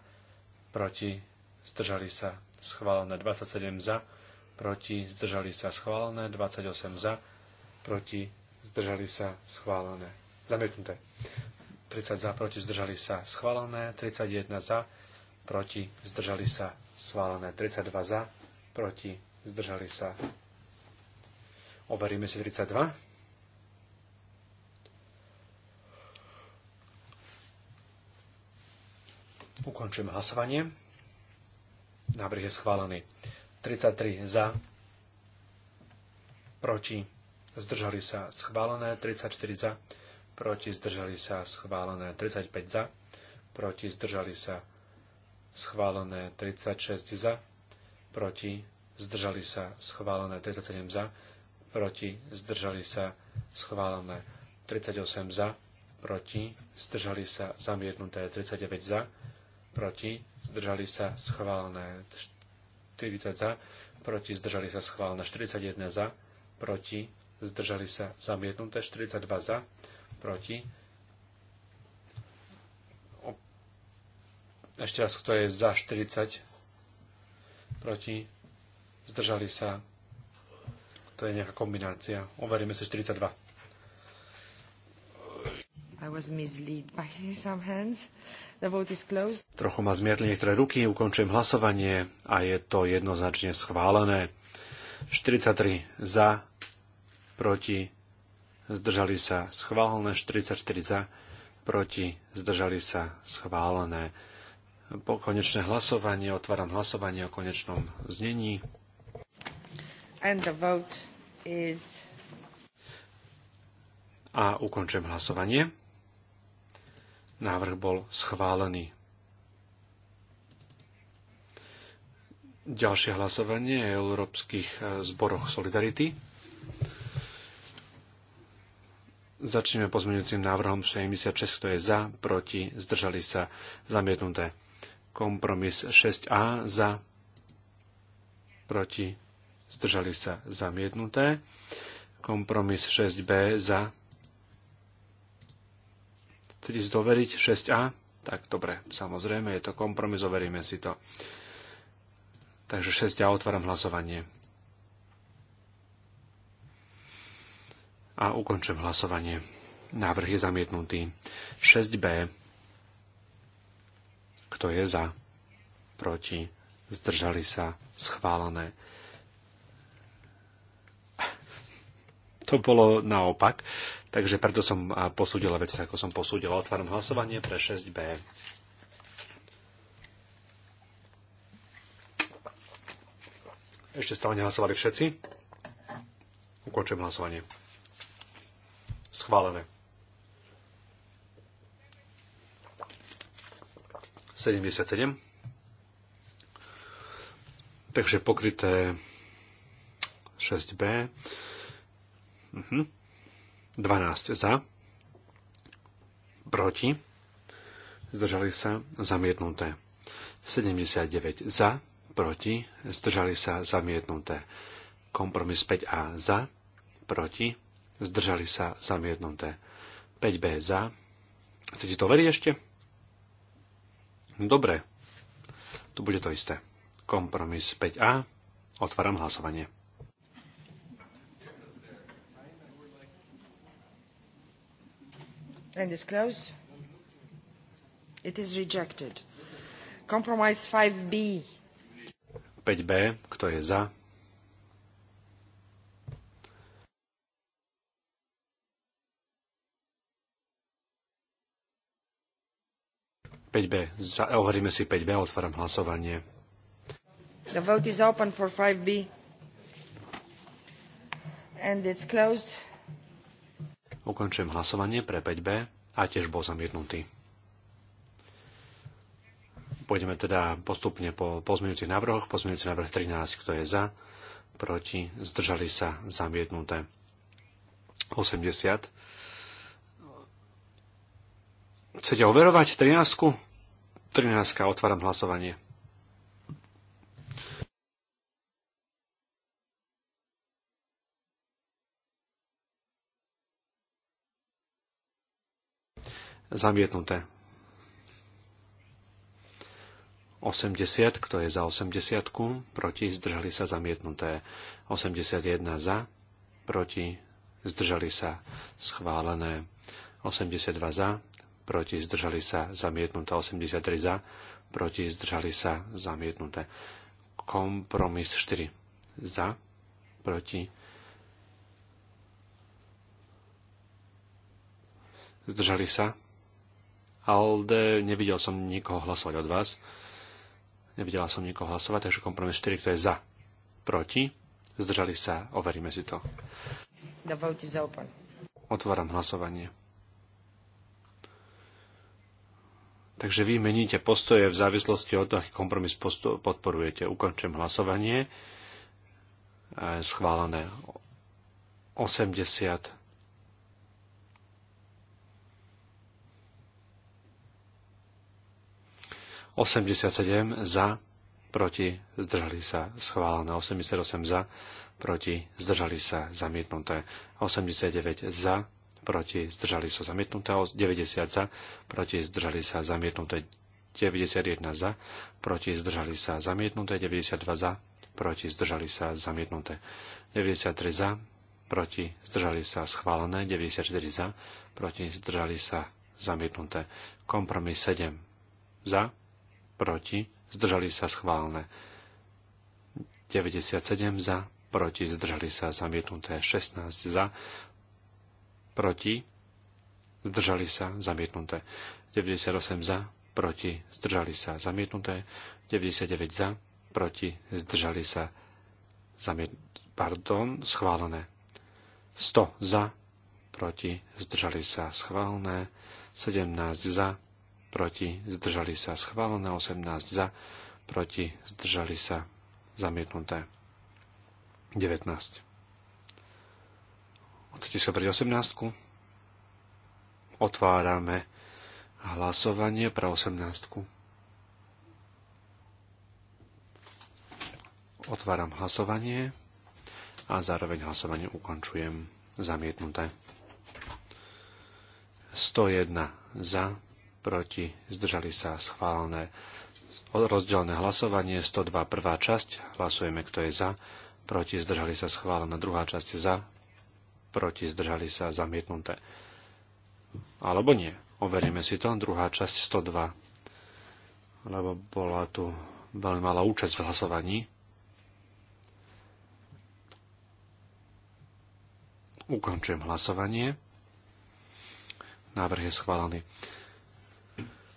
proti, zdržali sa schválené 27 za, proti, zdržali sa schválené, 28 za, proti, zdržali sa schválené. Zamietnuté. 30 za, proti, zdržali sa schválené, 31 za, proti, zdržali sa schválené, 32 za, proti, zdržali sa. Overíme si 32. Ukončujem hlasovanie. Návrh je schválený. 33 za, proti, zdržali sa schválené, 34 za, proti, zdržali sa schválené, 35 za, proti, zdržali sa schválené, 36 za, proti, zdržali sa schválené, 37 za, proti, zdržali sa schválené, 38 za, proti, zdržali sa zamietnuté, 39 za, proti, zdržali sa schválené, 40 za, proti zdržali sa schválne 41 za, proti zdržali sa zamietnuté 42 za, proti. Ešte raz, kto je za 40, proti, zdržali sa. To je nejaká kombinácia. Overíme sa 42. I was mislead by some hands. Trochu ma zmietli niektoré ruky, ukončujem hlasovanie a je to jednoznačne schválené. 43 za, proti, zdržali sa schválené, 44 za, proti, zdržali sa schválené. Po konečné hlasovanie, otváram hlasovanie o konečnom znení. And the vote is... A ukončujem hlasovanie. Návrh bol schválený. Ďalšie hlasovanie je o Európskych e, zboroch Solidarity. Začneme pozmeňujúcim návrhom 76, kto je za, proti, zdržali sa, zamietnuté. Kompromis 6a, za, proti, zdržali sa, zamietnuté. Kompromis 6b, za, Chcete si to veriť, 6a? Tak dobre, samozrejme, je to kompromis, overíme si to. Takže 6a otváram hlasovanie. A ukončujem hlasovanie. Návrh je zamietnutý. 6b. Kto je za? Proti? Zdržali sa? Schválené. to bolo naopak. Takže preto som posúdila veci, ako som posúdila. Otváram hlasovanie pre 6B. Ešte stále nehlasovali všetci. Ukončujem hlasovanie. Schválené. 77. Takže pokryté 6b. Mhm. 12 za. Proti. Zdržali sa zamietnuté. 79 za. Proti. Zdržali sa zamietnuté. Kompromis 5A za. Proti. Zdržali sa zamietnuté. 5B za. Chcete to veriť ešte? Dobre. Tu bude to isté. Kompromis 5A. Otváram hlasovanie. and is closed. It is rejected. Compromise 5B. 5B, kto je za? B. Za, si 5B, otváram hlasovanie. The vote is open for 5B. And it's closed. Ukončujem hlasovanie pre 5B a tiež bol zamietnutý. Pôjdeme teda postupne po pozmeňujúcich návrhoch. Pozmeňujúci návrh 13, kto je za, proti, zdržali sa, zamietnuté. 80. Chcete overovať 13? 13. Otváram hlasovanie. Zamietnuté. 80, kto je za 80, proti, zdržali sa zamietnuté. 81 za, proti, zdržali sa schválené. 82 za, proti, zdržali sa zamietnuté. 83 za, proti, zdržali sa zamietnuté. Kompromis 4 za, proti, zdržali sa ALDE, nevidel som nikoho hlasovať od vás. Nevidela som nikoho hlasovať, takže kompromis 4, kto je za, proti, zdržali sa, overíme si to. Otváram hlasovanie. Takže vy meníte postoje v závislosti od toho, aký kompromis podporujete. Ukončujem hlasovanie. E, schválené 80 87 za, proti, zdržali sa, schválené. 88 za, proti, zdržali sa, zamietnuté. 89 za, proti, zdržali sa, zamietnuté. 90 za, proti, zdržali sa, zamietnuté. 91 za, proti, zdržali sa, zamietnuté. 92 za, proti, zdržali sa, zamietnuté. 93 za, proti, zdržali sa, schválené. 94 za, proti, zdržali sa, zamietnuté. Kompromis 7 za, proti, zdržali sa schválne. 97 za, proti, zdržali sa zamietnuté. 16 za, proti, zdržali sa zamietnuté. 98 za, proti, zdržali sa zamietnuté. 99 za, proti, zdržali sa zamiet... Pardon, schválené. 100 za, proti, zdržali sa schválené. 17 za, proti, zdržali sa schválené, 18 za, proti, zdržali sa zamietnuté. 19. Chcete sa pri 18? Otvárame hlasovanie pre 18. Otváram hlasovanie a zároveň hlasovanie ukončujem zamietnuté. 101 za, proti, zdržali sa schválené. Rozdielne hlasovanie 102 prvá časť, hlasujeme kto je za, proti zdržali sa schválené, druhá časť za, proti zdržali sa zamietnuté. Alebo nie, overíme si to, druhá časť 102, lebo bola tu veľmi malá účasť v hlasovaní. Ukončujem hlasovanie. Návrh je schválený.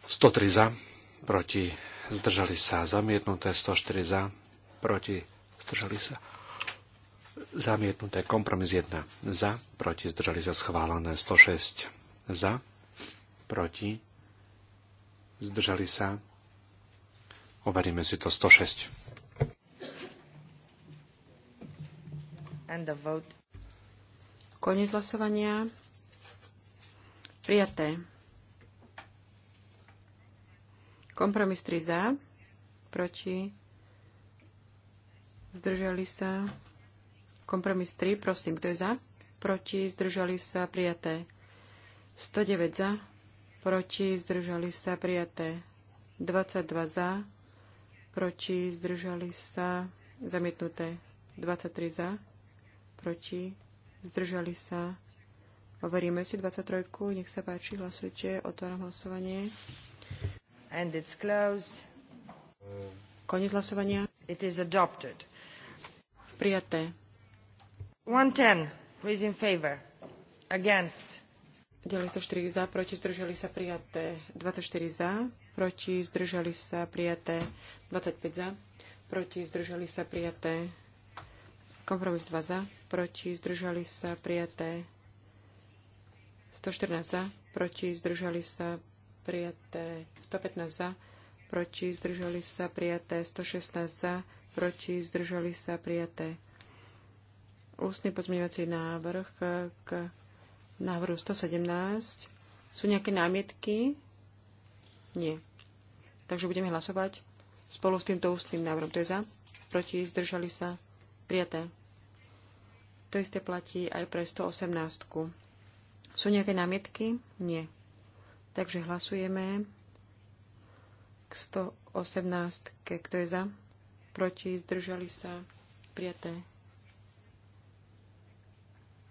103 za, proti zdržali sa zamietnuté, 104 za, proti zdržali sa zamietnuté, kompromis 1 za, proti zdržali sa schválené, 106 za, proti zdržali sa, overíme si to 106. And the vote. Koniec hlasovania. Prijaté. Kompromis 3 za, proti, zdržali sa. Kompromis 3, prosím, kto je za? Proti, zdržali sa, prijaté. 109 za, proti, zdržali sa, prijaté. 22 za, proti, zdržali sa, zamietnuté. 23 za, proti, zdržali sa. Overíme si 23. Nech sa páči, hlasujte, otváram hlasovanie. And it's closed. Koniec hlasovania. It is adopted. Prijaté. 110. Who is in favor? Against. Ďalej sú 4 za, proti zdržali sa prijaté 24 za, proti zdržali sa prijaté 25 za, proti zdržali sa prijaté kompromis 2 za, proti zdržali sa prijaté 114 za, proti zdržali sa prijaté 115 za, proti zdržali sa prijaté 116 za, proti zdržali sa prijaté. Ústny pozmeňovací návrh k návrhu 117. Sú nejaké námietky? Nie. Takže budeme hlasovať spolu s týmto ústnym návrhom. To je za, proti zdržali sa prijaté. To isté platí aj pre 118. Sú nejaké námietky? Nie. Takže hlasujeme k 118. Kto je za? Proti? Zdržali sa? Prijaté.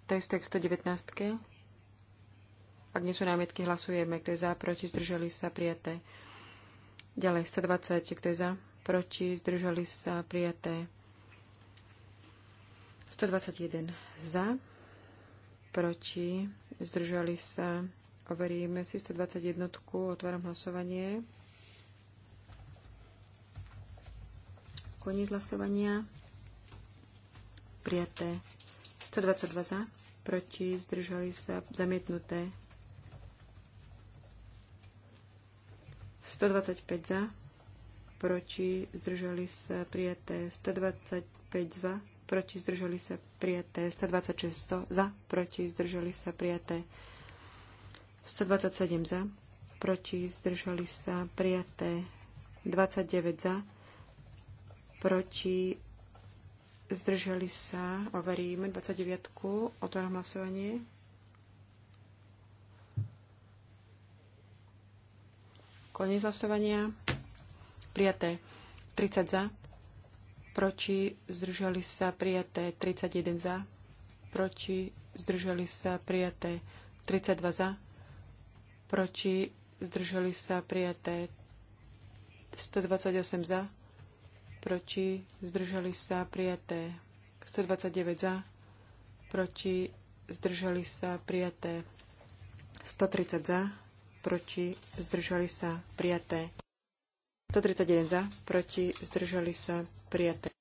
je k 119. Ak nie sú námietky, hlasujeme. Kto je za? Proti? Zdržali sa? Prijaté. Ďalej 120. Kto je za? Proti? Zdržali sa? Prijaté. 121 za, proti, zdržali sa Overíme si 121. Otváram hlasovanie. Koniec hlasovania. Prijaté. 122 za. Proti. Zdržali sa. Zamietnuté. 125 za. Proti. Zdržali sa. Prijaté. 125 za proti zdržali sa prijaté, 126 za, proti zdržali sa prijaté, 127 za, proti zdržali sa prijaté 29 za, proti zdržali sa, overíme 29, otváram hlasovanie. Koniec hlasovania. Prijaté 30 za, proti zdržali sa prijaté 31 za, proti zdržali sa prijaté 32 za, proti, zdrželi sa prijaté 128 za, proti, zdrželi sa prijaté 129 za, proti, zdrželi sa prijaté 130 za, proti, zdrželi sa prijaté 131 za, proti, zdrželi sa prijaté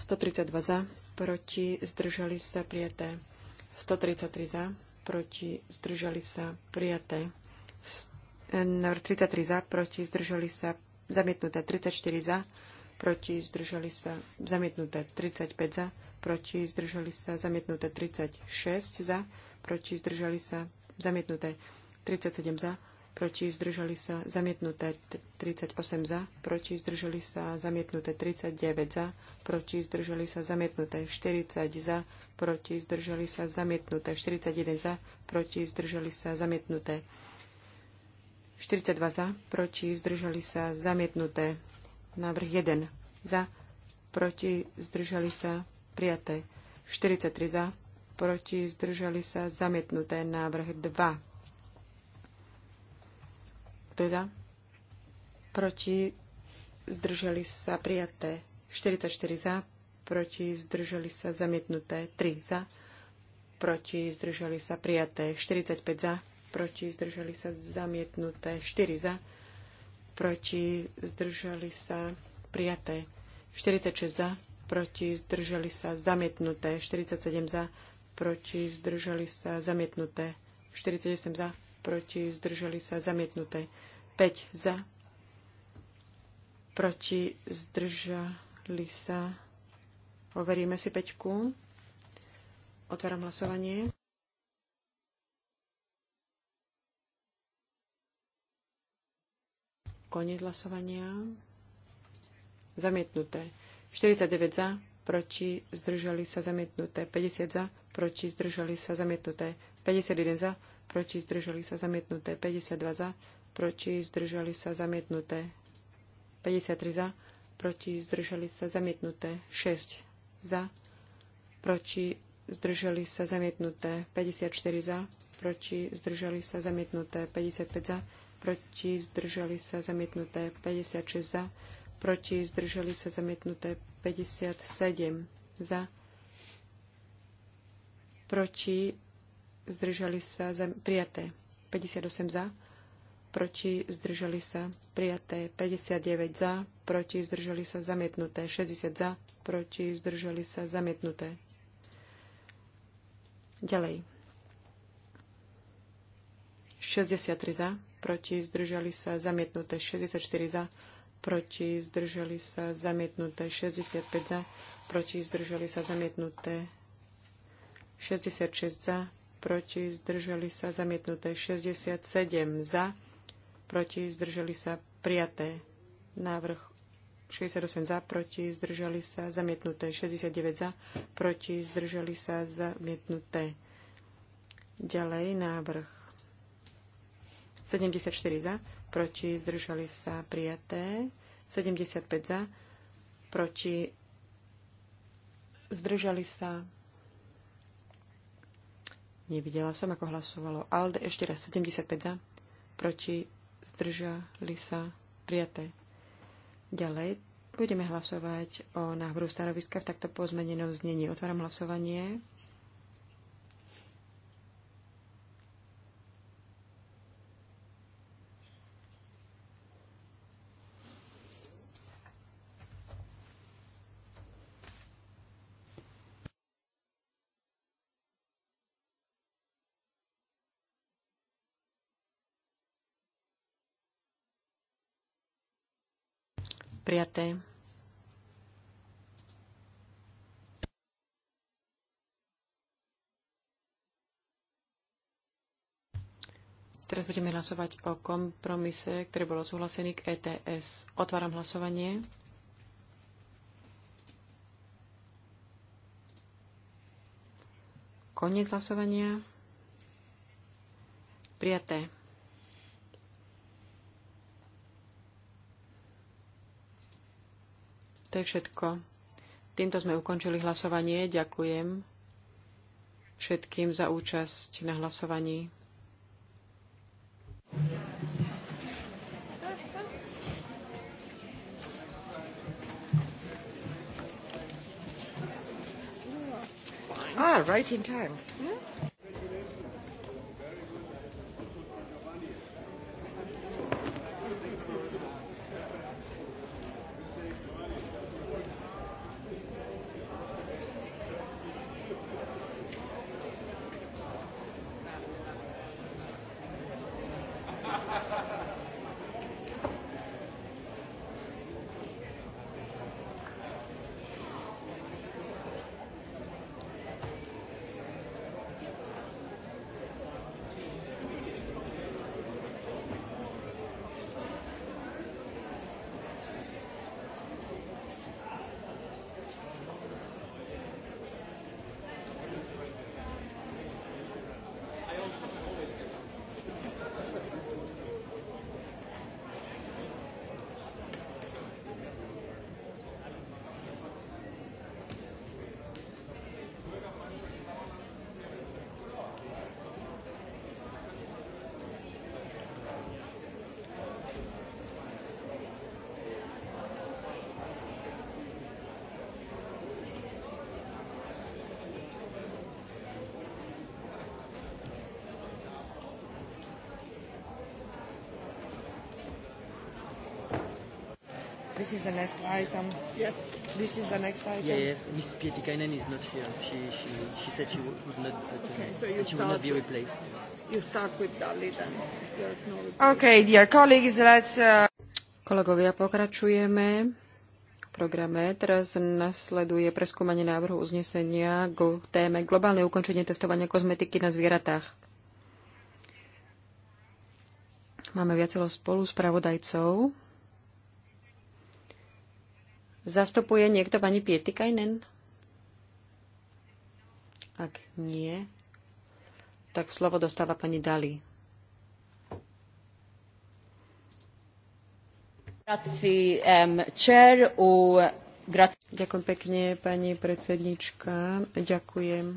132 za, proti, zdrželi sa prijaté 133 za, proti, zdržali sa, prijaté. E, návrh 33 za, proti, zdržali sa, zamietnuté. 34 za, proti, zdržali sa, zamietnuté. 35 za, proti, zdržali sa, zamietnuté. 36 za, proti, zdržali sa, zamietnuté. 37 za, proti zdržali sa zamietnuté 38 za, proti zdržali sa zamietnuté 39 za, proti zdržali sa zamietnuté 40 za, proti zdržali sa zamietnuté 41 za, proti zdržali sa zamietnuté 42 za, proti zdržali sa zamietnuté návrh 1 za, proti zdržali sa prijaté 43 za, proti zdržali sa zamietnuté návrh 2 teda Proti? Zdržali sa prijaté 44 za, proti zdržali sa zamietnuté 3 za, proti zdržali sa prijaté 45 za, proti zdržali sa zamietnuté 4 za, proti zdržali sa prijaté 46 za, proti zdržali sa zamietnuté 47 za, proti zdržali sa zamietnuté 48 za, proti zdržali sa zamietnuté 5 za. Proti zdržali sa. Overíme si peťku. Otváram hlasovanie. Koniec hlasovania. Zamietnuté. 49 za, proti zdržali sa zamietnuté. 50 za, proti zdržali sa zamietnuté. 51 za, proti zdržali sa zamietnuté. 52 za, proti zdržali sa zamietnuté. 53 za, proti zdržali sa zamietnuté. 6 za, proti zdržali sa zamietnuté. 54 za, proti zdržali sa zamietnuté. 55 za, proti zdržali sa zamietnuté. 56 za, proti zdržali sa zamietnuté. 57 za, proti zdržali sa prijaté. 58 za, proti zdržali sa prijaté 59 za, proti zdržali sa zamietnuté 60 za, proti zdržali sa zamietnuté. Ďalej. 63 za, proti zdržali sa zamietnuté 64 za, proti zdržali sa zamietnuté 65 za, proti zdržali sa zamietnuté 66 za, proti zdržali sa zamietnuté 67 za, proti, zdržali sa prijaté. Návrh 68 za, proti, zdržali sa zamietnuté. 69 za, proti, zdržali sa zamietnuté. Ďalej návrh 74 za, proti, zdržali sa prijaté. 75 za, proti, zdržali sa Nevidela som, ako hlasovalo ALDE. Ešte raz 75 za, proti zdržali sa, prijaté. Ďalej budeme hlasovať o návrhu stanoviska v takto pozmenenom znení. Otváram hlasovanie. Prijaté. Teraz budeme hlasovať o kompromise, ktorý bol súhlasený k ETS. Otváram hlasovanie. Koniec hlasovania. Prijaté. To je všetko. Týmto sme ukončili hlasovanie. Ďakujem všetkým za účasť na hlasovaní. Ah, right in time. Yeah. is the next item. Yes. This is the next item. Yeah, yes, Miss Pietikainen is not here. She she she said she would not. But, uh, okay, so you she will not be replaced. With, You start with Dali then. There's no. Replaced. Okay, dear colleagues, let's. Uh... Kolegovia, pokračujeme v programe. Teraz nasleduje preskúmanie návrhu uznesenia k téme globálne ukončenie testovania kozmetiky na zvieratách. Máme viacero spolu spravodajcov. Zastupuje niekto pani Pietikajnen? Ak nie, tak slovo dostáva pani Dali. Ehm, Ďakujem pekne, pani predsednička. Ďakujem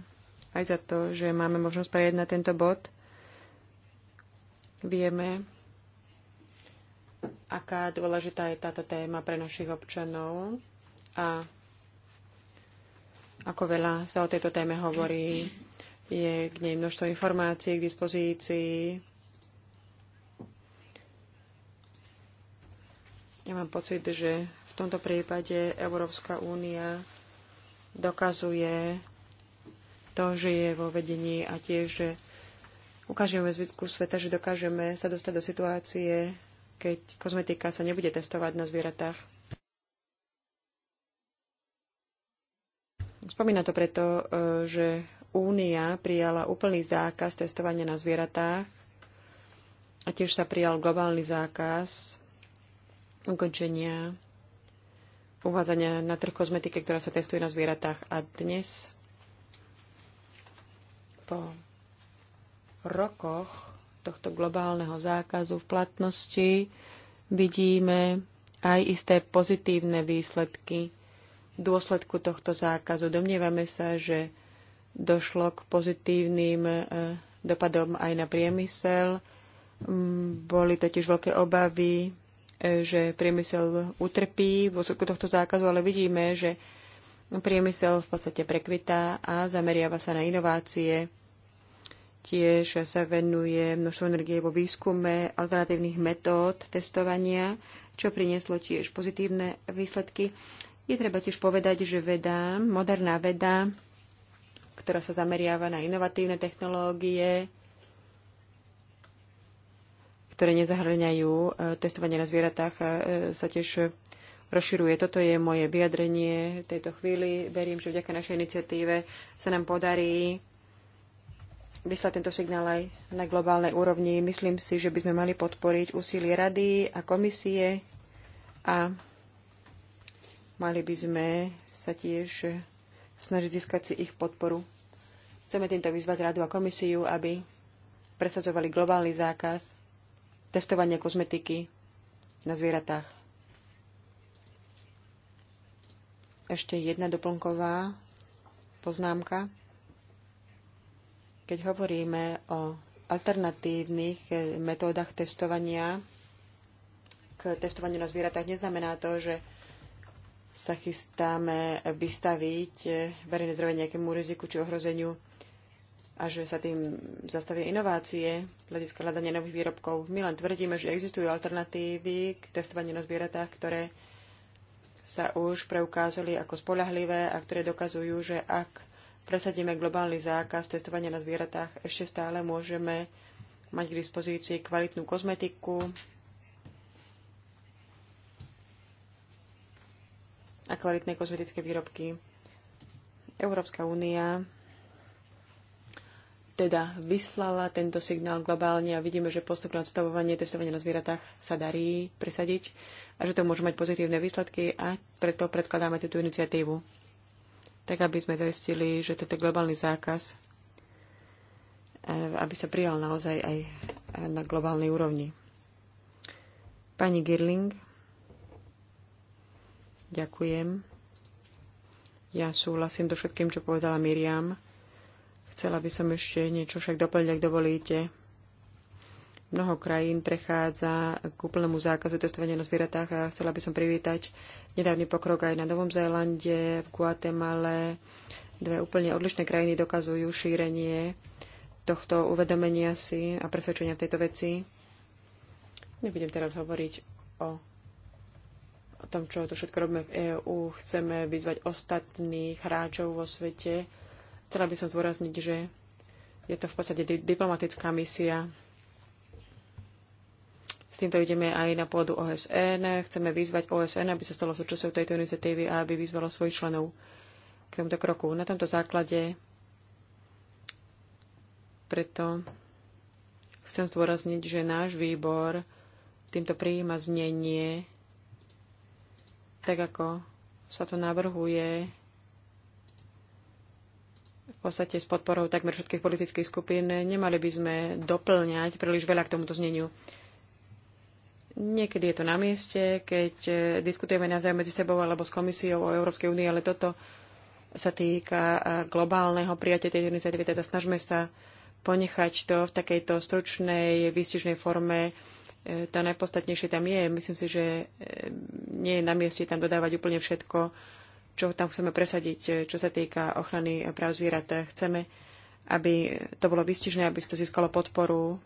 aj za to, že máme možnosť prejednať tento bod. Vieme, aká dôležitá je táto téma pre našich občanov a ako veľa sa o tejto téme hovorí. Je k nej množstvo informácií k dispozícii. Ja mám pocit, že v tomto prípade Európska únia dokazuje to, že je vo vedení a tiež, že ukážeme zbytku sveta, že dokážeme sa dostať do situácie, keď kozmetika sa nebude testovať na zvieratách. Spomína to preto, e, že Únia prijala úplný zákaz testovania na zvieratách a tiež sa prijal globálny zákaz ukončenia uvádzania na trh kozmetiky, ktorá sa testuje na zvieratách. A dnes po rokoch tohto globálneho zákazu v platnosti vidíme aj isté pozitívne výsledky v dôsledku tohto zákazu. Domnievame sa, že došlo k pozitívnym e, dopadom aj na priemysel. Mm, boli totiž veľké obavy, e, že priemysel utrpí v dôsledku tohto zákazu, ale vidíme, že priemysel v podstate prekvitá a zameriava sa na inovácie Tiež sa venuje množstvo energie vo výskume alternatívnych metód testovania, čo prinieslo tiež pozitívne výsledky. Je treba tiež povedať, že veda, moderná veda, ktorá sa zameriava na inovatívne technológie, ktoré nezahrňajú eh, testovanie na zvieratách, eh, sa tiež rozširuje. Toto je moje vyjadrenie v tejto chvíli. Verím, že vďaka našej iniciatíve sa nám podarí vyslať tento signál aj na globálnej úrovni. Myslím si, že by sme mali podporiť úsilie rady a komisie a mali by sme sa tiež snažiť získať si ich podporu. Chceme týmto vyzvať radu a komisiu, aby presadzovali globálny zákaz testovania kozmetiky na zvieratách. Ešte jedna doplnková poznámka. Keď hovoríme o alternatívnych eh, metódach testovania k testovaniu na zvieratách, neznamená to, že sa chystáme vystaviť eh, verejné zdravie nejakému riziku či ohrozeniu a že sa tým zastavia inovácie hľadiska hľadania nových výrobkov. My len tvrdíme, že existujú alternatívy k testovaniu na zvieratách, ktoré sa už preukázali ako spolahlivé a ktoré dokazujú, že ak presadíme globálny zákaz testovania na zvieratách, ešte stále môžeme mať k dispozícii kvalitnú kozmetiku a kvalitné kozmetické výrobky. Európska únia teda vyslala tento signál globálne a vidíme, že postupné odstavovanie testovania na zvieratách sa darí presadiť a že to môže mať pozitívne výsledky a preto predkladáme túto iniciatívu tak aby sme zaistili, že tento globálny zákaz eh, aby sa prijal naozaj aj na globálnej úrovni. Pani Girling, ďakujem. Ja súhlasím do všetkým, čo povedala Miriam. Chcela by som ešte niečo však doplniť, ak dovolíte. Mnoho krajín prechádza k úplnému zákazu testovania na zvieratách a chcela by som privítať nedávny pokrok aj na Novom Zélande, v Guatemale. Dve úplne odlišné krajiny dokazujú šírenie tohto uvedomenia si a presvedčenia v tejto veci. Nebudem teraz hovoriť o, o tom, čo to všetko robíme v EÚ. Chceme vyzvať ostatných hráčov vo svete. Chcela by som zdôrazniť, že je to v podstate diplomatická misia. S týmto ideme aj na pôdu OSN. Chceme vyzvať OSN, aby sa stalo súčasťou tejto iniciatívy a aby vyzvalo svojich členov k tomuto kroku. Na tomto základe preto chcem zdôrazniť, že náš výbor týmto prijíma znenie tak, ako sa to navrhuje v podstate s podporou takmer všetkých politických skupín. Nemali by sme doplňať príliš veľa k tomuto zneniu. Niekedy je to na mieste, keď e, diskutujeme naozaj medzi sebou alebo s komisiou o Európskej únii, ale toto sa týka e, globálneho prijatia tej iniciatívy, teda snažme sa ponechať to v takejto stručnej, výstižnej forme. E, tá najpodstatnejšie tam je. Myslím si, že nie je na mieste tam dodávať úplne všetko, čo tam chceme presadiť, čo sa týka ochrany práv zvierat. Chceme, aby to bolo výstižné, aby to získalo podporu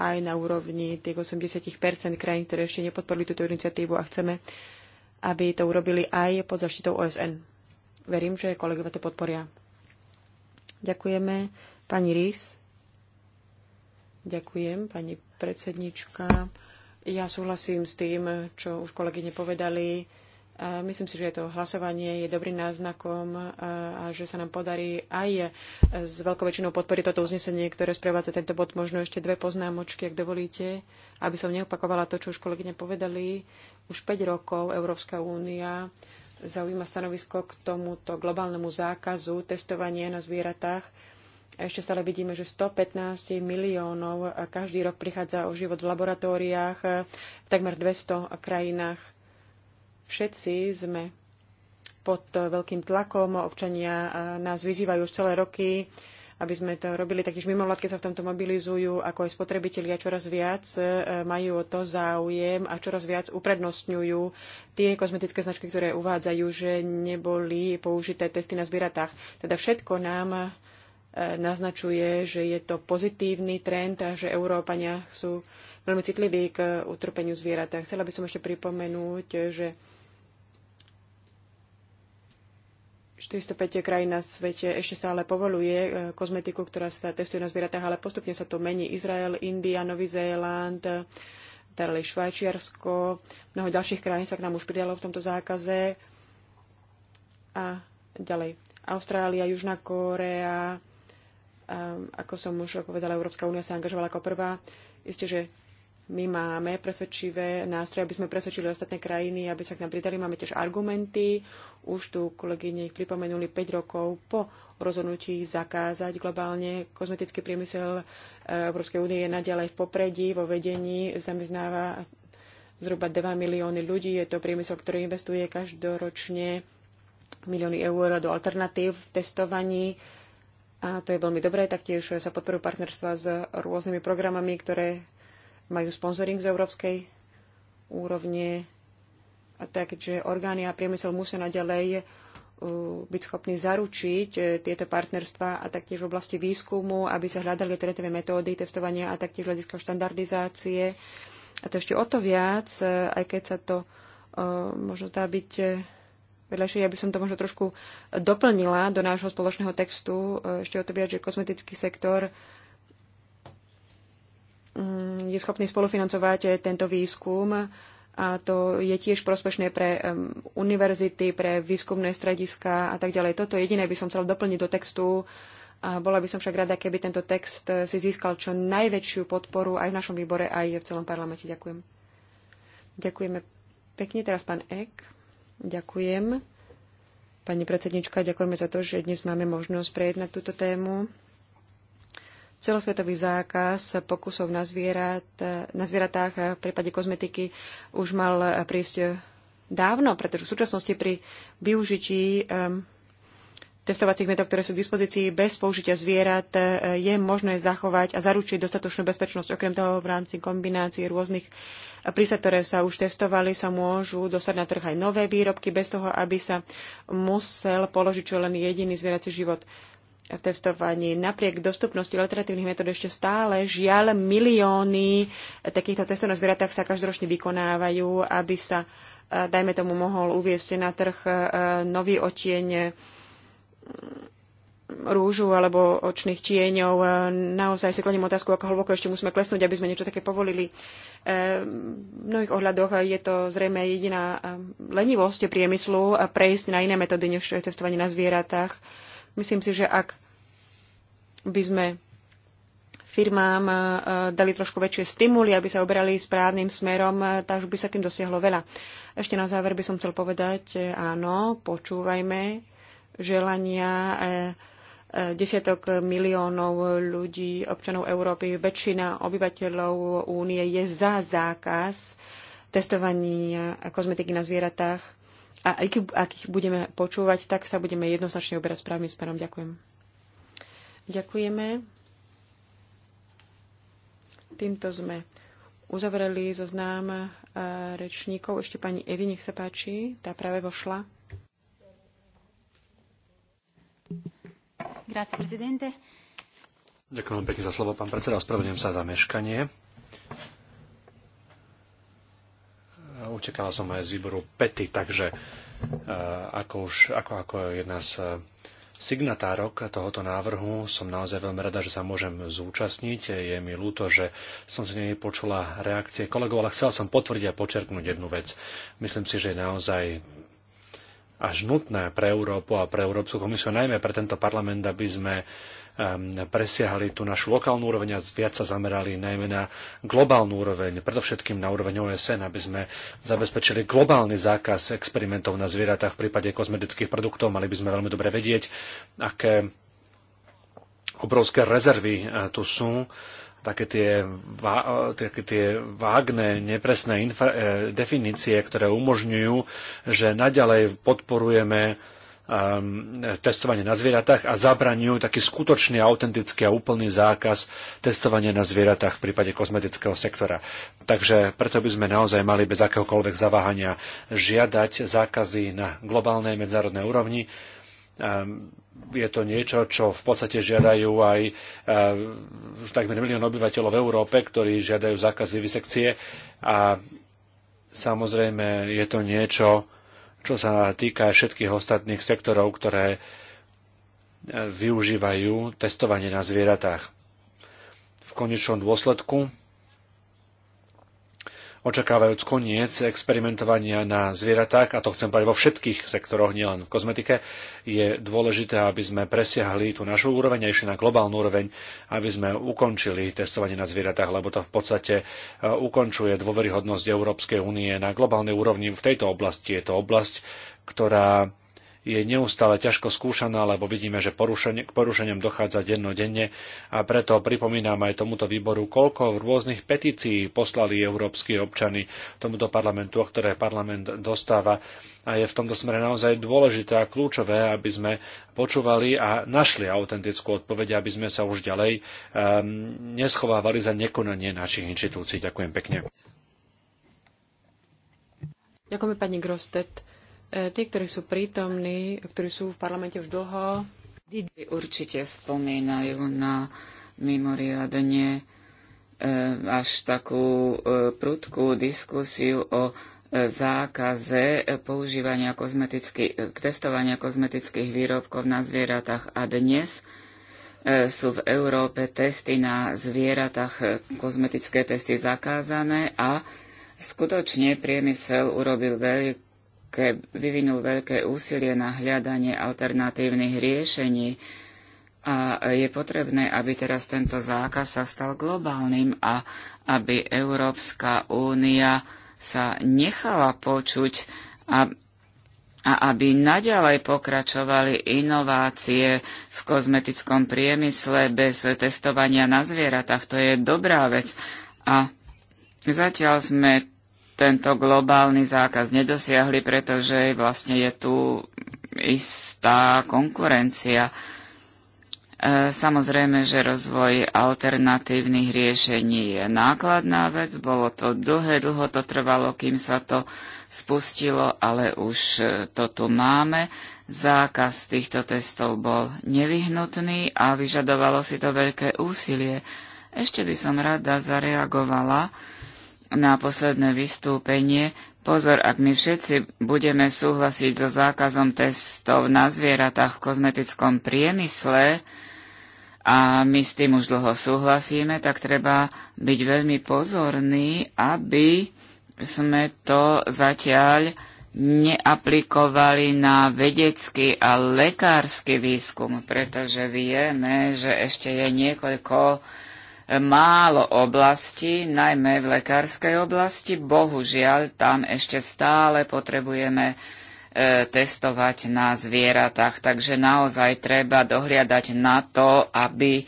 aj na úrovni tých 80 krajín, ktoré ešte nepodporili túto iniciatívu a chceme, aby to urobili aj pod zaštitou OSN. Verím, že kolegovia to podporia. Ďakujeme. Pani Rís. Ďakujem, pani predsednička. Ja súhlasím s tým, čo už kolegyne povedali Myslím si, že to hlasovanie je dobrým náznakom a že sa nám podarí aj s veľkou väčšinou podporiť toto uznesenie, ktoré sprevádza tento bod. Možno ešte dve poznámočky, ak dovolíte, aby som neopakovala to, čo už kolegyne povedali. Už 5 rokov Európska únia zaujíma stanovisko k tomuto globálnemu zákazu testovania na zvieratách. Ešte stále vidíme, že 115 miliónov každý rok prichádza o život v laboratóriách v takmer 200 krajinách Všetci sme pod veľkým tlakom, občania nás vyzývajú už celé roky, aby sme to robili. Takýž mimovládky sa v tomto mobilizujú, ako aj spotrebitelia čoraz viac e, majú o to záujem a čoraz viac uprednostňujú tie kozmetické značky, ktoré uvádzajú, že neboli použité testy na zvieratách. Teda všetko nám e, naznačuje, že je to pozitívny trend a že Európania sú veľmi citliví k utrpeniu zvieratá. Chcela by som ešte pripomenúť, že 405 krajín na svete ešte stále povoluje e, kozmetiku, ktorá sa testuje na zvieratách, ale postupne sa to mení. Izrael, India, Nový Zéland, ďalej Švajčiarsko, mnoho ďalších krajín sa k nám už pridalo v tomto zákaze. A ďalej Austrália, Južná Kórea, e, ako som už povedala, Európska únia sa angažovala ako prvá. Isté, že my máme presvedčivé nástroje, aby sme presvedčili ostatné krajiny, aby sa k nám pridali. Máme tiež argumenty. Už tu kolegyne ich pripomenuli 5 rokov po rozhodnutí zakázať globálne kozmetický priemysel e, Európskej únie je naďalej v popredí, vo vedení, zamiznáva zhruba 2 milióny ľudí. Je to priemysel, ktorý investuje každoročne milióny eur do alternatív v testovaní. A to je veľmi dobré. Taktiež sa podporujú partnerstva s rôznymi programami, ktoré majú sponzoring z európskej úrovne, a takže orgány a priemysel musia naďalej uh, byť schopní zaručiť uh, tieto partnerstva a taktiež v oblasti výskumu, aby sa hľadali alternatívne metódy testovania a taktiež hľadiska štandardizácie. A to ešte o to viac, uh, aj keď sa to možno dá byť vedľajšie, ja by som to možno trošku doplnila do nášho spoločného textu, ešte o to viac, že kozmetický sektor Mm, je schopný spolufinancovať eh, tento výskum a to je tiež prospešné pre univerzity, pre výskumné strediska a tak ďalej. Toto jediné by som chcel doplniť do textu. A bola by som však rada, keby tento text eh, si získal čo najväčšiu podporu aj v našom výbore, aj v celom parlamente. Ďakujem. Ďakujeme pekne. Teraz pán Ek. Ďakujem. Pani predsednička, ďakujeme za to, že dnes máme možnosť prejednať túto tému celosvetový zákaz pokusov na, zvierat, na zvieratách v prípade kozmetiky už mal prísť dávno, pretože v súčasnosti pri využití um, testovacích metod, ktoré sú k dispozícii bez použitia zvierat, eh, je možné zachovať a zaručiť dostatočnú bezpečnosť. Okrem toho v rámci kombinácie rôznych prísad, ktoré sa už testovali, sa môžu dostať na trh aj nové výrobky bez toho, aby sa musel položiť čo len jediný zvierací život testovaní. Napriek dostupnosti alternatívnych metód ešte stále žiaľ milióny takýchto testov na zvieratách sa každoročne vykonávajú, aby sa, e, dajme tomu, mohol uviesť na trh e, nový odtieň e, rúžu alebo očných tieňov. Naozaj si kladiem otázku, ako hlboko ešte musíme klesnúť, aby sme niečo také povolili. V mnohých ohľadoch je to zrejme jediná lenivosť priemyslu prejsť na iné metódy než testovanie na zvieratách Myslím si, že ak by sme firmám e, dali trošku väčšie stimuly, aby sa obrali správnym smerom, e, tak by sa tým dosiahlo veľa. Ešte na záver by som chcel povedať, e, áno, počúvajme želania desiatok miliónov ľudí, občanov Európy, väčšina obyvateľov únie je za zákaz testovania kozmetiky na zvieratách a ak, ak ich budeme počúvať, tak sa budeme jednoznačne uberať správnym smerom. Ďakujem. Ďakujeme. Týmto sme uzavreli zoznám e, rečníkov. Ešte pani Evi, nech sa páči, tá práve vošla. Grazie, Ďakujem pekne za slovo, pán predseda. Ospravedlňujem sa za meškanie. utekala som aj z výboru PETY, takže e, ako, už, ako, ako jedna z e, signatárok tohoto návrhu. Som naozaj veľmi rada, že sa môžem zúčastniť. Je mi ľúto, že som si nepočula reakcie kolegov, ale chcel som potvrdiť a počerknúť jednu vec. Myslím si, že je naozaj až nutné pre Európu a pre Európsku komisiu, najmä pre tento parlament, aby sme uh, Ehm, presiahli tú našu lokálnu úroveň a viac sa zamerali najmä na globálnu úroveň, predovšetkým na úroveň OSN, aby sme zabezpečili globálny zákaz experimentov na zvieratách v prípade kozmetických produktov. Mali by sme veľmi dobre vedieť, aké obrovské rezervy e, tu sú také tie, vá, e, také tie vágne, nepresné e, definície, ktoré umožňujú, že naďalej podporujeme Um, testovanie na zvieratách a zabraňujú taký skutočný, autentický a úplný zákaz testovania na zvieratách v prípade kozmetického sektora. Takže preto by sme naozaj mali bez akéhokoľvek zaváhania žiadať zákazy na globálnej medzárodnej úrovni. Um, je to niečo, čo v podstate žiadajú aj uh, už takmer milión obyvateľov v Európe, ktorí žiadajú zákaz vivisekcie a samozrejme je to niečo, čo sa týka všetkých ostatných sektorov, ktoré e, využívajú testovanie na zvieratách. V konečnom dôsledku očakávajúc koniec experimentovania na zvieratách, a to chcem povedať vo všetkých sektoroch, nielen v kozmetike, je dôležité, aby sme presiahli tú našu úroveň a išli na globálnu úroveň, aby sme ukončili testovanie na zvieratách, lebo to v podstate e, ukončuje dôveryhodnosť Európskej únie na globálnej úrovni. V tejto oblasti je to oblasť, ktorá je neustále ťažko skúšaná, lebo vidíme, že porušenie, k porušeniam dochádza dennodenne a preto pripomínam aj tomuto výboru, koľko rôznych petícií poslali európsky občany tomuto parlamentu, o ktoré parlament dostáva a je v tomto smere naozaj dôležité a kľúčové, aby sme počúvali a našli autentickú odpoveď, aby sme sa už ďalej um, neschovávali za nekonanie našich inštitúcií. Ďakujem pekne. Ďakujeme pani Grostet. E, tí, ktorí sú prítomní, ktorí sú v parlamente už dlho, určite spomínajú na mimoriadne e, až takú e, prudkú diskusiu o zákaze používania kozmetických, testovania kozmetických výrobkov na zvieratách a dnes sú v Európe testy na zvieratách, kozmetické testy zakázané a skutočne priemysel urobil veľkú Ke vyvinul veľké úsilie na hľadanie alternatívnych riešení a je potrebné, aby teraz tento zákaz sa stal globálnym a aby Európska únia sa nechala počuť a, a aby naďalej pokračovali inovácie v kozmetickom priemysle bez testovania na zvieratách. To je dobrá vec. A zatiaľ sme tento globálny zákaz nedosiahli, pretože vlastne je tu istá konkurencia. E, samozrejme, že rozvoj alternatívnych riešení je nákladná vec, bolo to dlhé, dlho to trvalo, kým sa to spustilo, ale už e, to tu máme. Zákaz týchto testov bol nevyhnutný a vyžadovalo si to veľké úsilie. Ešte by som rada zareagovala na posledné vystúpenie. Pozor, ak my všetci budeme súhlasiť so zákazom testov na zvieratách v kozmetickom priemysle, a my s tým už dlho súhlasíme, tak treba byť veľmi pozorní, aby sme to zatiaľ neaplikovali na vedecký a lekársky výskum, pretože vieme, že ešte je niekoľko málo oblastí, najmä v lekárskej oblasti. Bohužiaľ, tam ešte stále potrebujeme e, testovať na zvieratách. Takže naozaj treba dohliadať na to, aby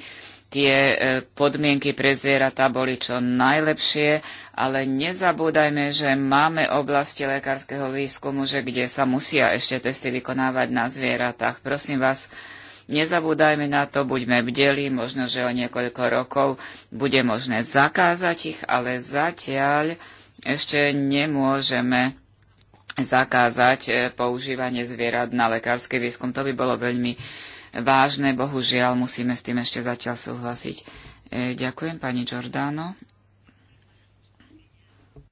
tie e, podmienky pre zvieratá boli čo najlepšie, ale nezabúdajme, že máme oblasti lekárskeho výskumu, že kde sa musia ešte testy vykonávať na zvieratách. Prosím vás, Nezabúdajme na to, buďme bdeli, možno, že o niekoľko rokov bude možné zakázať ich, ale zatiaľ ešte nemôžeme zakázať e, používanie zvierat na lekársky výskum. To by bolo veľmi vážne, bohužiaľ musíme s tým ešte zatiaľ súhlasiť. E, ďakujem pani Giordano.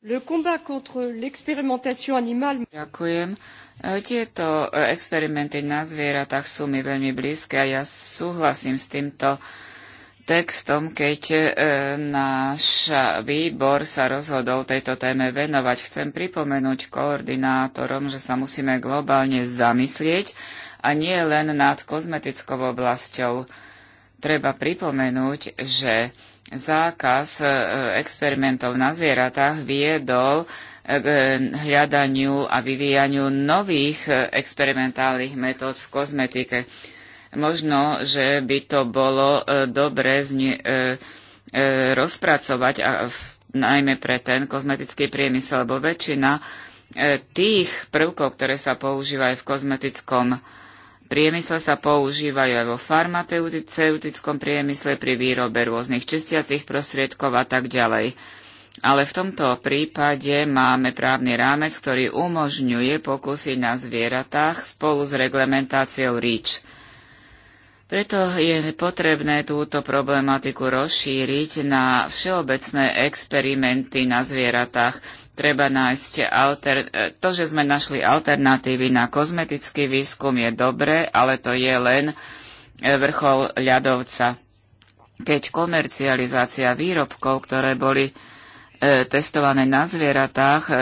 Le combat contre l'expérimentation animale. Ďakujem. Tieto e, experimenty na zvieratách sú mi veľmi blízke a ja súhlasím s týmto textom, keď e, náš výbor sa rozhodol tejto téme venovať. Chcem pripomenúť koordinátorom, že sa musíme globálne zamyslieť a nie len nad kozmetickou oblasťou. Treba pripomenúť, že zákaz e, experimentov na zvieratách viedol k hľadaniu a vyvíjaniu nových experimentálnych metód v kozmetike. Možno, že by to bolo e, dobre e, e, rozpracovať, a v, najmä pre ten kozmetický priemysel, lebo väčšina tých prvkov, ktoré sa používajú v kozmetickom priemysle sa používajú aj vo farmaceutickom priemysle pri výrobe rôznych čistiacich prostriedkov a tak ďalej. Ale v tomto prípade máme právny rámec, ktorý umožňuje pokusy na zvieratách spolu s reglementáciou REACH. Preto je potrebné túto problematiku rozšíriť na všeobecné experimenty na zvieratách. Treba nájsť alter... To, že sme našli alternatívy na kozmetický výskum je dobré, ale to je len e, vrchol ľadovca. Keď komercializácia výrobkov, ktoré boli E, testované na zvieratách e,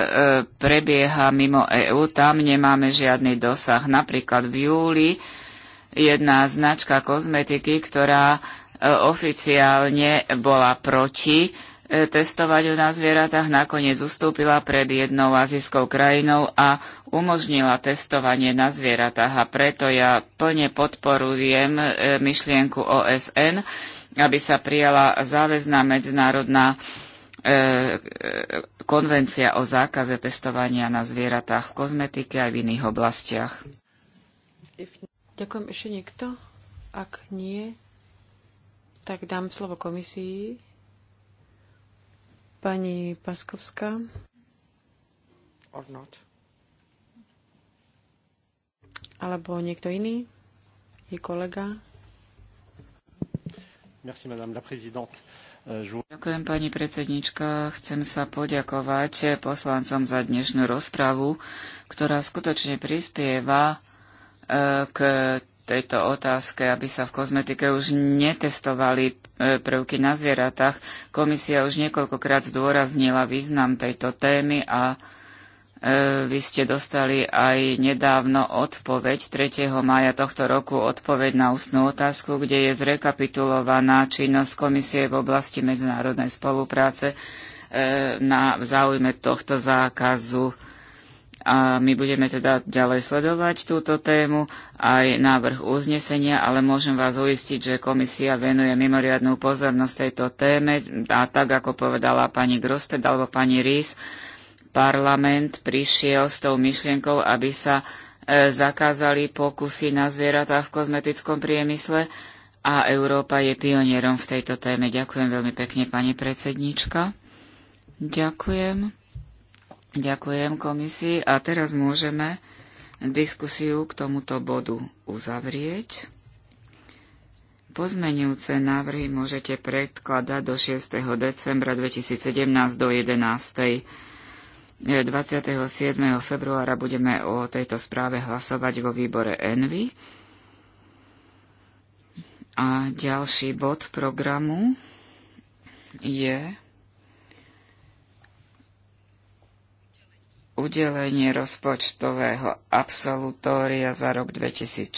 prebieha mimo EÚ, tam nemáme žiadny dosah. Napríklad v júli jedna značka kozmetiky, ktorá e, oficiálne bola proti testovaniu na zvieratách, nakoniec ustúpila pred jednou azijskou krajinou a umožnila testovanie na zvieratách. A preto ja plne podporujem myšlienku OSN, aby sa prijala záväzná medzinárodná E, e, konvencia o zákaze testovania na zvieratách v kozmetike aj v iných oblastiach. Ďakujem ešte niekto? Ak nie, tak dám slovo komisii. Pani Paskovská. Or not. Alebo niekto iný? Je kolega? Merci, madame la présidente. Ďakujem, pani predsednička. Chcem sa poďakovať poslancom za dnešnú rozpravu, ktorá skutočne prispieva e, k tejto otázke, aby sa v kozmetike už netestovali e, prvky na zvieratách. Komisia už niekoľkokrát zdôraznila význam tejto témy a E, vy ste dostali aj nedávno odpoveď 3. maja tohto roku, odpoveď na ústnú otázku, kde je zrekapitulovaná činnosť komisie v oblasti medzinárodnej spolupráce e, na, záujme tohto zákazu. A my budeme teda ďalej sledovať túto tému, aj návrh uznesenia, ale môžem vás uistiť, že komisia venuje mimoriadnú pozornosť tejto téme a tak, ako povedala pani Grosted alebo pani Rís, parlament prišiel s tou myšlienkou, aby sa e, zakázali pokusy na zvieratá v kozmetickom priemysle a Európa je pionierom v tejto téme. Ďakujem veľmi pekne, pani predsednička. Ďakujem. Ďakujem komisii a teraz môžeme diskusiu k tomuto bodu uzavrieť. Pozmenujúce návrhy môžete predkladať do 6. decembra 2017 do 11. 27. februára budeme o tejto správe hlasovať vo výbore ENVY. A ďalší bod programu je udelenie rozpočtového absolutória za rok 2016.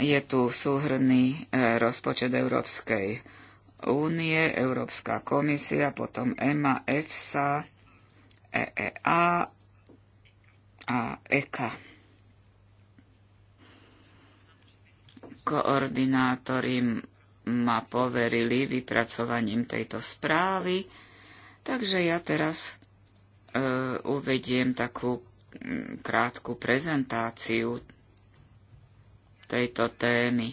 Je tu súhrný eh, rozpočet Európskej únie, Európska komisia, potom EMA, EFSA, EEA a ECA. E e e Koordinátori ma poverili vypracovaním tejto správy, takže ja teraz e, uvediem takú mm, krátku prezentáciu tejto témy.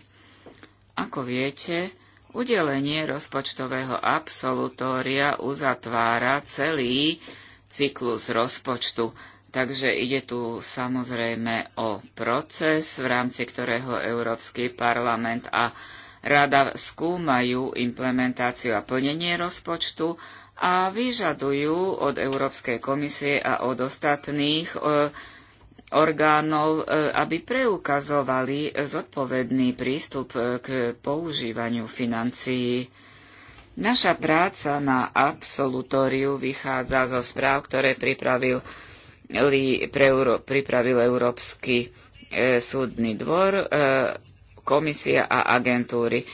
Ako viete, Udelenie rozpočtového absolutória uzatvára celý cyklus rozpočtu, takže ide tu samozrejme o proces, v rámci ktorého Európsky parlament a Rada skúmajú implementáciu a plnenie rozpočtu a vyžadujú od Európskej komisie a od ostatných e, orgánov, e, aby preukazovali zodpovedný prístup e, k používaniu financií. Naša práca na absolutóriu vychádza zo správ, ktoré pripravil, Euró pripravil Európsky e, súdny dvor, e, komisia a agentúry.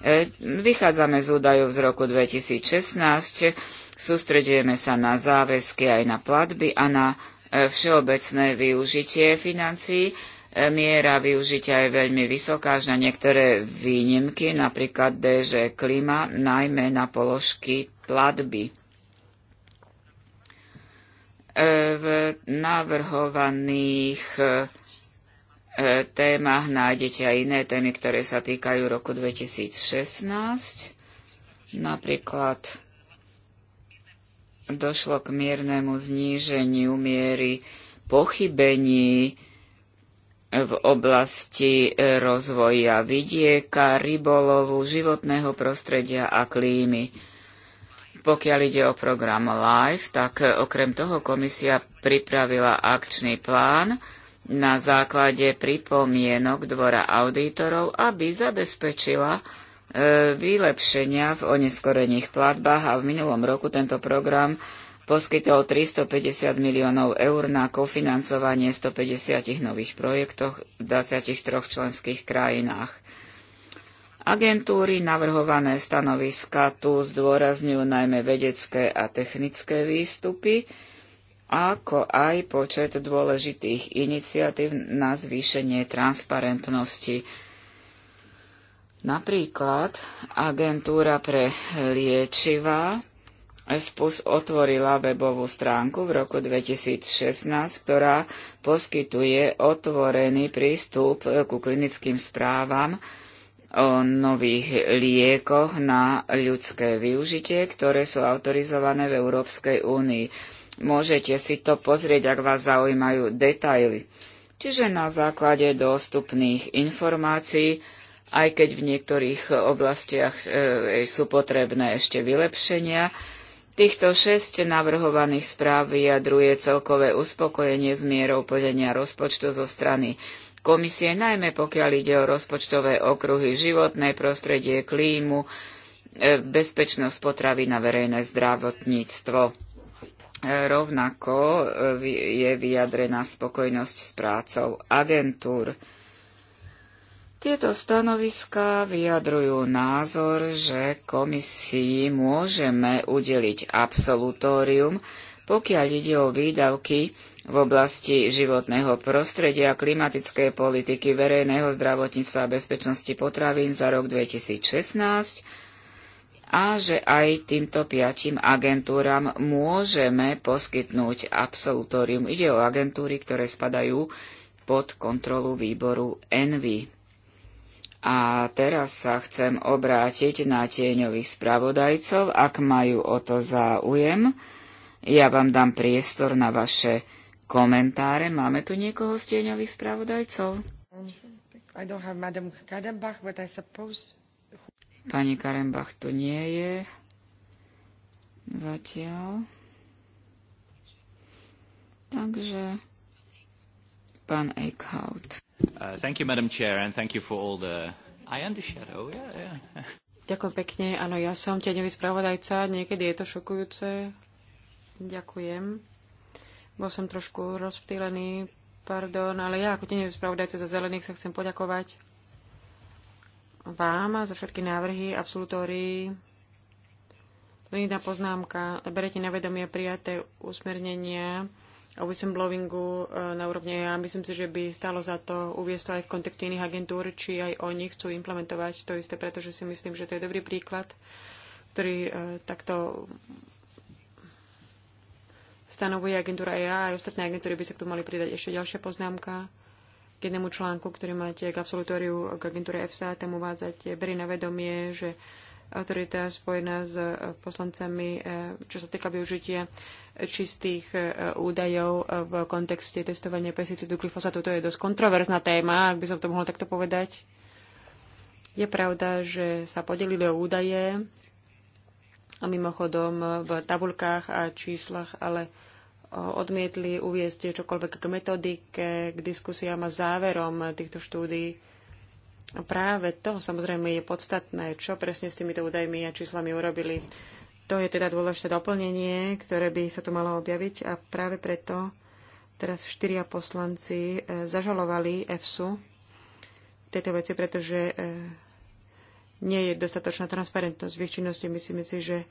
E, vychádzame z údajov z roku 2016, sústredujeme sa na záväzky aj na platby a na E, všeobecné využitie financií. E, miera využitia je veľmi vysoká, až na niektoré výnimky, napríklad DŽ klima, najmä na položky platby. E, v navrhovaných témach nájdete aj iné témy, ktoré sa týkajú roku 2016, napríklad došlo k miernemu zníženiu miery pochybení v oblasti e, rozvoja vidieka, rybolovu, životného prostredia a klímy. Pokiaľ ide o program LIFE, tak e, okrem toho komisia pripravila akčný plán na základe pripomienok Dvora auditorov, aby zabezpečila E, vylepšenia v oneskorených platbách a v minulom roku tento program poskytol 350 miliónov eur na kofinancovanie 150 nových projektov v 23 členských krajinách. Agentúry navrhované stanoviska tu zdôrazňujú najmä vedecké a technické výstupy, ako aj počet dôležitých iniciatív na zvýšenie transparentnosti Napríklad agentúra pre liečivá SPUS otvorila webovú stránku v roku 2016, ktorá poskytuje otvorený prístup ku klinickým správam o nových liekoch na ľudské využitie, ktoré sú autorizované v Európskej únii. Môžete si to pozrieť, ak vás zaujímajú detaily. Čiže na základe dostupných informácií aj keď v niektorých oblastiach e, sú potrebné ešte vylepšenia. Týchto šesť navrhovaných správ vyjadruje celkové uspokojenie s mierou plnenia rozpočtu zo strany komisie, najmä pokiaľ ide o rozpočtové okruhy životné prostredie, klímu, e, bezpečnosť potravy na verejné zdravotníctvo e, rovnako e, je vyjadrená spokojnosť s prácou agentúr. Tieto stanoviská vyjadrujú názor, že komisii môžeme udeliť absolutórium, pokiaľ ide o výdavky v oblasti životného prostredia, klimatickej politiky, verejného zdravotníctva a bezpečnosti potravín za rok 2016 a že aj týmto piatim agentúram môžeme poskytnúť absolutórium. Ide o agentúry, ktoré spadajú pod kontrolu výboru ENVY. A teraz sa chcem obrátiť na tieňových spravodajcov, ak majú o to záujem. Ja vám dám priestor na vaše komentáre. Máme tu niekoho z tieňových spravodajcov? Suppose... Pani Karembach tu nie je. Zatiaľ. Takže pán Eichhout. Uh, thank you, Madam Chair, and thank you for all the... I am the shadow, yeah, yeah. Ďakujem pekne. Áno, ja som tieňový spravodajca. Niekedy je to šokujúce. Ďakujem. Bol som trošku rozptýlený, pardon, ale ja ako tieňový spravodajca za zelených sa chcem poďakovať vám za všetky návrhy, absolutórii. Len jedna poznámka. Berete na vedomie prijaté usmernenia o whistleblowingu eh, na úrovni a myslím si, že by stálo za to uviesť to aj v kontexte iných agentúr, či aj oni chcú implementovať to isté, pretože si myslím, že to je dobrý príklad, ktorý eh, takto stanovuje agentúra EA a aj ostatné agentúry by sa k tomu mali pridať. Ešte ďalšia poznámka k jednému článku, ktorý máte k absolutóriu k agentúre EFSA, tam uvádzate, beri na vedomie, že autorita spojená s eh, poslancami, eh, čo sa týka využitia eh, čistých údajov v kontexte testovania pesticidu glyfosatu, To je dosť kontroverzná téma, ak by som to mohla takto povedať. Je pravda, že sa podelili o údaje a mimochodom v tabulkách a číslach, ale odmietli uviezť čokoľvek k metodike, k diskusiám a záverom týchto štúdií a práve to samozrejme je podstatné, čo presne s týmito údajmi a číslami urobili. To je teda dôležité doplnenie, ktoré by sa tu malo objaviť a práve preto teraz štyria poslanci e, zažalovali EFSU tejto veci, pretože e, nie je dostatočná transparentnosť v ich činnosti. Myslím si, že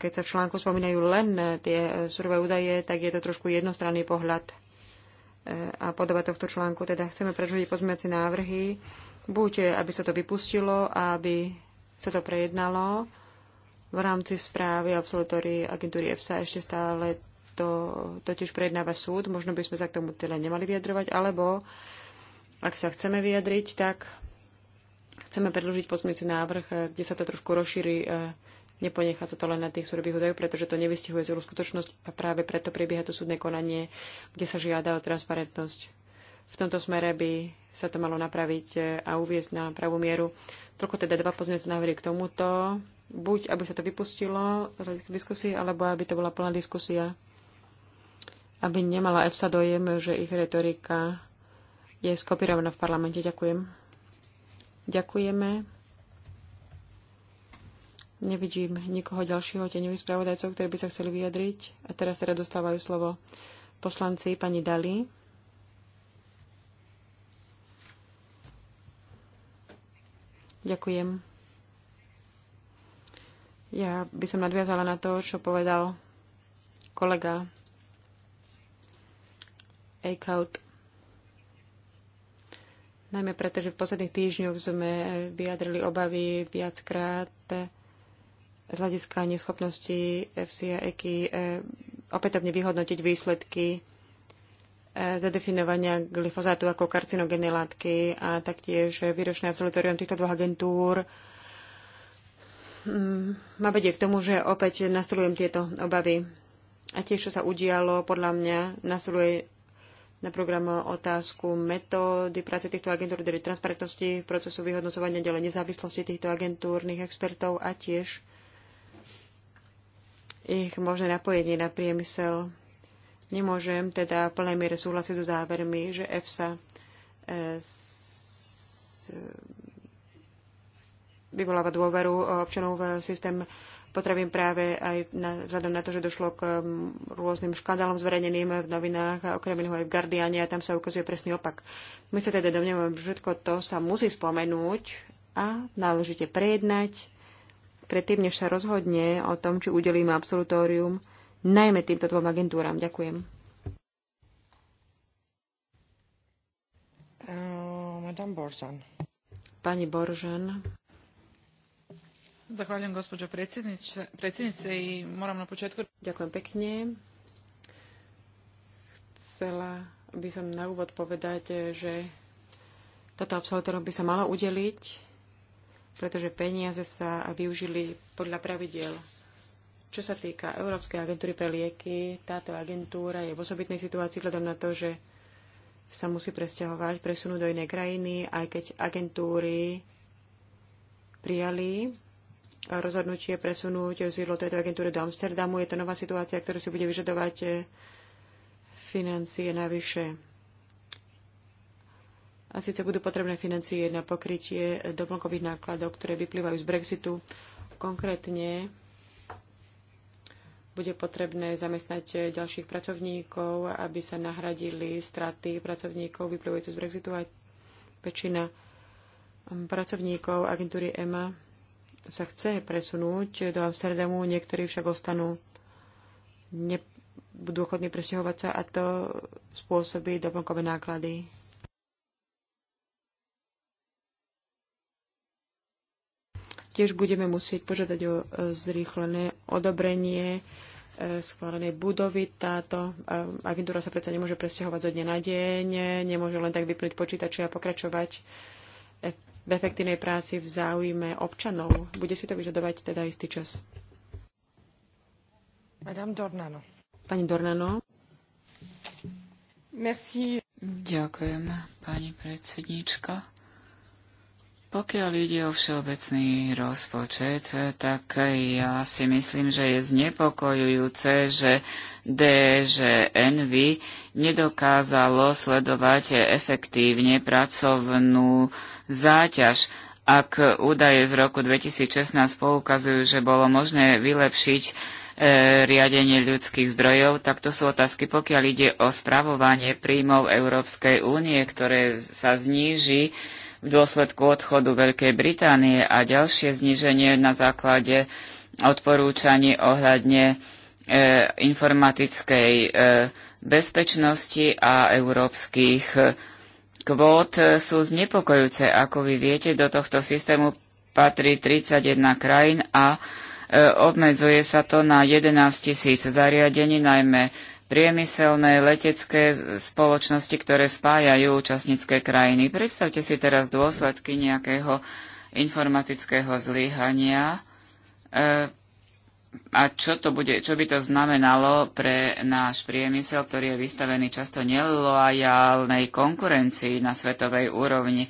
keď sa v článku spomínajú len e, tie surové údaje, tak je to trošku jednostranný pohľad a podoba tohto článku. Teda chceme prežiť pozmeňovacie návrhy, buď eh, aby sa to vypustilo a aby sa to prejednalo v rámci správy absolutórii agentúry EFSA ešte stále to totiž prejednáva súd, možno by sme sa k tomu teda nemali vyjadrovať, alebo ak sa chceme vyjadriť, tak chceme predložiť pozmeňujúci návrh, eh, kde sa to trošku rozšíri, eh, neponechá sa to len na tých súrových údajov, pretože to nevystihuje celú skutočnosť a práve preto prebieha to súdne konanie, kde sa žiada o transparentnosť. V tomto smere by sa to malo napraviť e, a uviezť na pravú mieru. Toľko teda dva pozmeňujúce návrhy k tomuto. Buď, aby sa to vypustilo z diskusii, alebo aby to bola plná diskusia. Aby nemala EFSA dojem, že ich retorika je skopirovaná v parlamente. Ďakujem. Ďakujeme. Nevidím nikoho ďalšieho teňových spravodajcov, ktorí by sa chceli vyjadriť. A teraz teda dostávajú slovo poslanci pani Dali. Ďakujem. Ja by som nadviazala na to, čo povedal kolega Eichhout. Najmä preto, že v posledných týždňoch sme vyjadrili obavy viackrát z hľadiska neschopnosti FCA EKI e, opätovne vyhodnotiť výsledky E, zadefinovania glyfozátu ako karcinogénnej látky a taktiež výročné absolutorium týchto dvoch agentúr ma mm, vedie k tomu, že opäť nastolujem tieto obavy. A tiež, čo sa udialo, podľa mňa nastoluje na program otázku metódy práce týchto agentúr, tedy transparentnosti, procesu vyhodnocovania, ďalej nezávislosti týchto agentúrnych expertov a tiež ich možné napojenie na priemysel Nemôžem teda v plnej miere súhlasiť so závermi, že EFSA eh, eh, vyvoláva dôveru občanov v systém potrebujem práve aj na, vzhľadom na to, že došlo k mm, rôznym škandálom zverejneným v novinách a okrem iného aj v Guardiane a tam sa ukazuje presný opak. My sa teda domnievame, že všetko to sa musí spomenúť a náležite prejednať predtým, než sa rozhodne o tom, či udelíme absolutórium najmä týmto dvom agentúram. Ďakujem. Uh, Madame Pani Boržan. Zahvaľujem, gospođo predsednice, i moram na početku... Ďakujem pekne. Chcela by som na úvod povedať, že táto absolutórium by sa malo udeliť, pretože peniaze sa využili podľa pravidiel čo sa týka Európskej agentúry pre lieky, táto agentúra je v osobitnej situácii vzhľadom na to, že sa musí presťahovať, presunúť do inej krajiny, aj keď agentúry prijali rozhodnutie presunúť sídlo tejto agentúry do Amsterdamu. Je to nová situácia, ktorá si bude vyžadovať financie navyše. A síce budú potrebné financie na pokrytie doplnkových nákladov, ktoré vyplývajú z Brexitu. Konkrétne bude potrebné zamestnať ďalších pracovníkov, aby sa nahradili straty pracovníkov vyplývajúce z Brexitu a väčšina um, pracovníkov agentúry EMA sa chce presunúť do Amsterdamu, niektorí však ostanú ne, budú ochotní presťahovať sa a to spôsobí doplnkové náklady. Tiež budeme musieť požiadať o e, zrýchlené odobrenie schválenej budovy. Táto eh, agentúra sa predsa nemôže presťahovať zo dňa na deň, nemôže len tak vypnúť počítače a pokračovať eh, v efektívnej práci v záujme občanov. Bude si to vyžadovať teda istý čas. Madame Dornano. Pani Dornano. Merci. Ďakujem, pani predsedníčka. Pokiaľ ide o všeobecný rozpočet, tak ja si myslím, že je znepokojujúce, že DŽNV nedokázalo sledovať efektívne pracovnú záťaž. Ak údaje z roku 2016 poukazujú, že bolo možné vylepšiť e, riadenie ľudských zdrojov, tak to sú otázky, pokiaľ ide o spravovanie príjmov Európskej únie, ktoré sa zníži v dôsledku odchodu Veľkej Británie a ďalšie zníženie na základe odporúčaní ohľadne e, informatickej e, bezpečnosti a európskych e, kvót e, sú znepokojúce. Ako vy viete, do tohto systému patrí 31 krajín a e, obmedzuje sa to na 11 tisíc zariadení, najmä priemyselné letecké spoločnosti, ktoré spájajú účastnícke krajiny. Predstavte si teraz dôsledky nejakého informatického zlyhania e, a čo, to bude, čo by to znamenalo pre náš priemysel, ktorý je vystavený často neloajálnej konkurencii na svetovej úrovni.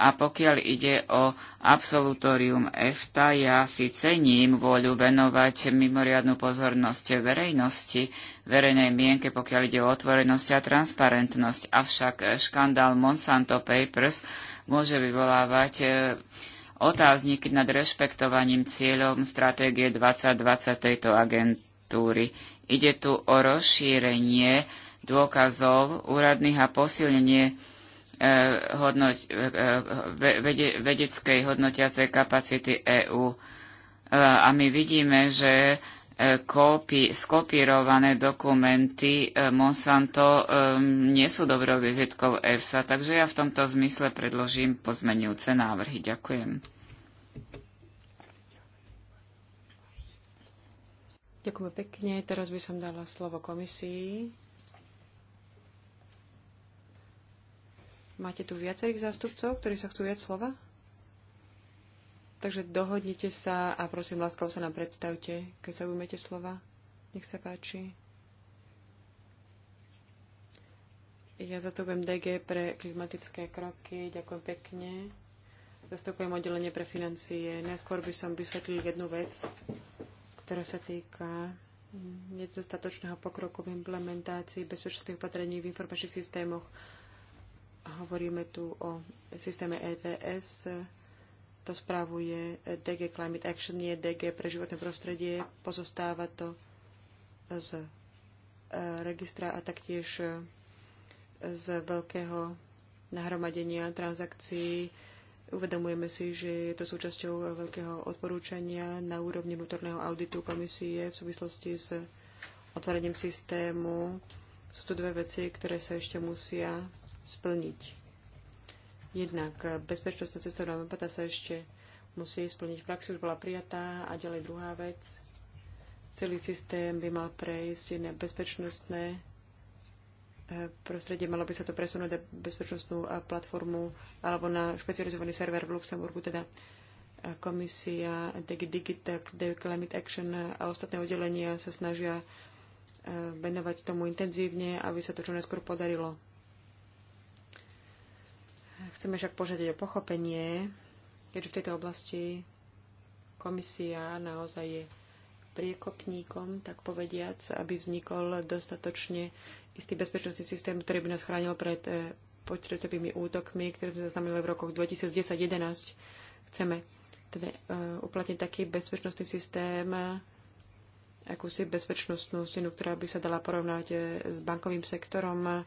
A pokiaľ ide o absolutórium EFTA, ja si cením vôľu venovať mimoriadnu pozornosť verejnosti, verejnej mienke, pokiaľ ide o otvorenosť a transparentnosť. Avšak e, škandál Monsanto Papers môže vyvolávať e, otázniky nad rešpektovaním cieľom stratégie 2020 tejto agentúry. Ide tu o rozšírenie dôkazov úradných a posilnenie e, hodnoť, vedeckej hodnotiacej kapacity EÚ. A my vidíme, že kópi, skopírované dokumenty e, Monsanto e, nie sú dobrou vizitkou EFSA, takže ja v tomto zmysle predložím pozmenujúce návrhy. Ďakujem. Ďakujem pekne. Teraz by som dala slovo komisii. Máte tu viacerých zástupcov, ktorí sa chcú viac slova? Takže dohodnite sa a prosím, láskavo sa nám predstavte, keď sa ujmete slova. Nech sa páči. Ja zastupujem DG pre klimatické kroky. Ďakujem pekne. Zastupujem oddelenie pre financie. Najskôr by som vysvetlil jednu vec, ktorá sa týka nedostatočného pokroku v implementácii bezpečnostných opatrení v informačných systémoch. Hovoríme tu o systéme ETS, to spravuje DG Climate Action, nie DG pre životné prostredie. Pozostáva to z e, registra a taktiež e, z veľkého nahromadenia transakcií. Uvedomujeme si, že je to súčasťou veľkého odporúčania na úrovni vnútorného auditu komisie v súvislosti s otvorením systému. Sú tu dve veci, ktoré sa ešte musia splniť. Jednak bezpečnostná cestovná mapa sa ešte musí splniť v praxi, už bola prijatá. A ďalej druhá vec. Celý systém by mal prejsť na bezpečnostné eh, prostredie, malo by sa to presunúť na bezpečnostnú eh, platformu alebo na špecializovaný server v Luxemburgu, teda eh, komisia Digital Climate Action a ostatné oddelenia sa snažia venovať tomu intenzívne, aby sa to čo najskôr podarilo. Chceme však požiadať o pochopenie, keďže v tejto oblasti komisia naozaj je priekopníkom, tak povediac, aby vznikol dostatočne istý bezpečnostný systém, ktorý by nás chránil pred e, počtretovými útokmi, ktoré sme zaznamenali v rokoch 2010-2011. Chceme teda e, uplatniť taký bezpečnostný systém, akúsi bezpečnostnú stenu, ktorá by sa dala porovnať e, s bankovým sektorom.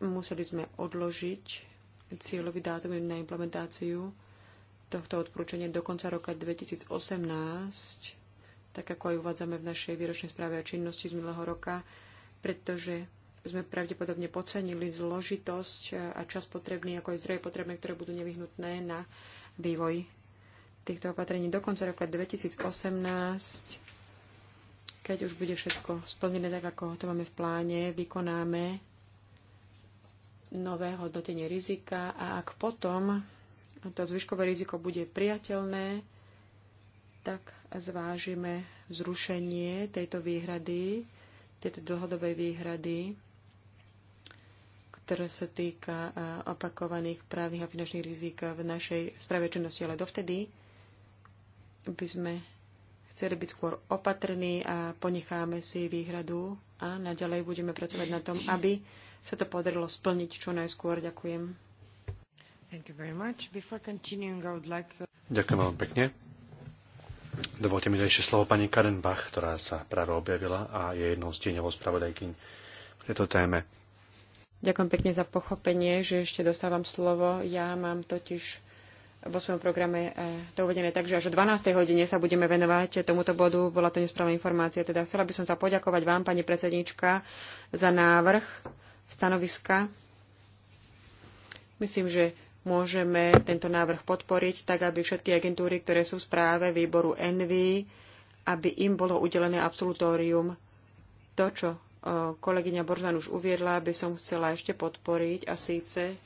Museli sme odložiť cieľový dátum na implementáciu tohto odporúčania do konca roka 2018, tak ako aj uvádzame v našej výročnej správe o činnosti z minulého roka, pretože sme pravdepodobne podcenili zložitosť a čas potrebný, ako aj zdroje potrebné, ktoré budú nevyhnutné na vývoj týchto opatrení do konca roka 2018, keď už bude všetko splnené tak, ako to máme v pláne, vykonáme nové hodnotenie rizika a ak potom to zvyškové riziko bude priateľné, tak zvážime zrušenie tejto výhrady, tejto dlhodobej výhrady, ktoré sa týka e, opakovaných právnych a finančných rizik v našej správe činnosti, ale dovtedy by sme chceli byť skôr opatrní a ponecháme si výhradu a naďalej budeme pracovať na tom, aby sa to podarilo splniť čo najskôr. Ďakujem. Thank you very much. Before continuing, I would like... Ďakujem veľmi pekne. Dovolte mi ešte slovo pani Karen Bach, ktorá sa práve objavila a je jednou z tieňovou spravodajkyň v tejto téme. Ďakujem pekne za pochopenie, že ešte dostávam slovo. Ja mám totiž vo svojom programe e, to uvedené, takže až o 12. hodine sa budeme venovať tomuto bodu. Bola to nesprávna informácia. Teda chcela by som sa poďakovať vám, pani predsednička, za návrh stanoviska. Myslím, že môžeme tento návrh podporiť, tak aby všetky agentúry, ktoré sú v správe výboru ENVY, aby im bolo udelené absolutórium. To, čo kolegyňa Borzan už uviedla, by som chcela ešte podporiť a síce,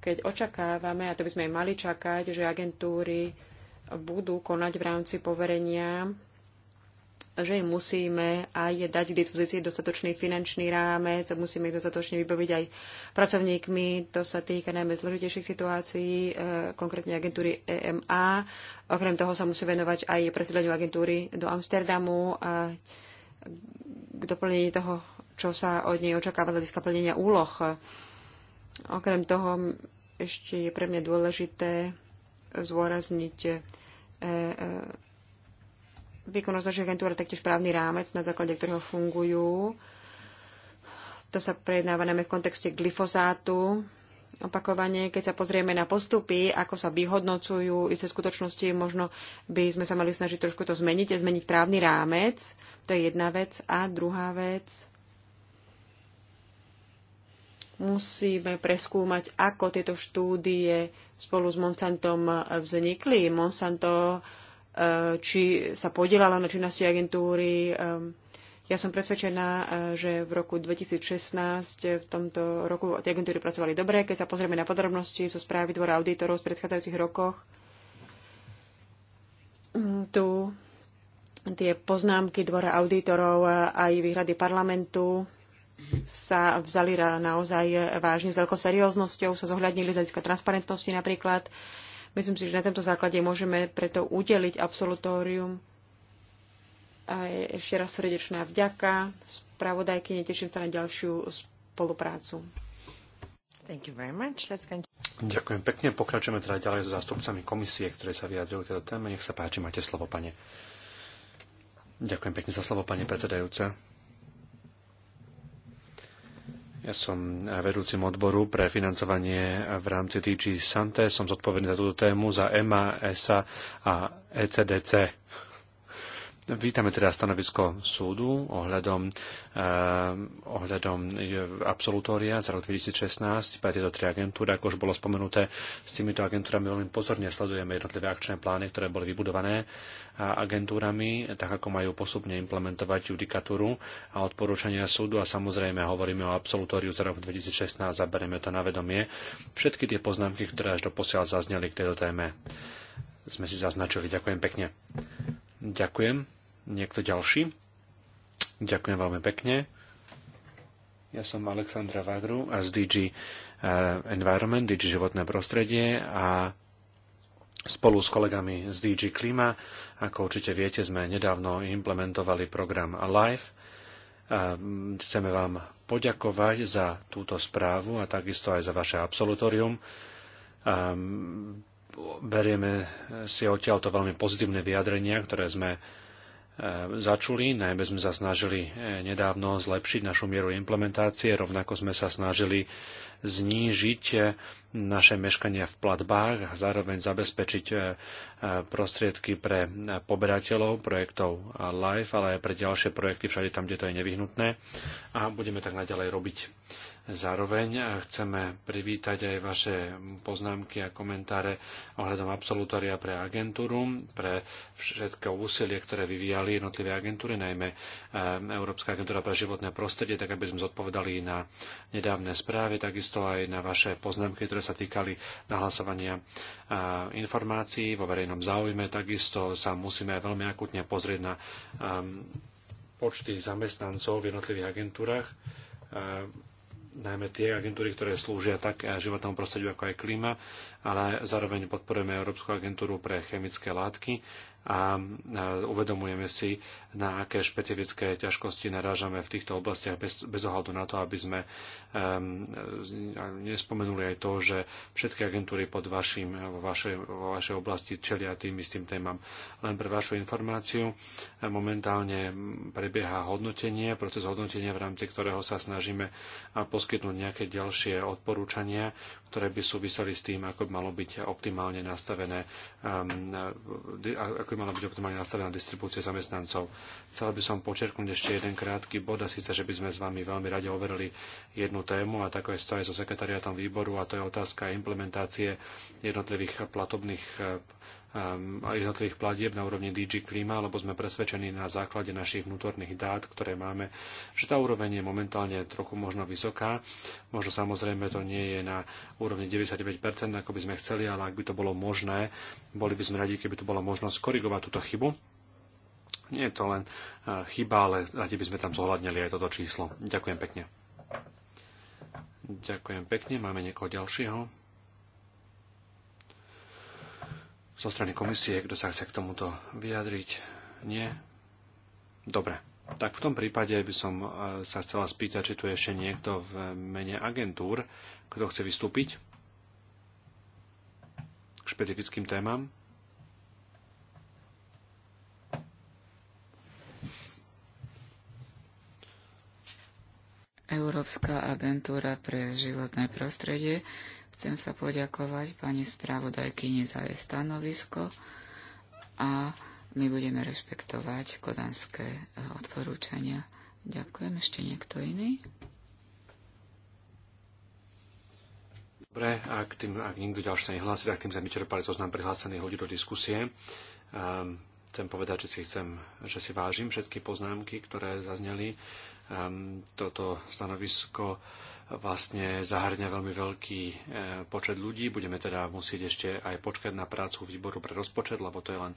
keď očakávame, a to by sme aj mali čakať, že agentúry budú konať v rámci poverenia že im musíme aj dať k dispozícii dostatočný finančný rámec, musíme ich dostatočne vybaviť aj pracovníkmi. To sa týka najmä zložitejších situácií, e, konkrétne agentúry EMA. Okrem toho sa musí venovať aj presídleniu agentúry do Amsterdamu a k doplnení toho, čo sa od nej očakáva z hľadiska plnenia úloh. Okrem toho ešte je pre mňa dôležité zôrazniť e, e, Výkonnosť našej agentúry je taktiež právny rámec, na základe ktorého fungujú. To sa prejednáva najmä v kontexte glyfosátu. Opakovane, keď sa pozrieme na postupy, ako sa vyhodnocujú isté skutočnosti, možno by sme sa mali snažiť trošku to zmeniť, zmeniť právny rámec. To je jedna vec. A druhá vec, musíme preskúmať, ako tieto štúdie spolu s Monsantom vznikli. Monsanto Eh, či sa podielala na činnosti agentúry. Ehm, ja som presvedčená, eh, že v roku 2016, eh, v tomto roku tie agentúry pracovali dobre. Keď sa pozrieme na podrobnosti zo so správy dvora auditorov z predchádzajúcich rokoch, mm, tu tie poznámky dvora auditorov aj výhrady parlamentu sa vzali naozaj vážne s veľkou serióznosťou, sa zohľadnili z hľadiska transparentnosti napríklad. Uh, Myslím si, že na tomto základe môžeme preto udeliť absolutórium. A ešte raz srdečná vďaka spravodajky, neteším sa na ďalšiu spoluprácu. Thank you very much. Let's Ďakujem pekne. Pokračujeme teda ďalej s zástupcami komisie, ktoré sa vyjadrujú teda téme. Nech sa páči, máte slovo, pane. Ďakujem pekne za slovo, pani predsedajúca. Ja som vedúcim odboru pre financovanie v rámci TG Sante. Som zodpovedný za túto tému, za EMA, ESA a ECDC. Vítame teda stanovisko súdu ohľadom, eh, ohľadom absolutória za rok 2016 pre tieto tri agentúry. Ako už bolo spomenuté, s týmito agentúrami veľmi pozorne sledujeme jednotlivé akčné plány, ktoré boli vybudované agentúrami, tak ako majú postupne implementovať judikatúru a odporúčania súdu a samozrejme hovoríme o absolutóriu za rok 2016 a zabereme to na vedomie. Všetky tie poznámky, ktoré až doposiaľ zazneli k tejto téme, sme si zaznačili. Ďakujem pekne. Ďakujem. Niekto ďalší? Ďakujem veľmi pekne. Ja som Alexandra Vagru a z DG eh, Environment, DG Životné prostredie a Spolu s kolegami z DG Klima, ako určite viete, sme nedávno implementovali program LIFE. Mm, chceme vám poďakovať za túto správu a takisto aj za vaše absolutorium. Mm, berieme si odtiaľto veľmi pozitívne vyjadrenia, ktoré sme E, začuli, najmä sme sa snažili e, nedávno zlepšiť našu mieru implementácie, rovnako sme sa snažili znížiť e, naše meškania v platbách a zároveň zabezpečiť prostriedky pre poberateľov projektov LIFE, ale aj pre ďalšie projekty všade tam, kde to je nevyhnutné a budeme tak naďalej robiť. Zároveň chceme privítať aj vaše poznámky a komentáre ohľadom absolutória pre agentúru, pre všetko úsilie, ktoré vyvíjali jednotlivé agentúry, najmä ehm, Európska agentúra pre životné prostredie, tak aby sme zodpovedali na nedávne správy, takisto aj na vaše poznámky, ktoré sa týkali nahlasovania ehm, informácií vo verejnom záujme. Takisto sa musíme veľmi akutne pozrieť na ehm, počty zamestnancov v jednotlivých agentúrach najmä tie agentúry, ktoré slúžia tak životnom prostrediu ako aj klíma, ale zároveň podporujeme Európsku agentúru pre chemické látky a uvedomujeme si, na aké špecifické ťažkosti narážame v týchto oblastiach bez, bez ohľadu na to, aby sme um, nespomenuli aj to, že všetky agentúry pod vašim, vo, vašej, vo vašej oblasti čelia tým istým témam. Len pre vašu informáciu, momentálne prebieha hodnotenie, proces hodnotenia, v rámci ktorého sa snažíme poskytnúť nejaké ďalšie odporúčania, ktoré by súviseli s tým, ako by malo byť optimálne nastavené, um, ako by malo byť optimálne nastavená distribúcia zamestnancov. Chcel by som počerknúť ešte jeden krátky bod, a síce, že by sme s vami veľmi radi overili jednu tému, a tako je to aj so sekretariatom výboru, a to je otázka implementácie jednotlivých platobných Um, jednotlivých platieb na úrovni DG Klima, lebo sme presvedčení na základe našich vnútorných dát, ktoré máme, že tá úroveň je momentálne trochu možno vysoká. Možno samozrejme to nie je na úrovni 99%, ako by sme chceli, ale ak by to bolo možné, boli by sme radi, keby to bola možnosť korigovať túto chybu. Nie je to len uh, chyba, ale radi by sme tam zohľadnili aj toto číslo. Ďakujem pekne. Ďakujem pekne. Máme niekoho ďalšieho. zo strany komisie, kto sa chce k tomuto vyjadriť? Nie? Dobre. Tak v tom prípade by som e, sa chcela spýtať, či tu je ešte niekto v mene agentúr, kto chce vystúpiť k špecifickým témam. Európska agentúra pre životné prostredie Chcem sa poďakovať pani spravodajkyni za jej stanovisko a my budeme rešpektovať kodanské eh, odporúčania. Ďakujem. Ešte niekto iný? Dobre, ak, tým, ak nikto ďalší sa nehlási, tak tým sme vyčerpali zoznam prihlásených ľudí do diskusie. Um, chcem povedať, že si, chcem, že si vážim všetky poznámky, ktoré zazneli. Um, toto stanovisko vlastne zahrňa veľmi veľký e, počet ľudí. Budeme teda musieť ešte aj počkať na prácu výboru pre rozpočet, lebo to je len,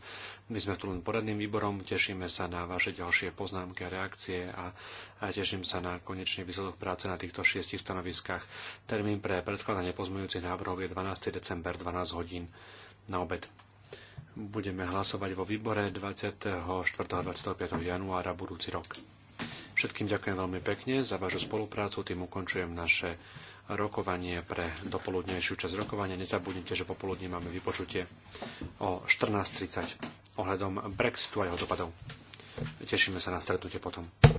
my sme tu len poradným výborom. Tešíme sa na vaše ďalšie poznámky a reakcie a, a teším sa na konečný výsledok práce na týchto šiestich stanoviskách. Termín pre predkladanie pozmujúcich návrhov je 12. december 12 hodín na obed. Budeme hlasovať vo výbore 24. a 25. januára budúci rok. Všetkým ďakujem veľmi pekne za vašu spoluprácu, tým ukončujem naše rokovanie pre dopoludnejšiu časť rokovania. Nezabudnite, že popoludne máme vypočutie o 14.30 ohľadom Brexitu a jeho dopadov. Tešíme sa na stretnutie potom.